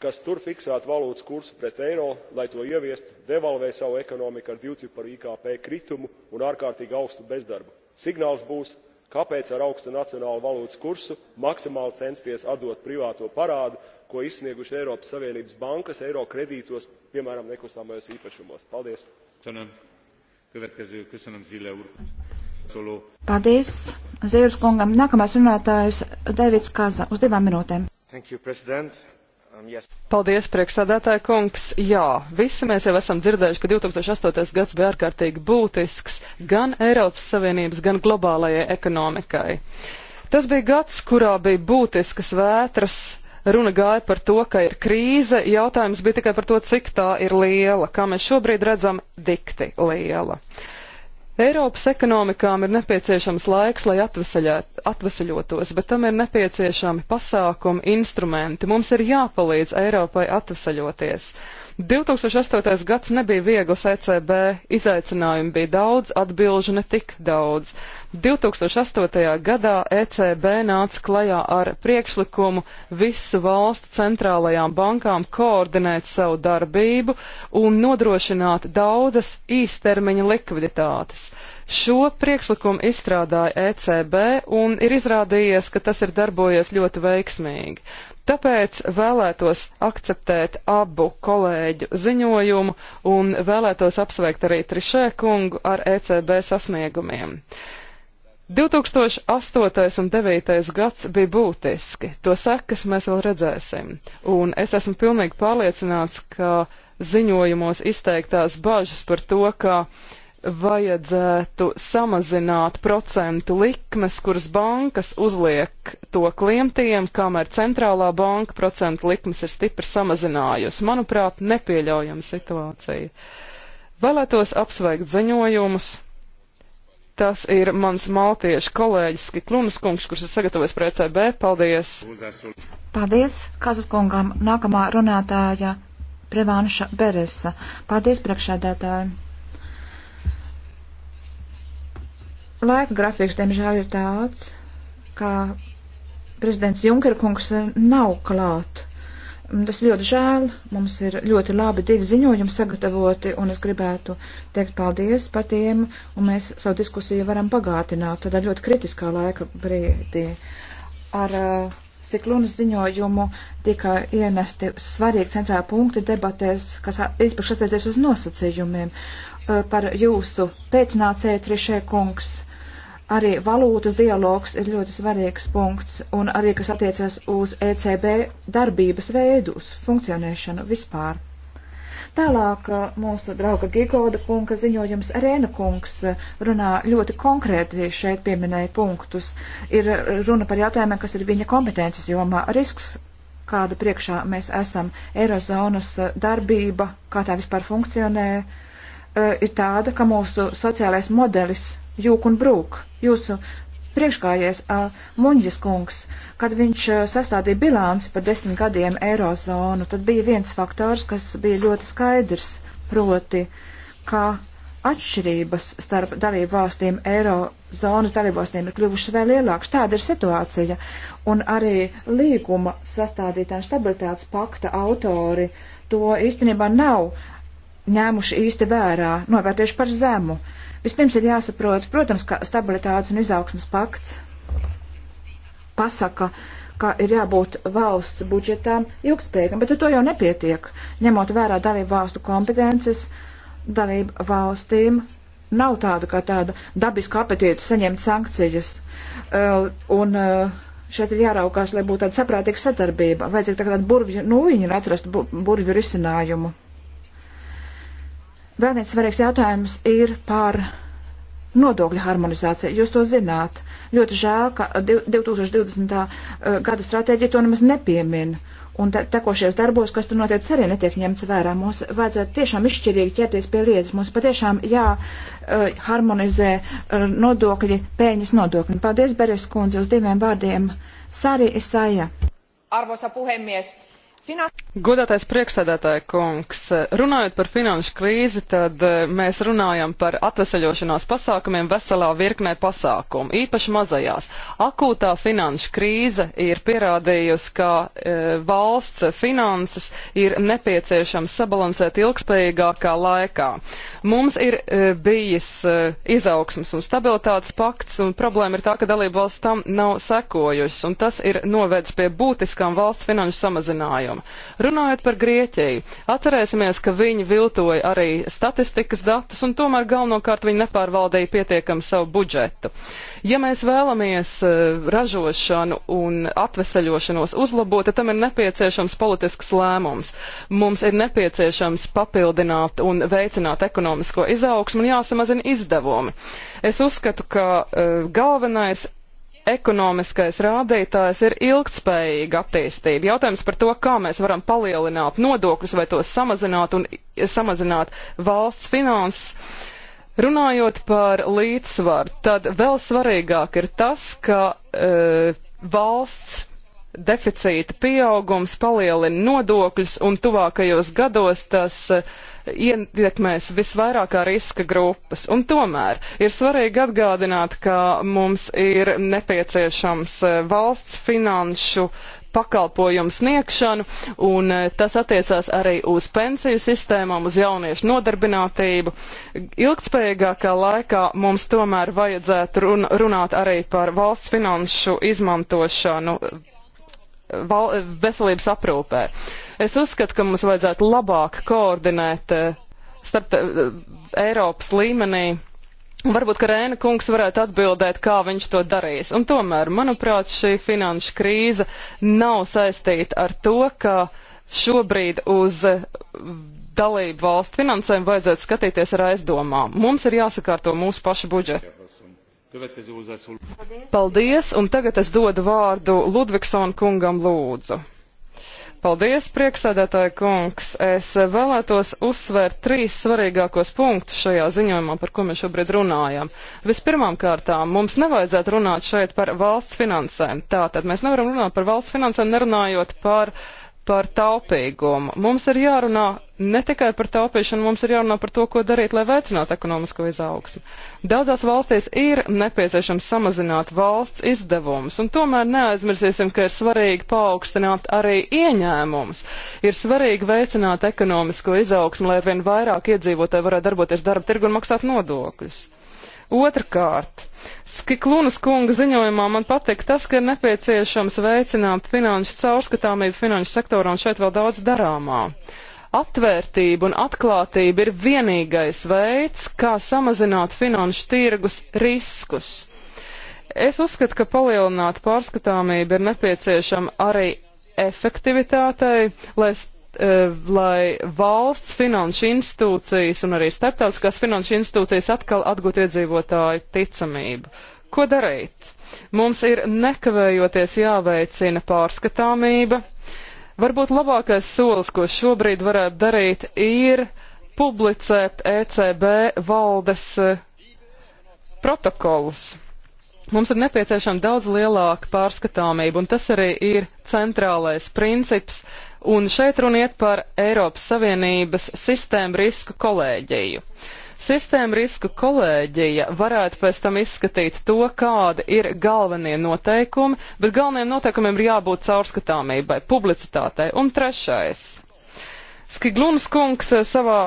kas tur fiksētu valūtas kursu pret eiro lai to ieviestu devalvē savu ekonomiku ar divciparu ikp kritumu un ārkārtīgi augstu bezdarbu? signāls būs kāpēc ar augstu nacionālo valūtas kursu maksimāli censties atdot privāto parādu ko izsniegušas eiropas savienības bankas eiro kredītos piemēram nekustamajos īpašumos. paldies! Paldies Zīles kungam. Nākamais runātājs Davids Kaza uz divām minūtēm. Thank you, President. Um, Paldies, priekšsādātāja kungs. Jā, visi mēs jau esam dzirdējuši, ka 2008. gads bija ārkārtīgi būtisks gan Eiropas Savienības, gan globālajai ekonomikai. Tas bija gads, kurā bija būtiskas vētras. Runa gāja par to, ka ir krīze, jautājums bija tikai par to, cik tā ir liela, kā mēs šobrīd redzam, dikti liela. Uh, Eiropas ekonomikām ir nepieciešams laiks, lai atvesaļotos, bet tam ir nepieciešami pasākumi, instrumenti. Mums ir jāpalīdz Eiropai atvesaļoties. 2008. gads nebija viegls ECB, izaicinājumi bija daudz, atbilžu netik daudz. 2008. gadā ECB nāca klajā ar priekšlikumu visu valstu centrālajām bankām koordinēt savu darbību un nodrošināt daudzas īstermiņa likviditātes. Šo priekšlikumu izstrādāja ECB un ir izrādījies, ka tas ir darbojies ļoti veiksmīgi. Tāpēc vēlētos akceptēt abu kolēģu ziņojumu un vēlētos apsveikt arī Trišē kungu ar ECB sasniegumiem. 2008. un 2009. gads bija būtiski, to sekas mēs vēl redzēsim, un es esmu pilnīgi pārliecināts, ka ziņojumos izteiktās bažas par to, ka uh, vajadzētu samazināt procentu likmes, kuras bankas uzliek to klientiem, kamēr centrālā banka procentu likmes ir stipri samazinājusi. Manuprāt, nepieļaujama situācija. Vēlētos apsveikt ziņojumus. Tas ir mans maltiešu kolēģis Kiklunas kungs, kurš ir sagatavojis par ECB. Paldies! Paldies, Kazas kungam! Nākamā runātāja Prevānša Beresa. Paldies, priekšēdētāji! Laika grafiks, diemžēl, ir tāds, ka prezidents Junkerkungs eh, nav klāt. Mm, tas ļoti žēl. Mums ir ļoti labi divi ziņojumi sagatavoti, un es gribētu teikt paldies par tiem, un mēs savu diskusiju varam pagātināt tādā ļoti kritiskā laika brīdī. Ar uh, Siklunas ziņojumu tika ienesti svarīgi centrāli punkti debatēs, kas īpaši attiecas uz nosacījumiem uh, par jūsu pēcnācēju trešie kungs Arī valūtas dialogs ir ļoti svarīgs punkts, un arī, kas attiecas uz ECB darbības veidus, funkcionēšanu vispār. Tālāk uh, mūsu drauga Gigoda kunga ziņojums Rēna kungs uh, runā ļoti konkrēti šeit pieminēja punktus. Ir uh, runa par jautājumiem, kas ir viņa kompetences jomā. Risks, kāda priekšā mēs esam, Eirozonas darbība, kā tā vispār funkcionē, ir tāda, ka mūsu sociālais modelis jūk un brūk. Jūsu priekšgājies Muņģis kungs, kad viņš sastādīja bilanci par desmit gadiem eirozonu, tad bija viens faktors, kas bija ļoti skaidrs, proti, ka atšķirības starp dalību valstīm, eirozonas dalību valstīm ir kļuvušas vēl lielākas. Tāda ir situācija. Un arī līguma sastādītā stabilitātes pakta autori to īstenībā nav ņēmuši īsti vērā, novērtējuši par zemu. Uh, Vispirms ir jāsaprot, protams, ka stabilitātes un izaugsmas pakts pasaka, ka ir jābūt valsts budžetām ilgspējīgam, bet ar to jau nepietiek, ņemot vērā dalību valstu kompetences, dalību valstīm nav tāda kā tāda dabiska apetīta saņemt sankcijas. Uh, un uh, šeit ir jāraukās, lai būtu tāda saprātīga sadarbība, vajadzīga tā tāda burvju nūjiņa, lai atrastu burvju risinājumu. Vēl viens svarīgs jautājums ir par nodokļu harmonizāciju. Jūs to zināt. Ļoti žēl, ka 2020. Eh, gada stratēģija to nemaz nepiemina. Un te, tekošies darbos, kas tur notiek, arī netiek ņemts vērā. Mums vajadzētu tiešām izšķirīgi ķerties pie lietas. Mums patiešām jāharmonizē eh, uh, eh, nodokļi, pēļņas nodokļi. Paldies, Beres kundze, uz diviem vārdiem. Sari Isaija. Arvoisa puhemies, Godātais priekšsēdētāja kungs, runājot par finanšu krīzi, tad eh, mēs runājam par atveseļošanās pasākumiem veselā virknē pasākumu, īpaši mazajās. Akūtā finanšu krīze ir pierādījusi, ka e, valsts finanses ir nepieciešams sabalansēt ilgspējīgākā laikā. Mums ir e, bijis e, izaugsmas un stabilitātes pakts, un problēma ir tā, ka dalību valsts tam nav sekojušas, un tas ir novedis pie būtiskām valsts finanšu samazinājumiem gadiem. Runājot par Grieķiju, atcerēsimies, ka viņi viltoja arī statistikas datus, un tomēr galvenokārt viņi nepārvaldīja pietiekami savu budžetu. Ja mēs vēlamies e, ražošanu un atveseļošanos uzlabot, tad tam ir nepieciešams politisks lēmums. Mums ir nepieciešams papildināt un veicināt ekonomisko izaugsmu un jāsamazina izdevumi. Es uzskatu, ka uh, galvenais ekonomiskais rādītājs ir ilgtspējīga attīstība. Jautājums par to, kā mēs varam palielināt nodokļus vai tos samazināt un samazināt valsts finanses. Runājot par līdzsvaru, tad vēl svarīgāk ir tas, ka e, valsts deficīta pieaugums palielina nodokļus un tuvākajos gados tas e, ietekmēs visvairākā riska grupas. Un tomēr ir svarīgi atgādināt, ka mums ir nepieciešams e, valsts finanšu pakalpojumu sniegšanu, un e, tas attiecās arī uz pensiju sistēmām, uz jauniešu nodarbinātību. Ilgtspējīgākā laikā mums tomēr vajadzētu run runāt arī par valsts finanšu izmantošanu val, veselības aprūpē. Es uzskatu, ka mums vajadzētu labāk koordinēt eh, starp eh, Eiropas līmenī Varbūt, ka Rēna kungs varētu atbildēt, kā viņš to darīs. Un tomēr, manuprāt, šī finanšu krīze nav saistīta ar to, ka šobrīd uz eh, dalību valstu finansēm vajadzētu skatīties ar aizdomām. Mums ir jāsakārto mūsu pašu budžetu. Paldies, un tagad es dodu vārdu Ludvigsona kungam lūdzu. Paldies, prieksēdētāja kungs. Es vēlētos uzsvērt trīs svarīgākos punktus šajā ziņojumā, par ko mēs šobrīd runājam. Vispirmām kārtām mums nevajadzētu runāt šeit par valsts finansēm. Tātad mēs nevaram runāt par valsts finansēm, nerunājot par uh, par taupīgumu. Mums ir jārunā ne tikai par taupīšanu, mums ir jārunā par to, ko darīt, lai veicinātu ekonomisko izaugsmu. Daudzās valstīs ir nepieciešams samazināt valsts izdevumus, un tomēr neaizmirsīsim, ka ir svarīgi paaugstināt arī ieņēmumus. Ir svarīgi veicināt ekonomisko izaugsmu, lai vien vairāk iedzīvotāji varētu darboties darba tirgu un maksāt nodokļus. Otrakārt, Skiklunas kunga ziņojumā man patīk tas, ka ir nepieciešams veicināt finanšu caurskatāmību finanšu sektorā, un šeit vēl daudz darāmā. Atvērtība un atklātība ir vienīgais veids, kā samazināt finanšu tirgus riskus. Es uzskatu, ka palielināt pārskatāmību ir nepieciešama arī efektivitātei, lai E, lai valsts finanšu institūcijas un arī starptautiskās finanšu institūcijas atkal atgūtu iedzīvotāju ticamību. Ko darīt? Mums ir nekavējoties jāveicina pārskatāmība. Varbūt labākais solis, ko šobrīd varētu darīt, ir publicēt ECB valdes e, protokolus. Mums ir nepieciešama daudz lielāka pārskatāmība, un tas arī ir centrālais princips Un šeit runiet par Eiropas Savienības sistēmu risku kolēģiju. Sistēma risku kolēģija varētu pēc tam izskatīt to, kādi ir galvenie noteikumi, bet galvenajiem noteikumiem ir jābūt caurskatāmībai, publicitātei. Un trešais. Skiglunas kungs eh, savā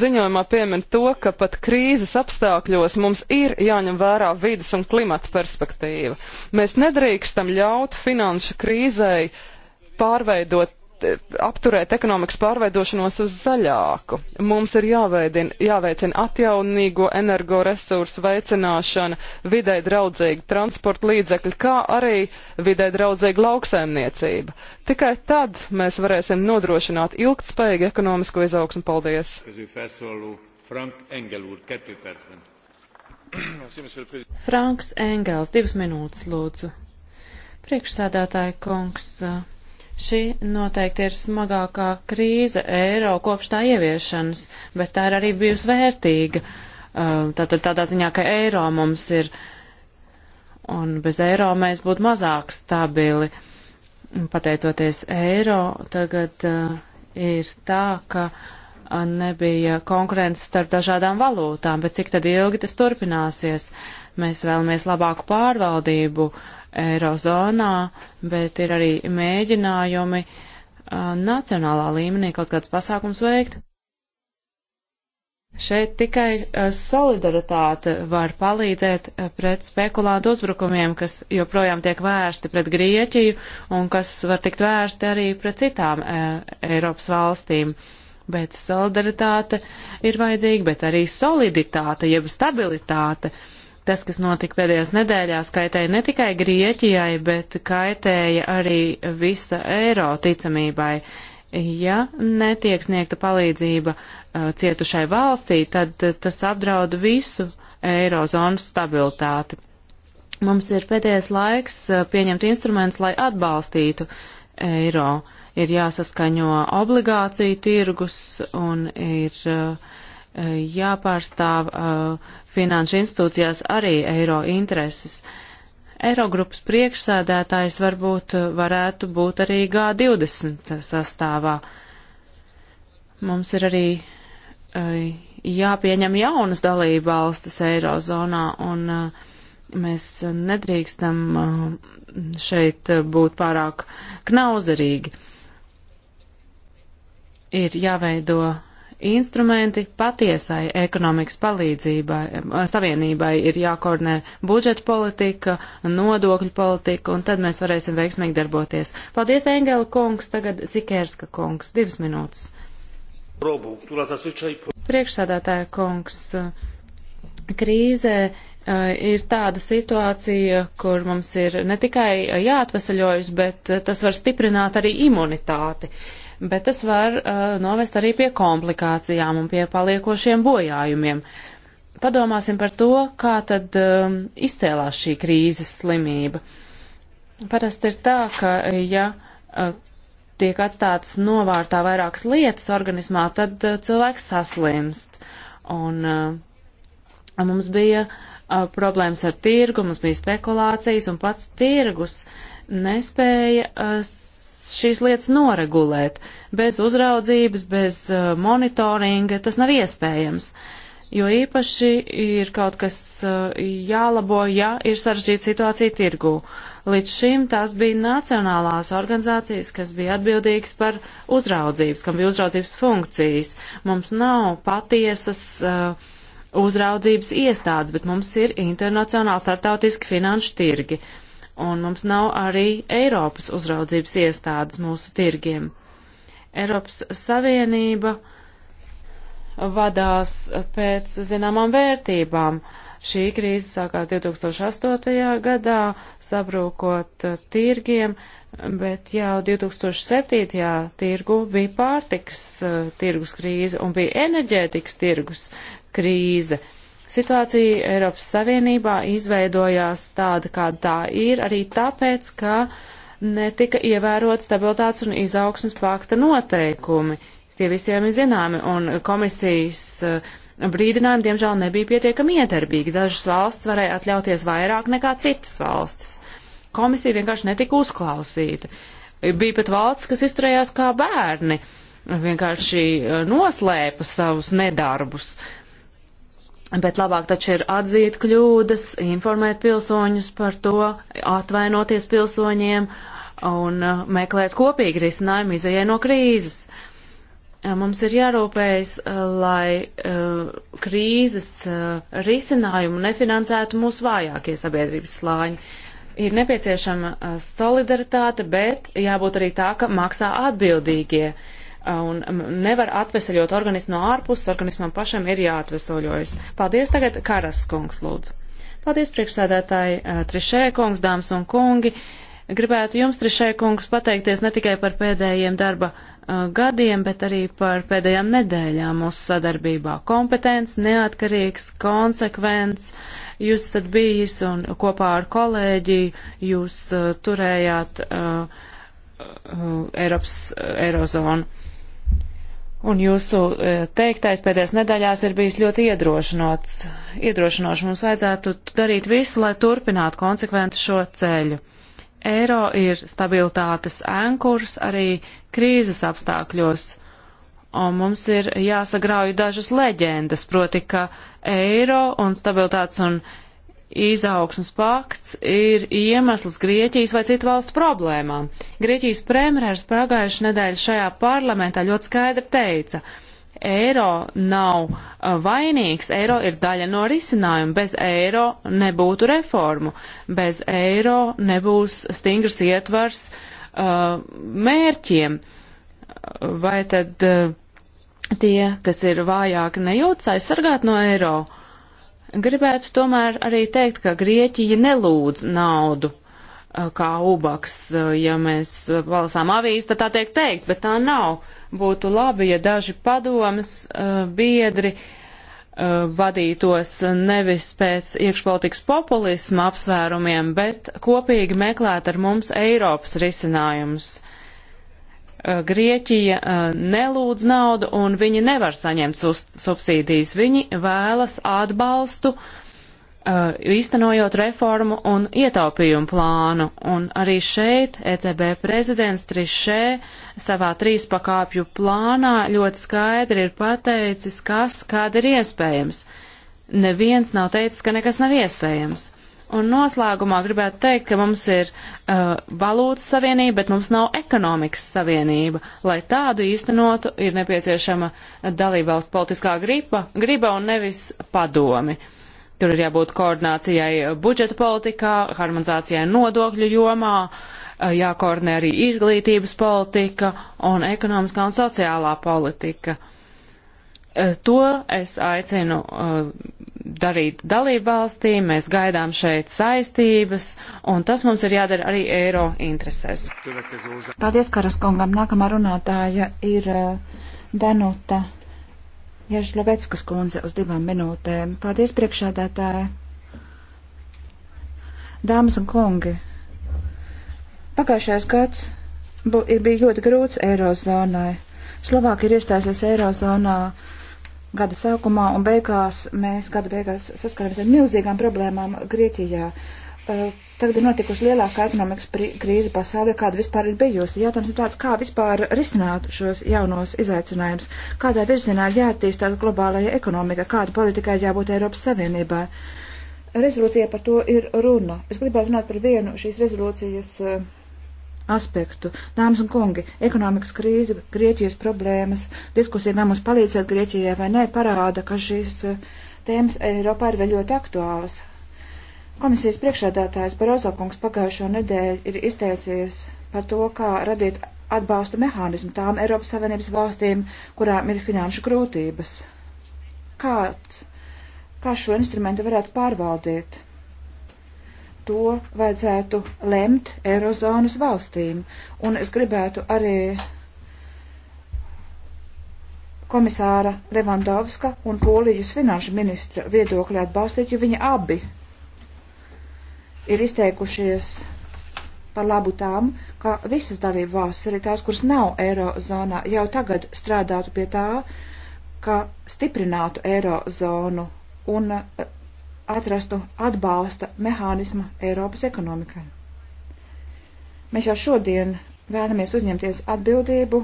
ziņojumā piemin to, ka pat krīzes apstākļos mums ir jāņem vērā vidas un klimata perspektīva. Mēs nedrīkstam ļaut finanšu krīzei pārveidot E, apturēt ekonomikas pārveidošanos uz zaļāku. Mums ir jāveidina, jāveicina atjaunīgo energoresursu veicināšana, vidē draudzīgi transporta līdzekļi, kā arī vidē draudzīgi lauksaimniecība. Tikai tad mēs varēsim nodrošināt ilgtspējīgu ekonomisko izaugsmu. Paldies! Franks Engels, divas minūtes, lūdzu. Priekšsēdētāja kungs. Uh Šī noteikti ir smagākā krīze eiro kopš tā ieviešanas, bet tā ir arī bijusi vērtīga. Uh, tātad tādā ziņā, ka eiro mums ir, un bez eiro mēs būtu mazāk stabili. Pateicoties eiro, tagad uh, ir tā, ka uh, nebija konkurences starp dažādām valūtām, bet cik tad ilgi tas turpināsies? Uh, Mēs vēlamies labāku pārvaldību Eirozonā, bet ir arī mēģinājumi uh, nacionālā līmenī kaut kāds pasākums veikt. Šeit tikai uh, solidaritāte var palīdzēt uh, pret spekulantu uzbrukumiem, kas joprojām tiek vērsti pret Grieķiju un kas var tikt vērsti arī pret citām e, Eiropas valstīm. Bet solidaritāte ir vajadzīga, bet arī soliditāte, jeb stabilitāte. Uh, Tas, kas notika pēdējās nedēļās, kaitēja ne tikai Grieķijai, bet kaitēja arī visa eiro ticamībai. Ja netiek sniegta palīdzība uh, cietušai valstī, tad tas apdraud visu eirozonas stabilitāti. Mums ir pēdējais laiks uh, pieņemt instruments, lai atbalstītu eiro. Ir jāsaskaņo obligāciju tirgus un ir uh, jāpārstāv finanšu institūcijās arī eiro intereses. Eirogrupas priekšsēdētājs varbūt varētu būt arī G20 sastāvā. Mums ir arī jāpieņem jaunas dalība valstis eirozonā, un mēs nedrīkstam šeit būt pārāk knauzerīgi. Ir jāveido instrumenti patiesai ekonomikas palīdzībai, savienībai ir jākoordinē budžeta politika, nodokļu politika, un tad mēs varēsim veiksmīgi darboties. Paldies, Engela kungs, tagad Zikerska kungs, divas minūtes. Priekšsādātāja kungs, krīzē ir tāda situācija, kur mums ir ne tikai jāatvesaļojas, bet tas var stiprināt arī imunitāti. Uh, bet tas var uh, novest arī pie komplikācijām un pie paliekošiem bojājumiem. Padomāsim par to, kā tad um, izcēlās šī krīzes slimība. Parasti ir tā, ka ja uh, tiek atstātas novārtā vairākas lietas organismā, tad uh, cilvēks saslimst. Un uh, mums bija uh, problēmas ar tirgu, mums bija spekulācijas, un pats tirgus nespēja uh, šīs lietas noregulēt. Bez uzraudzības, bez uh, monitoringa tas nav iespējams. Jo īpaši ir kaut kas uh, jālabo, ja ir sarežģīta situācija tirgū. Līdz šim tās bija nacionālās organizācijas, kas bija atbildīgas par uzraudzības, kam bija uzraudzības funkcijas. Mums nav patiesas uh, uzraudzības iestādes, bet mums ir internacionāli startautiski finanšu tirgi. Uh, un mums nav arī Eiropas uzraudzības iestādes mūsu tirgiem. Eiropas Savienība vadās pēc zināmām vērtībām. Šī krīze sākās 2008. gadā, sabrūkot tirgiem, bet jau 2007. tirgu bija pārtiks eh, tirgus krīze un bija enerģētikas tirgus krīze, Situācija Eiropas Savienībā izveidojās tāda, kāda tā ir, arī tāpēc, ka netika ievērot stabilitātes un izaugsmas pakta noteikumi. Tie visiem ir zināmi, un komisijas eh, brīdinājumi, diemžēl, nebija pietiekami iedarbīgi. Dažas valsts varēja atļauties vairāk nekā citas valstis. Komisija vienkārši netika uzklausīta. Bija pat valsts, kas izturējās kā bērni, vienkārši eh, noslēpa savus nedarbus. Uh, Bet labāk taču ir atzīt kļūdas, informēt pilsoņus par to, atvainoties pilsoņiem un uh, meklēt kopīgi risinājumu izējai no krīzes. Uh, mums ir jārūpējas, uh, lai krīzes risinājumu nefinansētu mūsu vājākie sabiedrības slāņi. Ir nepieciešama solidaritāte, bet jābūt arī tā, ka maksā atbildīgie. Uh, un nevar atveseļot organismu no ārpuses, organismam pašam ir jāatvesoļojas. Paldies tagad Karas kungs, lūdzu. Paldies priekšsēdētāji Trišē kungs, dāmas un kungi. Gribētu jums, Trišē kungs, pateikties ne tikai par pēdējiem darba gadiem, bet arī par pēdējām nedēļām mūsu sadarbībā. Kompetents, neatkarīgs, konsekvents, jūs esat bijis un kopā ar kolēģi jūs turējāt uh, uh, Eiropas uh, Eirozonu. Un jūsu e, teiktais pēdējās nedēļās ir bijis ļoti iedrošinots. Iedrošinoši mums vajadzētu darīt visu, lai turpinātu konsekventu šo ceļu. Eiro ir stabilitātes ankurs arī krīzes apstākļos. Un mums ir jāsagrauj dažas leģendas, proti, ka eiro un stabilitātes un izaugsmas pakts ir iemesls Grieķijas vai citu valstu problēmām. Grieķijas premjeras pagājušajā nedēļā šajā parlamentā ļoti skaidri teica, eiro nav uh, vainīgs, eiro ir daļa no risinājuma, bez eiro nebūtu reformu, bez eiro nebūs stingrs ietvars uh, mērķiem. Vai tad uh, tie, kas ir vājāki, nejūtas aizsargāt no eiro? Uh, Gribētu tomēr arī teikt, ka Grieķija nelūdz naudu eh, kā ubaks. Eh, ja mēs palasām eh, avīzi, tad tā tiek teikts, bet tā nav. Būtu labi, ja daži padomas biedri vadītos nevis pēc iekšpolitikas populisma apsvērumiem, bet kopīgi meklēt ar mums Eiropas risinājumus. Eh, Grieķija eh, nelūdz naudu un viņi nevar saņemt subsīdijas. Viņi vēlas atbalstu, eh, īstenojot reformu un ietaupījumu plānu. Un arī šeit ECB prezidents Trišē savā trīspakāpju plānā ļoti skaidri ir pateicis, kas kāda ir iespējams. Neviens nav teicis, ka nekas nav iespējams. Un noslēgumā gribētu teikt, ka mums ir uh, valūtas savienība, bet mums nav ekonomikas savienība. Lai tādu īstenotu, ir nepieciešama dalībvalstu politiskā gripa, griba un nevis padomi. Tur ir jābūt koordinācijai budžeta politikā, harmonizācijai nodokļu jomā, uh, jākoordinē arī izglītības politika un ekonomiskā un sociālā politika. Uh, Eh, to es aicinu eh, darīt dalību valstī, mēs gaidām šeit saistības, un tas mums ir jādara arī eiro interesēs. Paldies, Karaskungam. Nākamā runātāja ir eh, Danuta Ježloveckas kundze uz divām minūtēm. Paldies, priekšādātāja. Dāmas un kungi, pagājušais gads bu, bija ļoti grūts Eirozonai. Slovākija ir iestājusies Eirozonā gada sākumā un beigās mēs gada beigās saskaramies ar milzīgām problēmām Grieķijā. Eh, tagad ir notikusi lielākā ekonomikas krīze pasaulē, kāda vispār ir bijusi. Jautājums ir tāds, kā vispār risināt šos jaunos izaicinājumus, kādā virzienā ir jāattīstās globālajā ekonomika, kāda politikai jābūt Eiropas Savienībā. Rezolūcija par to ir runa. Es gribētu runāt par vienu šīs rezolūcijas uh, aspektu. Dāmas un kungi, ekonomikas krīze, Grieķijas problēmas, diskusija, vai mums palīdzēt Grieķijai vai nē, parāda, ka šīs eh, tēmas Eiropā ir vēl ļoti aktuālas. Komisijas priekšādātājs Barozo kungs pagājušo nedēļu ir izteicies par to, kā radīt atbalsta mehānismu tām Eiropas Savienības valstīm, kurām ir finanšu grūtības. Kāds, kā šo instrumentu varētu pārvaldīt? to vajadzētu lemt Eirozonas valstīm. Un es gribētu arī komisāra Levandovska un Polijas finanšu ministra viedokļi atbalstīt, jo viņi abi ir izteikušies par labu tām, ka visas dalību valstis, arī tās, kuras nav Eirozonā, jau tagad strādātu pie tā, ka stiprinātu Eirozonu un atrastu atbalsta mehānismu Eiropas ekonomikai. Mēs jau šodien vēlamies uzņemties atbildību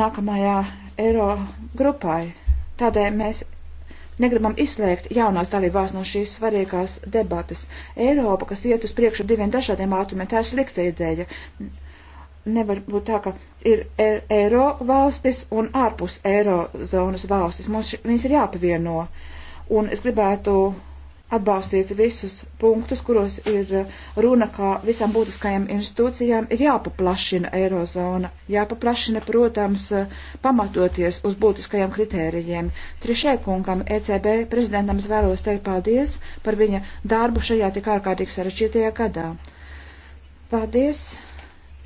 nākamajā eiro grupai. Tādēļ mēs negribam izslēgt jaunās dalībās no šīs svarīgās debatas. Eiropa, kas iet uz priekšu diviem dažādiem ātrumiem, tā ir slikta ideja. Nevar būt tā, ka ir e-, eiro valstis un ārpus eiro zonas valstis. Mums viņas ir jāpavieno. Un es gribētu atbalstīt visus punktus, kuros ir eh, runa, kā visām būtiskajām institūcijām ir jāpaplašina eirozona, jāpaplašina, protams, eh, pamatoties uz būtiskajiem kritērijiem. Trišē kungam, ECB prezidentam es vēlos teikt paldies par viņa darbu šajā tik ārkārtīgi sarežģītajā gadā. Paldies,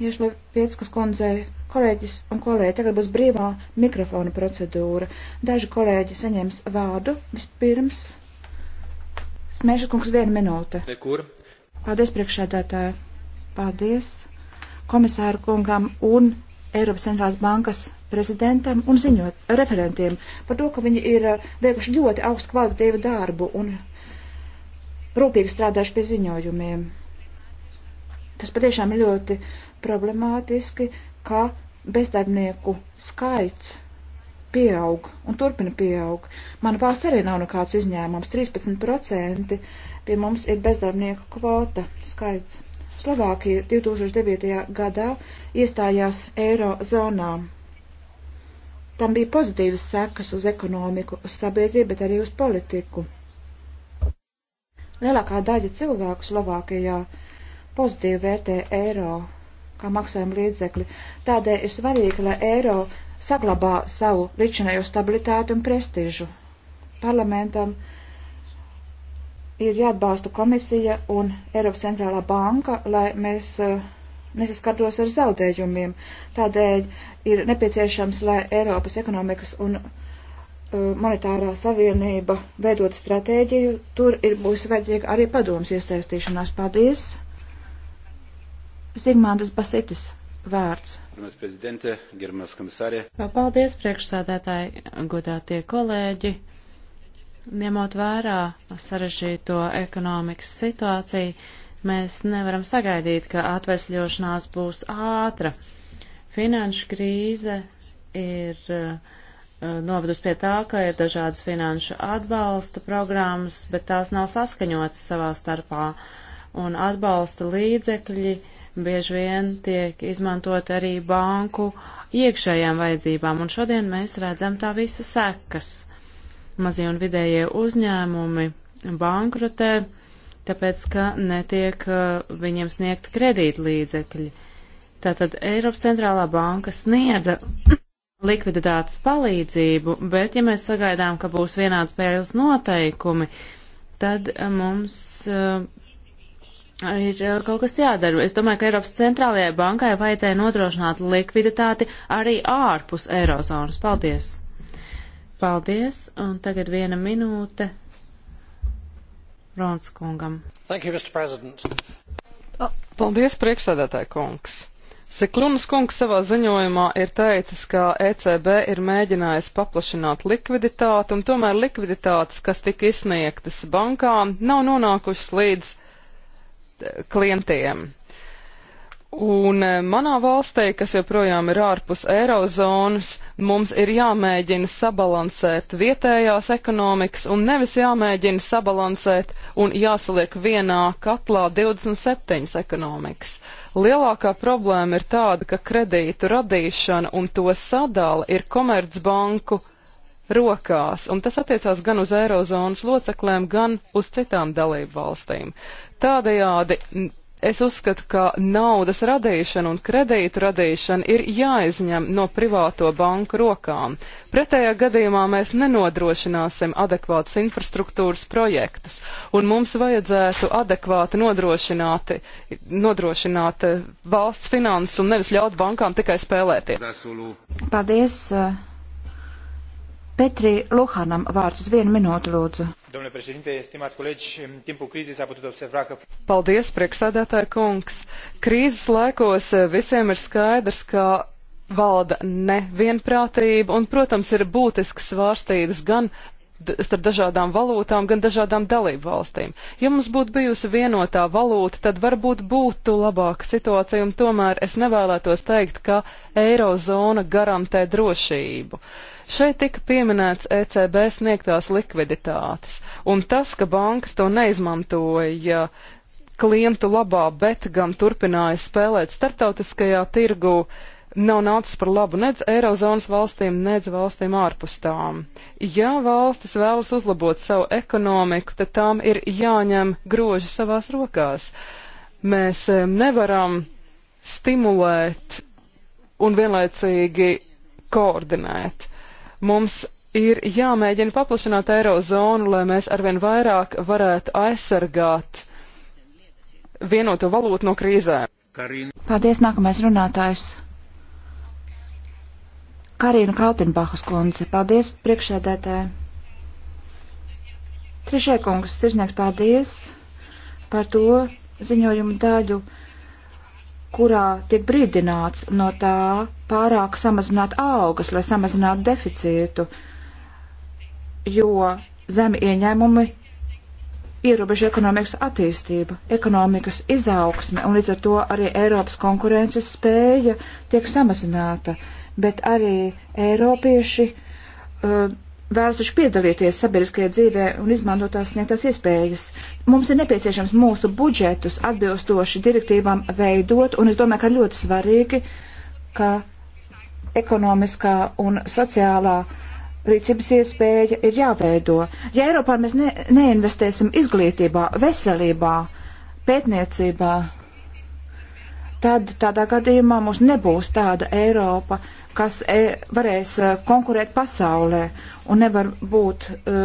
Iešle Pieckas kundzei, kolēģis un kolēģi, tagad būs brīvā mikrofona procedūra. Daži kolēģi saņems vārdu vispirms. Smēša kungs, viena minūte. Nekur. Paldies priekšsēdētāji. Paldies komisāru kungam un Eiropas centrālās bankas prezidentam un ziņot referentiem par to, ka viņi ir uh, veikuši ļoti augstu kvalitatīvu darbu un rūpīgi strādājuši pie ziņojumiem. Tas patiešām ir ļoti problemātiski, ka bezdarbnieku skaits pieaug un turpina pieaug. Mana valsts arī nav nekāds izņēmums. 13% pie mums ir bezdarbnieku kvota skaits. Slovākija 2009. gadā iestājās eiro zonā. Tam bija pozitīvas sekas uz ekonomiku, uz sabiedrību, bet arī uz politiku. Lielākā daļa cilvēku Slovākijā pozitīvi vērtē eiro kā maksājuma līdzekļi. Tādēļ ir svarīgi, lai eiro saglabā savu līdzinējo stabilitāti un prestižu. Parlamentam ir jāatbalsta komisija un Eiropas centrālā banka, lai mēs eh, nesaskartos ar zaudējumiem. Tādēļ ir nepieciešams, lai Eiropas ekonomikas un eh, monetārā savienība veidot stratēģiju. Tur ir būs vajadzīga arī padomas iesaistīšanās. Paldies! Zigmāndas Basitis vārds. Paldies, priekšsādātāji, godātie kolēģi. Ņemot vērā sarežģīto ekonomikas situāciju, mēs nevaram sagaidīt, ka atvesļošanās būs ātra. Finanšu krīze ir uh, novedus pie tā, ka ir dažādas finanšu atbalsta programmas, bet tās nav saskaņotas savā starpā, un atbalsta līdzekļi bieži vien tiek izmantot arī banku iekšējām vajadzībām, un šodien mēs redzam tā visa sekas. Mazie un vidējie uzņēmumi bankrotē, tāpēc, ka netiek uh, viņiem sniegt kredītlīdzekļi. Tātad Eiropas centrālā banka sniedza (coughs) likviditātes palīdzību, bet ja mēs sagaidām, ka būs vienāds spēles noteikumi, tad uh, mums uh, ir eh, kaut kas jādara. Es domāju, ka Eiropas centrālajai bankai vajadzēja nodrošināt likviditāti arī ārpus eirozonas. Paldies! Paldies! Un tagad viena minūte Rons kungam. Thank you, Mr. President. Paldies, priekšsēdētāji kungs! Seklums kungs savā ziņojumā ir teicis, ka ECB ir mēģinājis paplašināt likviditāti, un tomēr likviditātes, kas tika izsniegtas bankām, nav nonākušas līdz klientiem. Un eh, manā valstī, kas joprojām ir ārpus eirozonas, mums ir jāmēģina sabalansēt vietējās ekonomikas un nevis jāmēģina sabalansēt un jāsaliek vienā katlā 27 ekonomikas. Lielākā problēma ir tāda, ka kredītu radīšana un to sadala ir komercbanku rokās, un tas attiecās gan uz Eirozonas locekliem, gan uz citām dalību valstīm. Tādējādi es uzskatu, ka naudas radīšana un kredītu radīšana ir jāizņem no privāto banku rokām. Pretējā gadījumā mēs nenodrošināsim adekvātus infrastruktūras projektus, un mums vajadzētu adekvāti nodrošināt, nodrošināt eh, valsts finanses un nevis ļaut bankām tikai spēlēties. Paldies! Uh Petri Luhanam vārds uz vienu minūtu lūdzu. Paldies, prieksēdētāja kungs. Krīzes laikos visiem ir skaidrs, ka valda nevienprātība un, protams, ir būtisks svārstības gan starp dažādām valūtām, gan dažādām dalību valstīm. Ja mums būtu bijusi vienotā valūta, tad varbūt būtu labāka situācija, un tomēr es nevēlētos teikt, ka eirozona garantē drošību. Šeit tika pieminēts ECB sniegtās likviditātes, un tas, ka bankas to neizmantoja klientu labā, bet gan turpināja spēlēt starptautiskajā tirgu, uh, nav nācis par labu nedz Eirozonas valstīm, nedz valstīm ārpus tām. Ja valstis vēlas uzlabot savu ekonomiku, tad tām ir jāņem groži savās rokās. Mēs eh, nevaram stimulēt un vienlaicīgi koordinēt. Mums ir jāmēģina paplašināt Eirozonu, lai mēs arvien vairāk varētu aizsargāt vienoto valūtu no krīzēm. Paldies, nākamais runātājs. Karina Kautenbahas kundze. Paldies, priekšsēdētāji. Trišēkungs, sirsnieks, paldies par to ziņojumu daļu, kurā tiek brīdināts no tā pārāk samazināt augas, lai samazinātu deficītu, jo zemi ieņēmumi ierobežo ekonomikas attīstību, ekonomikas izaugsme un līdz ar to arī Eiropas konkurences spēja tiek samazināta. Uh, bet arī Eiropieši uh, vēlas piedalīties sabiedriskajā dzīvē un izmantot tās sniegtās iespējas. Mums ir nepieciešams mūsu budžetus atbilstoši direktīvām veidot, un es domāju, ka ļoti svarīgi, ka ekonomiskā un sociālā rīcības iespēja ir jāveido. Ja Eiropā mēs ne, neinvestēsim izglītībā, veselībā, pētniecībā, tad tādā gadījumā mums nebūs tāda Eiropa, kas e varēs e, konkurēt pasaulē un nevar būt, e,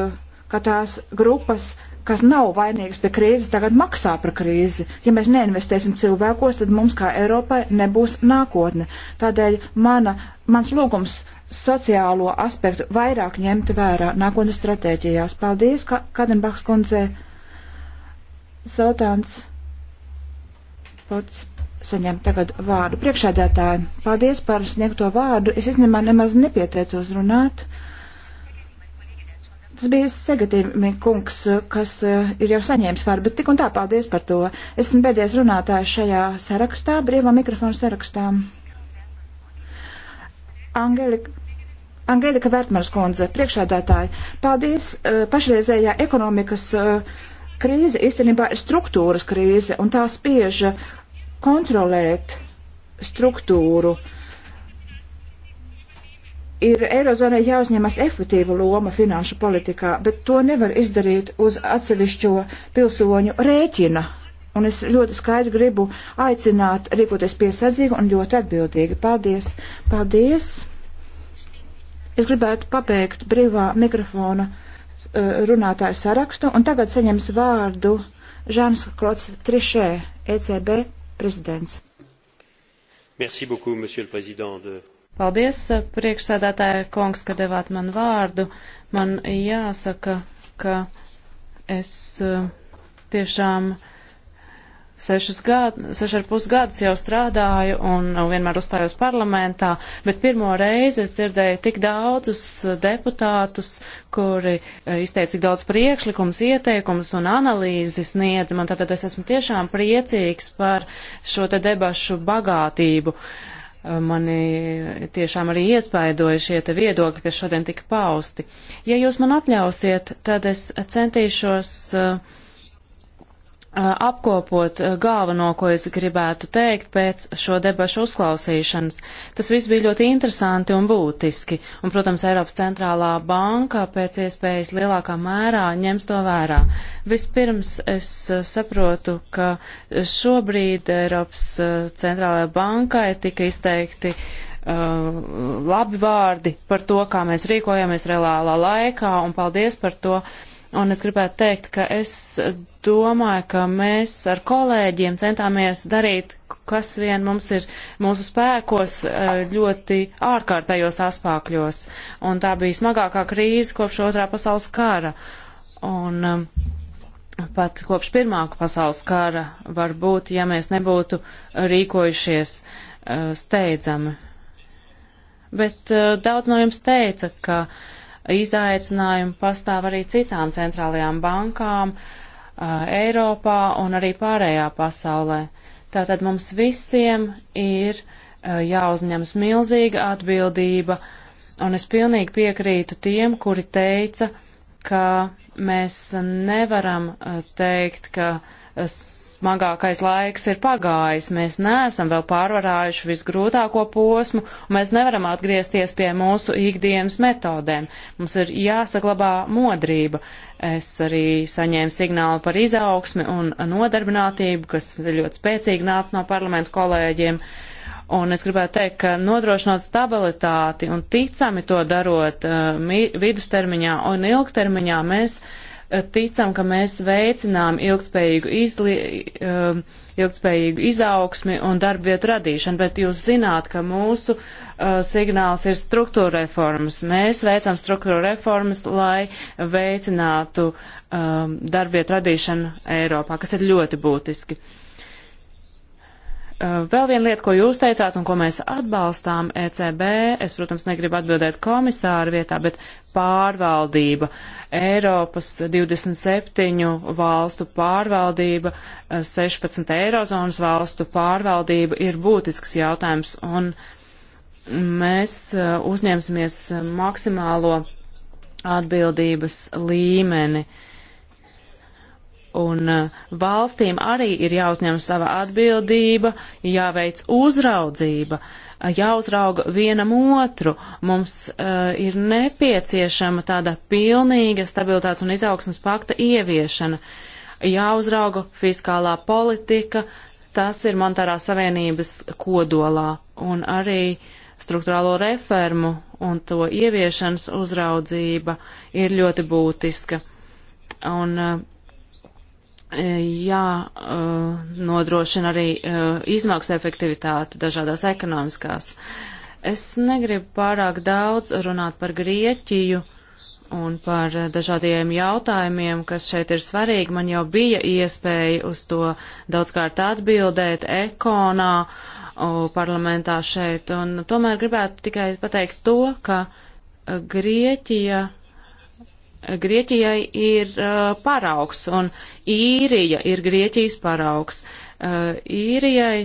ka tās grupas, kas nav vainīgas pie krīzes, tagad maksā par krīzi. Ja mēs neinvestēsim cilvēkos, tad mums kā Eiropai nebūs nākotne. Tādēļ mana, mans lūgums sociālo aspektu vairāk ņemt vērā nākotnes stratēģijās. Paldies, ka Kadenbachs kundze. Sautāns. Pots saņemt tagad vārdu. Priekšēdētāji, paldies par sniegto vārdu. Es īstenībā nemaz nepieteicos runāt. Tas bija Segatīmi kungs, kas eh, ir jau saņēmis vārdu, bet tik un tā paldies par to. Esmu pēdējais runātājs šajā sarakstā, brīvā mikrofona sarakstā. Angelika. Angelika Vērtmars kundze, priekšādātāji, paldies eh, pašreizējā ekonomikas eh, krīze īstenībā ir struktūras krīze, un tā spiež kontrolēt struktūru. Ir Eirozonai jāuzņemas efektīva loma finanšu politikā, bet to nevar izdarīt uz atsevišķo pilsoņu rēķina. Un es ļoti skaidri gribu aicināt rīkoties piesardzīgi un ļoti atbildīgi. Paldies! Paldies! Es gribētu pabeigt brīvā mikrofona eh, runātāju sarakstu, un tagad saņems vārdu Žāns Klots Trišē, ECB Prezidents. Merci beaucoup, monsieur le président. De... Paldies, eh, priekšsēdētāja kungs, ka devāt man vārdu. Man jāsaka, ka es eh, tiešām sešus gadus, sešu ar pus gadus jau strādāju un nu, vienmēr uzstājos parlamentā, bet pirmo reizi es dzirdēju tik daudzus deputātus, kuri e, izteica tik daudz priekšlikums, ieteikums un analīzi sniedz. Man tātad es esmu tiešām priecīgs par šo te debašu bagātību. E, mani tiešām arī iespaidoja šie te viedokļi, kas šodien tika pausti. Ja jūs man atļausiet, tad es centīšos uh, apkopot galveno, ko es gribētu teikt pēc šo debašu uzklausīšanas. Tas viss bija ļoti interesanti un būtiski, un, protams, Eiropas centrālā banka pēc iespējas lielākā mērā ņems to vērā. Vispirms es saprotu, ka šobrīd Eiropas centrālajai bankai tika izteikti uh, labi vārdi par to, kā mēs rīkojamies reālā laikā, un paldies par to. Uh, Un es gribētu teikt, ka es domāju, ka mēs ar kolēģiem centāmies darīt, kas vien mums ir mūsu spēkos eh, ļoti ārkārtējos aspākļos. Un tā bija smagākā krīze kopš otrā pasaules kara. Un um, pat kopš pirmā pasaules kara varbūt, ja mēs nebūtu rīkojušies eh, steidzami. Bet eh, daudz no jums teica, ka izaicinājumi pastāv arī citām centrālajām bankām uh, Eiropā un arī pārējā pasaulē. Tātad mums visiem ir uh, jāuzņems milzīga atbildība, un es pilnīgi piekrītu tiem, kuri teica, ka mēs nevaram teikt, ka smagākais laiks ir pagājis, mēs neesam vēl pārvarājuši visgrūtāko posmu, un mēs nevaram atgriezties pie mūsu ikdienas metodēm. Mums ir jāsaglabā modrība. Es arī saņēmu signālu par izaugsmi un nodarbinātību, kas ļoti spēcīgi nāca no parlamentu kolēģiem. Un es gribētu teikt, ka nodrošinot stabilitāti un ticami to darot uh, vidustermiņā un ilgtermiņā, mēs uh, ticam, ka mēs veicinām ilgspējīgu, izli, um, ilgspējīgu izaugsmi un darbvietu radīšanu, bet jūs zināt, ka mūsu uh, signāls ir struktūra reformas. Mēs veicam struktūra reformas, lai veicinātu um, darbvietu radīšanu Eiropā, kas ir ļoti būtiski. Uh, Eh, vēl viena lieta, ko jūs teicāt un ko mēs atbalstām ECB, es, protams, negribu atbildēt komisāru vietā, bet pārvaldība, Eiropas 27 valstu pārvaldība, 16 eh, eirozonas valstu pārvaldība ir būtisks jautājums, un mēs eh, uzņemsimies maksimālo atbildības līmeni. Uh, Un uh, valstīm arī ir jāuzņem sava atbildība, jāveic uzraudzība, jāuzrauga vienam otru. Mums uh, ir nepieciešama tāda pilnīga stabilitātes un izaugsmas pakta ieviešana. Jāuzrauga fiskālā politika, tas ir monetārās savienības kodolā un arī struktūrālo reformu un to ieviešanas uzraudzība ir ļoti būtiska. Un uh, jā, eh, nodrošina arī eh, izmaksu efektivitāte dažādās ekonomiskās. Es negribu pārāk daudz runāt par Grieķiju un par dažādiem jautājumiem, kas šeit ir svarīgi. Man jau bija iespēja uz to daudzkārt atbildēt ekonā, parlamentā šeit, un tomēr gribētu tikai pateikt to, ka eh, Grieķija Grieķijai ir uh, paraugs, un īrija ir Grieķijas paraugs. Uh, īrijai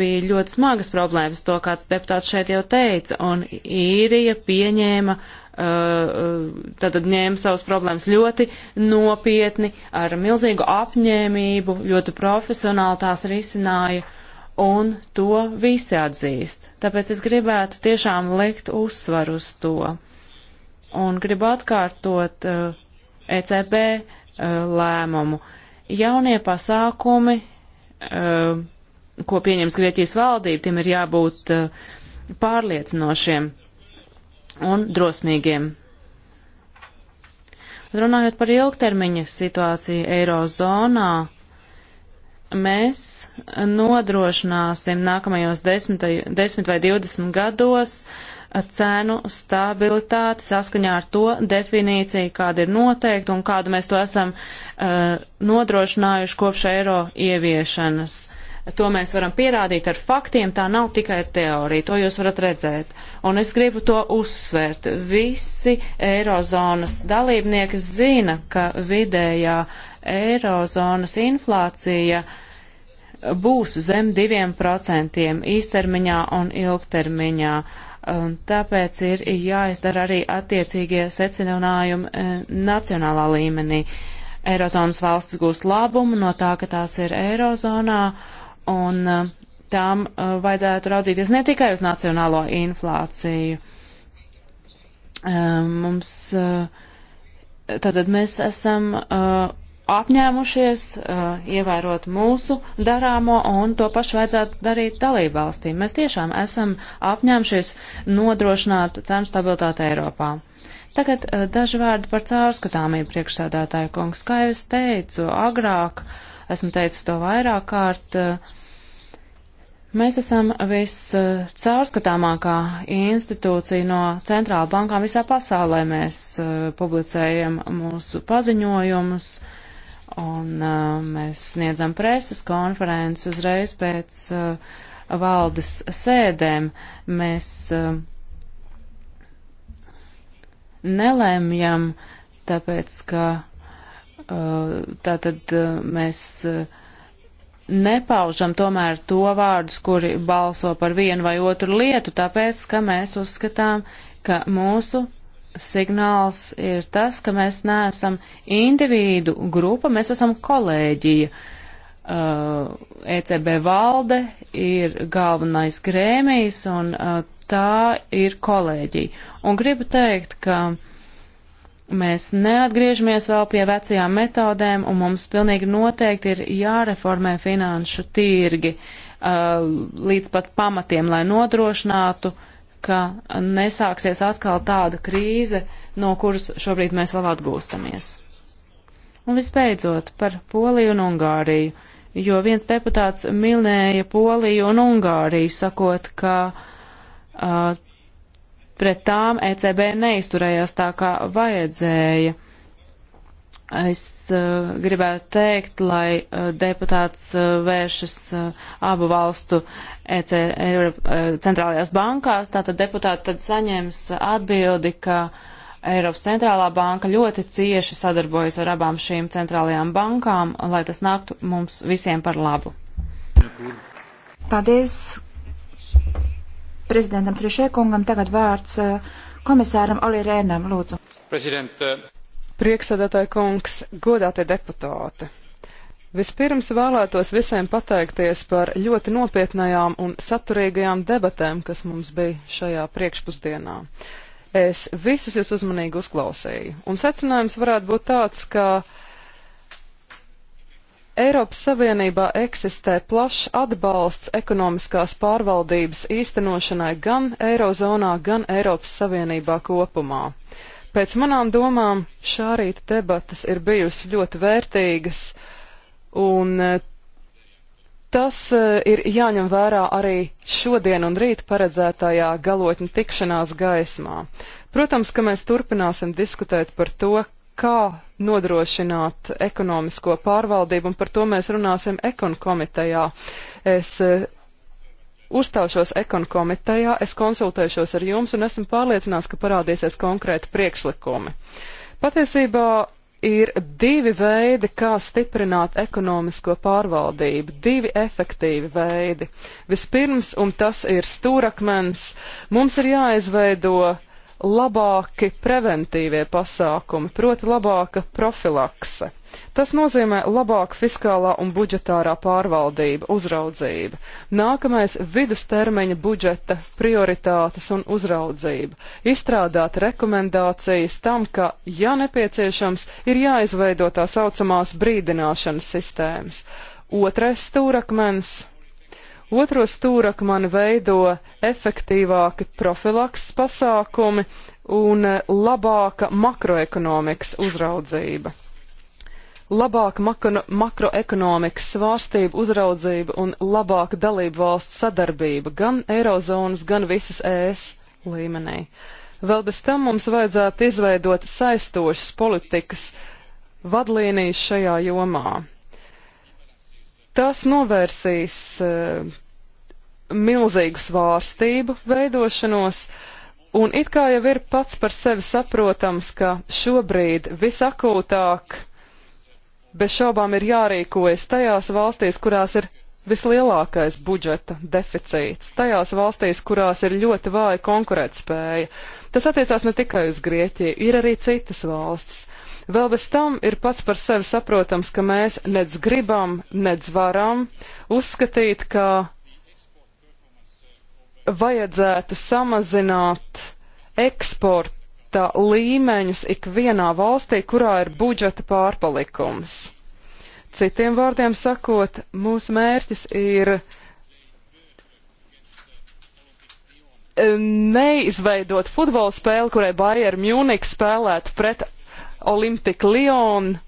bija ļoti smagas problēmas, to kāds deputāts šeit jau teica, un īrija pieņēma, uh, tātad uh, ņēma savas problēmas ļoti nopietni, ar milzīgu apņēmību, ļoti profesionāli tās risināja, un to visi atzīst. Tāpēc es gribētu tiešām likt uzsvaru uz to un gribu atkārtot uh, eh, ECB uh, eh, lēmumu. Jaunie pasākumi, uh, ko pieņems Grieķijas valdība, tiem ir jābūt uh, pārliecinošiem un drosmīgiem. Runājot par ilgtermiņa situāciju Eirozonā, mēs nodrošināsim nākamajos desmit, desmit vai divdesmit gados uh, cenu stabilitāti saskaņā ar to definīciju, kāda ir noteikta un kādu mēs to esam uh, nodrošinājuši kopš eiro ieviešanas. To mēs varam pierādīt ar faktiem, tā nav tikai teorija, to jūs varat redzēt. Un es gribu to uzsvērt. Visi eirozonas dalībnieki zina, ka vidējā eirozonas inflācija būs zem diviem procentiem īstermiņā un ilgtermiņā. Uh, un tāpēc ir jāizdara arī attiecīgie secinājumi eh, nacionālā līmenī. Eirozonas valstis gūst labumu no tā, ka tās ir Eirozonā, un eh, tām eh, vajadzētu raudzīties ne tikai uz nacionālo inflāciju. Mums, tātad mēs esam apņēmušies uh, ievērot mūsu darāmo un to pašu vajadzētu darīt dalībvalstīm. Mēs tiešām esam apņēmušies nodrošināt cenu stabilitāti Eiropā. Tagad uh, daži vārdi par cārskatāmību priekšsēdētāju kungs. Kā jau es teicu agrāk, esmu teicis to vairāk kārt, uh, mēs esam viscaurskatāmākā institūcija no centrāla bankām visā pasaulē. Mēs uh, publicējam mūsu paziņojumus, uh, Un uh, mēs sniedzam preses konferenci uzreiz pēc uh, valdes sēdēm. Mēs uh, nelēmjam, tāpēc ka uh, tātad uh, mēs. Uh, nepaužam tomēr to vārdus, kuri balso par vienu vai otru lietu, tāpēc, ka mēs uzskatām, ka mūsu signāls ir tas, ka mēs neesam individu grupa, mēs esam kolēģija. Uh, ECB valde ir galvenais grēmijs un uh, tā ir kolēģija. Un gribu teikt, ka mēs neatgriežamies vēl pie vecajām metodēm un mums pilnīgi noteikti ir jāreformē finanšu tirgi uh, līdz pat pamatiem, lai nodrošinātu uh, ka nesāksies atkal tāda krīze, no kuras šobrīd mēs vēl atgūstamies. Un visbeidzot par Poliju un Ungāriju, jo viens deputāts minēja Poliju un Ungāriju, sakot, ka uh, pret tām ECB neizturējās tā, kā vajadzēja. Es uh, gribētu teikt, lai uh, deputāts uh, vēršas uh, abu valstu uh, EC, Eiropa, e, centrālajās bankās, tātad deputāti tad saņems atbildi, ka Eiropas centrālā banka ļoti cieši sadarbojas ar abām šīm centrālajām bankām, lai tas nāktu mums visiem par labu. Paldies prezidentam Trišēkungam. Tagad vārds e, komisāram Olī Rēnam, lūdzu. Prezident. E, Prieksēdētāja kungs, godātie deputāti. Vispirms vēlētos visiem pateikties par ļoti nopietnējām un saturīgajām debatēm, kas mums bija šajā priekšpusdienā. Es visus jūs uzmanīgi uzklausīju, un secinājums varētu būt tāds, ka Eiropas Savienībā eksistē plašs atbalsts ekonomiskās pārvaldības īstenošanai gan Eirozonā, gan Eiropas Savienībā kopumā. Pēc manām domām šā rīta debatas ir bijusi ļoti vērtīgas. Uh, Un e, tas e, ir jāņem vērā arī šodien un rīt paredzētajā galotņu tikšanās gaismā. Protams, ka mēs turpināsim diskutēt par to, kā nodrošināt ekonomisko pārvaldību, un par to mēs runāsim ekonu komitejā. Es e, uzstāšos ekonu komitejā, es konsultēšos ar jums un esmu pārliecināts, ka parādīsies konkrēti priekšlikumi. Patiesībā ir divi veidi, kā stiprināt ekonomisko pārvaldību, divi efektīvi veidi. Vispirms, un tas ir stūrakmens, mums ir jāizveido labāki preventīvie pasākumi, proti labāka profilakse. Tas nozīmē labāka fiskālā un budžetārā pārvaldība, uzraudzība. Nākamais - vidustermiņa budžeta prioritātes un uzraudzība. Izstrādāt rekomendācijas tam, ka, ja nepieciešams, ir jāizveido tā saucamās brīdināšanas sistēmas. Otrais stūrakmens Otro stūrakmani veido efektīvāki profilaks pasākumi un eh, labāka makroekonomikas uzraudzība. Labāka makro, makroekonomikas svārstība uzraudzība un labāka dalību valsts sadarbība gan Eirozonas, gan visas ES līmenī. Vēl bez tam mums vajadzētu izveidot saistošas politikas vadlīnijas šajā jomā. Tas novērsīs uh, milzīgu svārstību veidošanos, un it kā jau ir pats par sevi saprotams, ka šobrīd visakūtāk bez šaubām ir jārīkojas tajās valstīs, kurās ir vislielākais budžeta deficīts, tajās valstīs, kurās ir ļoti vāja konkurētspēja. Tas attiecās ne tikai uz Grieķiju, ir arī citas valstis. Vēl bez tam ir pats par sevi saprotams, ka mēs nedz gribam, nedz varam uzskatīt, ka vajadzētu samazināt eksporta līmeņus ikvienā valstī, kurā ir budžeta pārpalikums. Citiem vārdiem sakot, mūsu mērķis ir e, neizveidot futbola spēli, kurai Bayern Munich spēlētu pret Olimpiku Lionu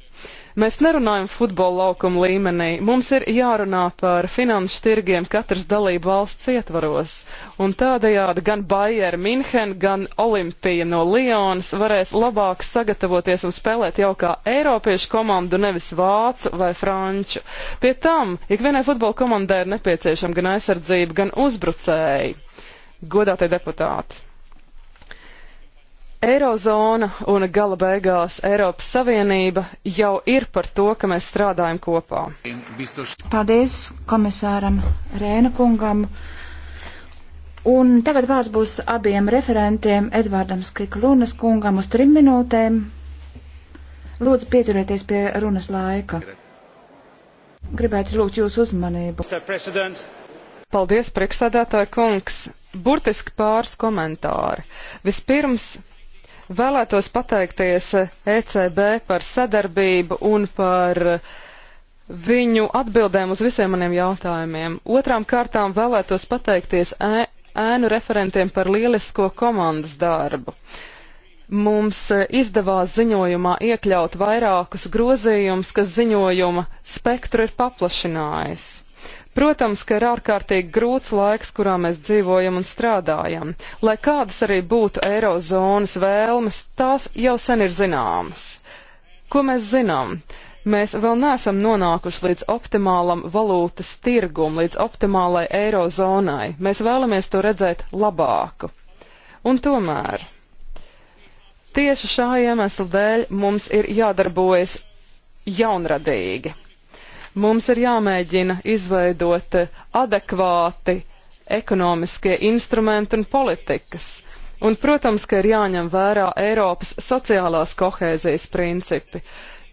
Mēs nerunājam futbola laukuma līmenī. Mums ir jārunā par finanšu tirgiem katras dalību valsts ietvaros. Un tādējādi gan Bayern Minhen, gan Olimpija no Lyonas varēs labāk sagatavoties un spēlēt jau kā Eiropiešu komandu, nevis Vācu vai Franču. Pie tam, ikvienai futbola komandai ir nepieciešama gan aizsardzība, gan uzbrucēji. Godātie deputāti! Eirozona un gala beigās Eiropas Savienība jau ir par to, ka mēs strādājam kopā. Paldies komisāram Rēna kungam. Un tagad vārds būs abiem referentiem Edvardam Skriklūnas kungam uz trim minūtēm. Lūdzu pieturieties pie runas laika. Gribētu lūgt jūsu uzmanību. Paldies, priekšsēdētāja kungs. Burtiski pāris komentāri. Vispirms Vēlētos pateikties ECB par sadarbību un par viņu atbildēm uz visiem maniem jautājumiem. Otrām kārtām vēlētos pateikties ēnu referentiem par lielisko komandas darbu. Mums e, izdevās ziņojumā iekļaut vairākus grozījumus, kas ziņojuma spektru ir paplašinājis. Protams, ka ir ārkārtīgi grūts laiks, kurā mēs dzīvojam un strādājam. Lai kādas arī būtu eirozonas vēlmes, tās jau sen ir zināmas. Ko mēs zinām? Mēs vēl neesam nonākuši līdz optimālam valūtas tirgum, līdz optimālai eirozonai. Mēs vēlamies to redzēt labāku. Un tomēr tieši šā iemesla dēļ mums ir jādarbojas jaunradīgi. Mums ir jāmēģina izveidot adekvāti ekonomiskie instrumenti un politikas. Un, protams, ka ir jāņem vērā Eiropas sociālās kohēzijas principi.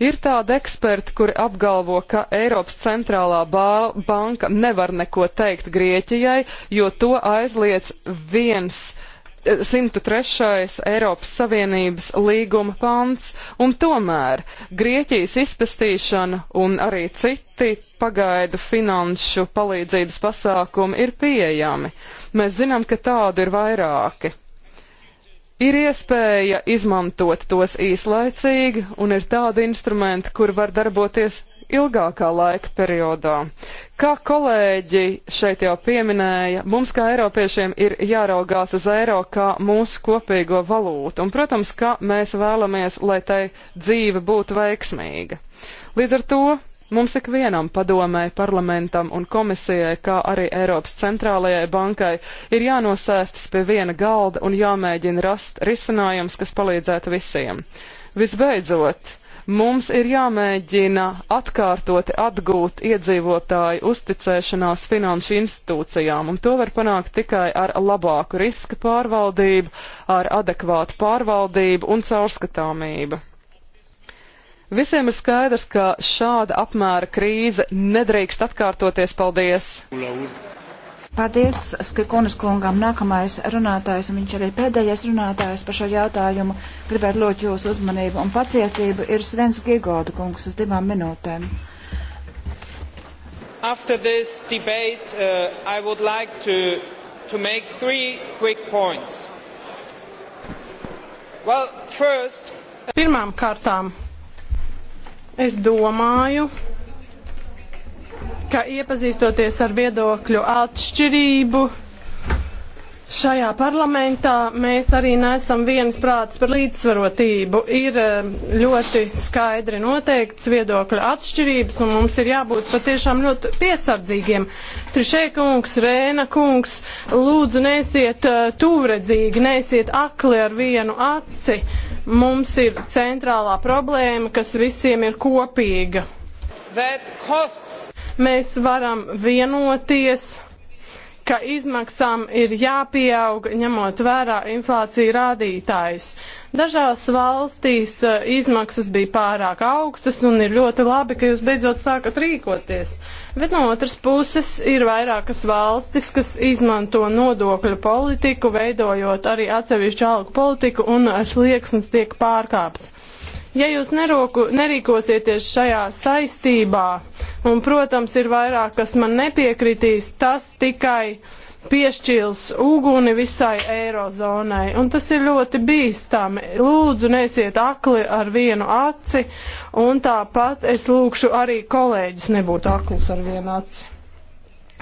Ir tādi eksperti, kuri apgalvo, ka Eiropas centrālā banka nevar neko teikt Grieķijai, jo to aizliedz viens uh, 103. Eiropas Savienības līguma pants, un tomēr Grieķijas izpestīšana un arī citi pagaidu finanšu palīdzības pasākumi ir pieejami. Mēs zinām, ka tādu ir vairāki. Ir iespēja izmantot tos īslaicīgi, un ir tādi instrumenti, kur var darboties ilgākā laika periodā. Kā kolēģi šeit jau pieminēja, mums kā Eiropiešiem ir jāraugās uz eiro kā mūsu kopīgo valūtu, un, protams, ka mēs vēlamies, lai tai dzīve būtu veiksmīga. Līdz ar to Mums ikvienam padomē, parlamentam un komisijai, kā arī Eiropas centrālajai bankai, ir jānosēstas pie viena galda un jāmēģina rast risinājums, kas palīdzētu visiem. Visbeidzot, Mums ir jāmēģina atkārtoti atgūt iedzīvotāju uzticēšanās finanšu institūcijām, un to var panākt tikai ar labāku riska pārvaldību, ar adekvātu pārvaldību un caurskatāmību. Visiem ir skaidrs, ka šāda apmēra krīze nedrīkst atkārtoties. Paldies! Ulaur. Paldies Skikunas kungam. Nākamais runātājs, un viņš arī pēdējais runātājs par šo jautājumu, gribētu lūgt jūsu uzmanību un pacietību, ir Svens Gigoda kungs uz divām minūtēm. After this debate, uh, I would like to, to make three quick points. Well, first... Pirmām kārtām, es domāju, ka iepazīstoties ar viedokļu atšķirību Šajā parlamentā mēs arī nesam viens prāts par līdzsvarotību. Ir eh, ļoti skaidri noteikts viedokļa atšķirības, un mums ir jābūt patiešām ļoti piesardzīgiem. Trišē kungs, Rēna kungs, lūdzu neesiet eh, tūvredzīgi, neesiet akli ar vienu aci. Mums ir centrālā problēma, kas visiem ir kopīga. Mēs varam vienoties, ka izmaksām ir jāpieaug, ņemot vērā inflācija rādītājus. Dažās valstīs eh, izmaksas bija pārāk augstas un ir ļoti labi, ka jūs beidzot sākat rīkoties. Bet no otras puses ir vairākas valstis, kas izmanto nodokļu politiku, veidojot arī atsevišķu algu politiku un slieksnis tiek pārkāpts. Ja jūs neroku, nerīkosieties šajā saistībā, un, protams, ir vairāk, kas man nepiekritīs, tas tikai piešķils uguni visai eirozonai, un tas ir ļoti bīstami. Lūdzu, neesiet akli ar vienu aci, un tāpat es lūkšu arī kolēģus nebūt aklus ar vienu aci.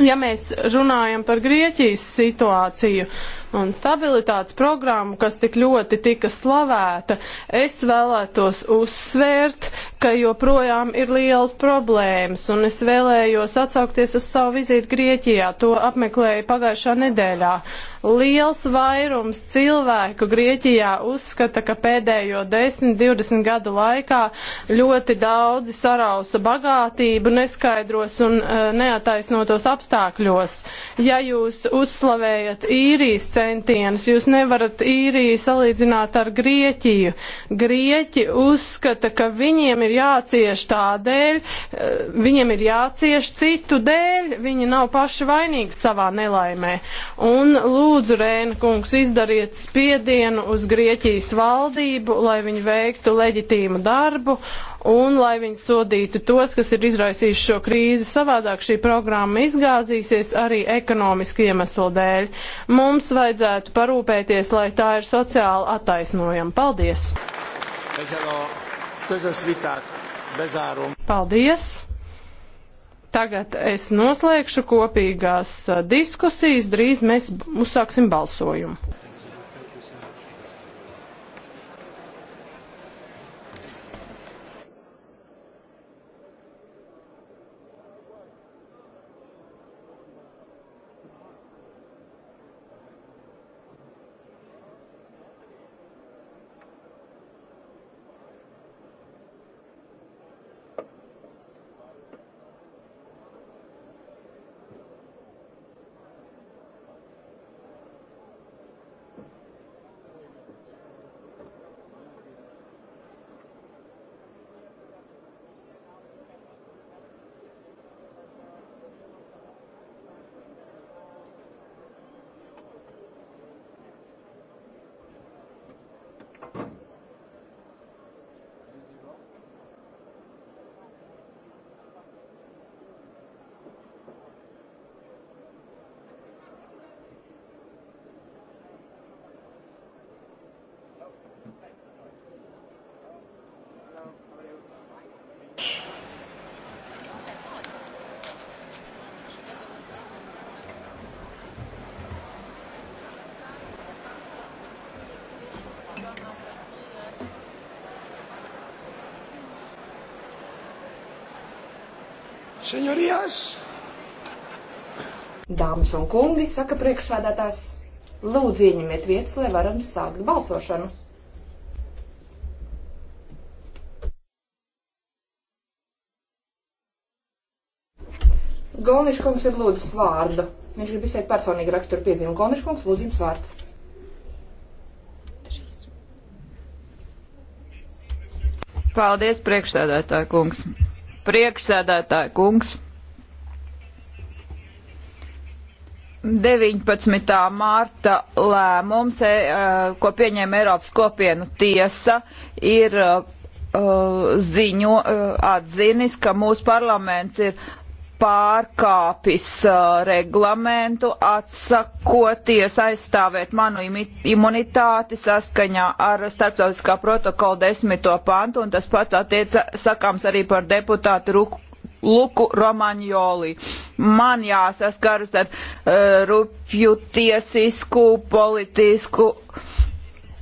Ja mēs runājam par Grieķijas situāciju, uh, un stabilitātes programmu, kas tik ļoti tika slavēta, es vēlētos uzsvērt, ka joprojām ir liels problēmas, un es vēlējos atsaukties uz savu vizīti Grieķijā. To apmeklēju pagājušā nedēļā. Liels vairums cilvēku Grieķijā uzskata, ka pēdējo 10-20 gadu laikā ļoti daudzi sarausa bagātību neskaidros un uh, e, neataisnotos apstākļos. Ja jūs uzslavējat īrijas centienus, jūs nevarat īriju salīdzināt ar Grieķiju. Grieķi uzskata, ka viņiem ir ir jācieš tādēļ, eh, viņiem ir jācieš citu dēļ, viņi nav paši vainīgi savā nelaimē. Un lūdzu, Rēna kungs, izdariet spiedienu uz Grieķijas valdību, lai viņi veiktu leģitīmu darbu un lai viņi sodītu tos, kas ir izraisījuši šo krīzi. Savādāk šī programma izgāzīsies arī ekonomiski iemeslu dēļ. Mums vajadzētu parūpēties, lai tā ir sociāli attaisnojama. Paldies! Es jau... Közös vitát bezárom. Paldies! Tagad es noslēgšu kopīgās uh, diskusijas, drīz mēs uzsāksim balsojumu. Señorías. Dāmas un kungi, saka priekšsēdētājs, lūdzu ieņemiet vietas, lai varam sākt balsošanu. Golniškungs ir lūdzis vārdu. Viņš grib izteikt personīgi raksturu piezīmu. Golniškungs, lūdzu jums vārds. Paldies, priekšstādātāja kungs priekšsēdētāja kungs. 19. mārta lēmums, e, e, ko pieņēma Eiropas kopienu tiesa, ir e, ziņo atzinis, ka mūsu parlaments ir pārkāpis uh, reglamentu, atsakoties aizstāvēt manu imunitāti saskaņā ar starptautiskā protokola desmito pantu, un tas pats attiec sakāms arī par deputātu Ruku. Luku Romanjoli. Man jāsaskaras ar uh, rupju tiesisku, politisku uh,